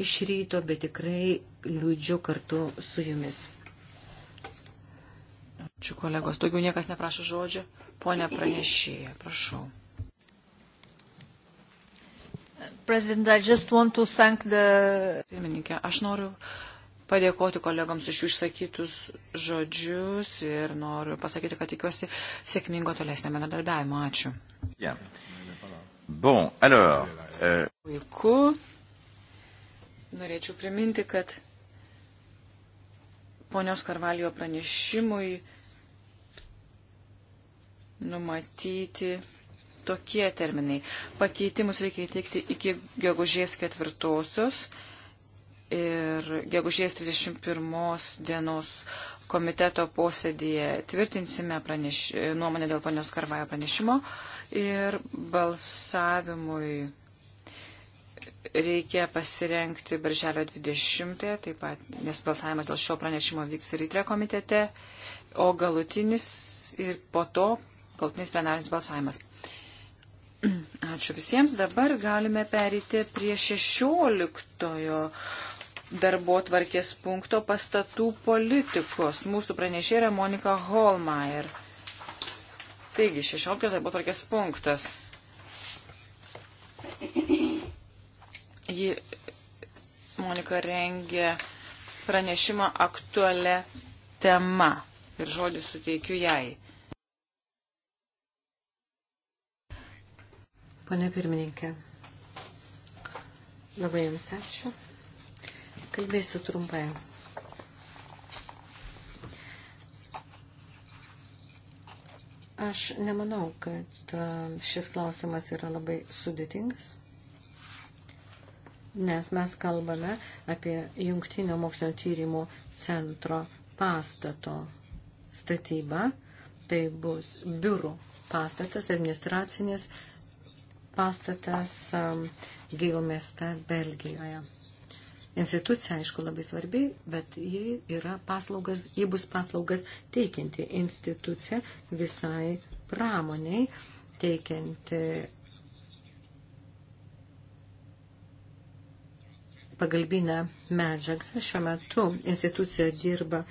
iš ryto, bet tikrai liūdžiu kartu su jumis. Ačiū kolegos, daugiau niekas neprašo žodžio. Pone pranešėja, prašau. The... Pirmininkė, aš noriu padėkoti kolegams už jų išsakytus žodžius ir noriu pasakyti, kad tikiuosi sėkmingo tolesnio bendradarbiavimo. Ačiū. Yeah. Bon, alors, euh... Vaiku, norėčiau priminti, kad ponios Karvalijo pranešimui numatyti tokie terminai. Pakeitimus reikia įteikti iki gegužės ketvirtosios ir gegužės 31 dienos komiteto posėdėje tvirtinsime praneš, nuomonę dėl ponios Karvajo pranešimo ir balsavimui reikia pasirenkti birželio 20, taip pat, nes balsavimas dėl šio pranešimo vyks rytre komitete, o galutinis ir po to galtinis plenarinis balsavimas. Ačiū visiems. Dabar galime perėti prie 16 darbo tvarkės punkto pastatų politikos. Mūsų pranešė yra Monika Holmeier. Taigi, 16 darbo tvarkės punktas. Ji, Monika, rengė pranešimą aktualią temą ir žodį suteikiu jai. Pone pirmininkė, labai Jums ačiū. Kalbėsiu trumpai. Aš nemanau, kad e, šis klausimas yra labai sudėtingas, nes mes kalbame apie jungtinio mokslinio tyrimų centro pastato statybą. Tai bus biurų pastatas, administracinis pastatas Gail mieste Belgijoje. Institucija, aišku, labai svarbi, bet ji yra paslaugas, ji bus paslaugas teikianti institucija visai pramoniai, teikianti pagalbinę medžiagą. Šiuo metu institucijoje dirba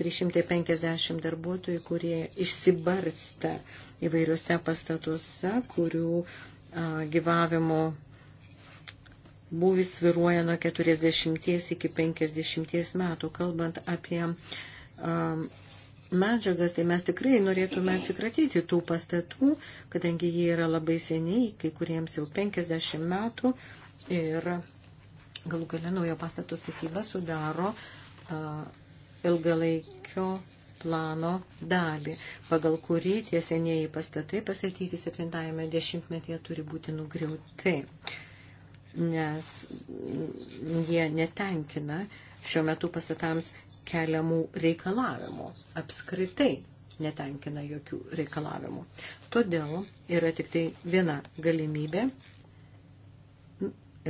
350 darbuotojų, kurie išsibarsta įvairiuose pastatuose, kurių gyvavimo būvis sviruoja nuo 40 iki 50 metų. Kalbant apie um, medžiagas, tai mes tikrai norėtume atsikratyti tų pastatų, kadangi jie yra labai seniai, kai kuriems jau 50 metų ir galų gale naujo pastato statyba sudaro uh, ilgalaikio plano dalį, pagal kurį tie senieji pastatai pastatyti 70-ame dešimtmetyje turi būti nugriauti, nes jie netenkina šiuo metu pastatams keliamų reikalavimų. Apskritai netenkina jokių reikalavimų. Todėl yra tik tai viena galimybė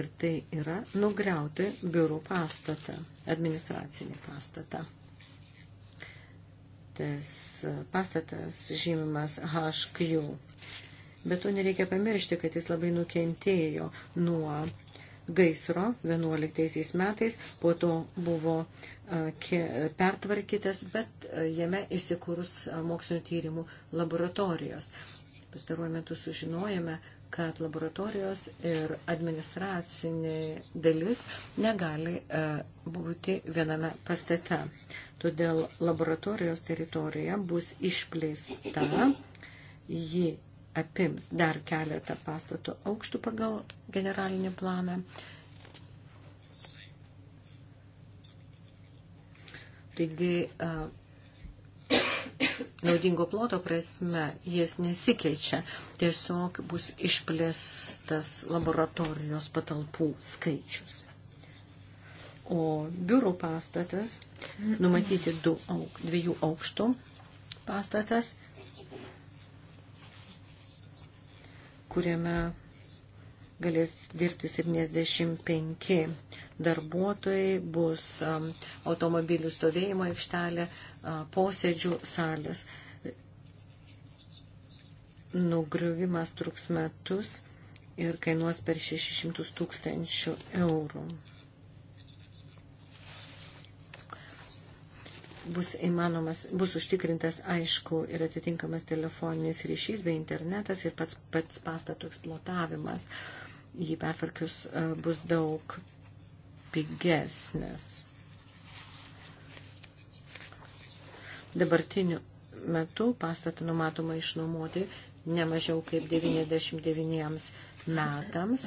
ir tai yra nugriauti biurų pastatą, administracinį pastatą tas pastatas žymimas HQ. Bet to nereikia pamiršti, kad jis labai nukentėjo nuo gaisro 11 metais, po to buvo pertvarkytas, bet jame įsikurs mokslinio tyrimų laboratorijos. Pastaruoju metu sužinojame, kad laboratorijos ir administracinė dalis negali e, būti viename pastate. Todėl laboratorijos teritorija bus išplėsta, ji apims dar keletą pastato aukštų pagal generalinį planą. Taigi, e, naudingo ploto prasme jis nesikeičia, tiesiog bus išplėstas laboratorijos patalpų skaičius. O biurų pastatas, numatyti du, auk, dviejų aukštų pastatas, kuriame galės dirbti 75 darbuotojai, bus um, automobilių stovėjimo aikštelė, posėdžių salės. Nugriuvimas truks metus ir kainuos per 600 tūkstančių eurų. bus įmanomas, bus užtikrintas aišku ir atitinkamas telefoninis ryšys bei internetas ir pats, pats pastato eksploatavimas. Jį pertvarkius bus daug pigesnis. Dabartiniu metu pastatą numatoma išnuomoti nemažiau kaip 99 metams.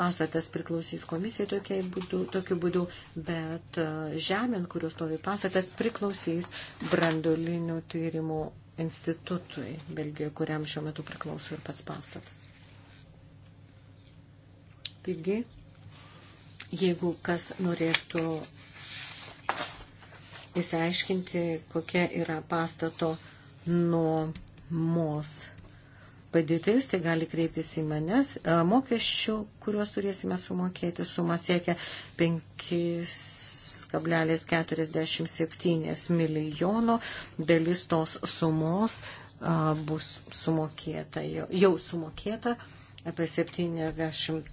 Pastatas priklausys komisijai būdu, tokiu būdu, bet e, žemė, ant kurios stovi pastatas, priklausys brandolinių tyrimų institutui Belgijoje, kuriam šiuo metu priklauso ir pats pastatas. Taigi, jeigu kas norėtų įsiaiškinti, kokia yra pastato nuomos padėtis, tai gali kreiptis į manęs. E, mokesčių, kuriuos turėsime sumokėti, suma siekia 5,47 milijono. Dalis tos sumos e, bus sumokėta, jau sumokėta apie 70,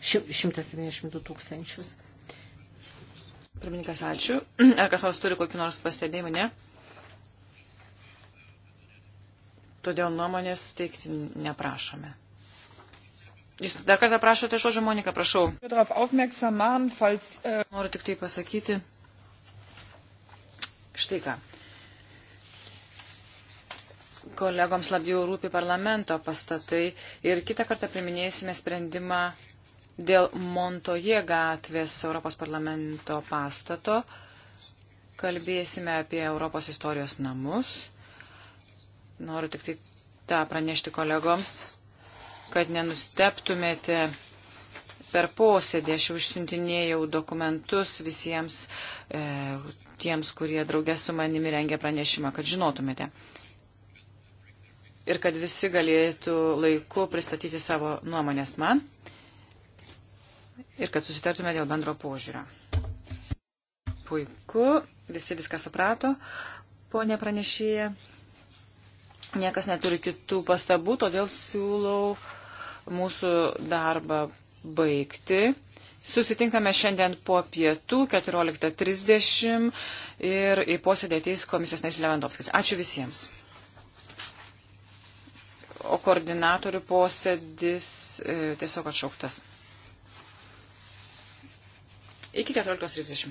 172 tūkstančius. Pirmininkas, ačiū. Ar kas nors turi kokį nors pastebėjimą, ne? Todėl nuomonės teikti neprašome. Jūs dar kartą prašote žodžio, Monika, prašau. Äh, Noriu tik tai pasakyti. Štai ką. Kolegoms labiau rūpi parlamento pastatai ir kitą kartą priminėsime sprendimą dėl Montoje gatvės Europos parlamento pastato. Kalbėsime apie Europos istorijos namus. Noriu tik tai tą pranešti kolegoms, kad nenusteptumėte per posėdį. Aš jau išsiuntinėjau dokumentus visiems e, tiems, kurie draugės su manimi rengia pranešimą, kad žinotumėte ir kad visi galėtų laiku pristatyti savo nuomonės man ir kad susitartume dėl bendro požiūrio. Puiku, visi viską suprato, ponė pranešėja. Niekas neturi kitų pastabų, todėl siūlau mūsų darbą baigti. Susitinkame šiandien po pietų 14.30 ir į posėdį ateis komisijos narys Levandovskis. Ačiū visiems. O koordinatorių posėdis e, tiesiog atšauktas iki 14.30.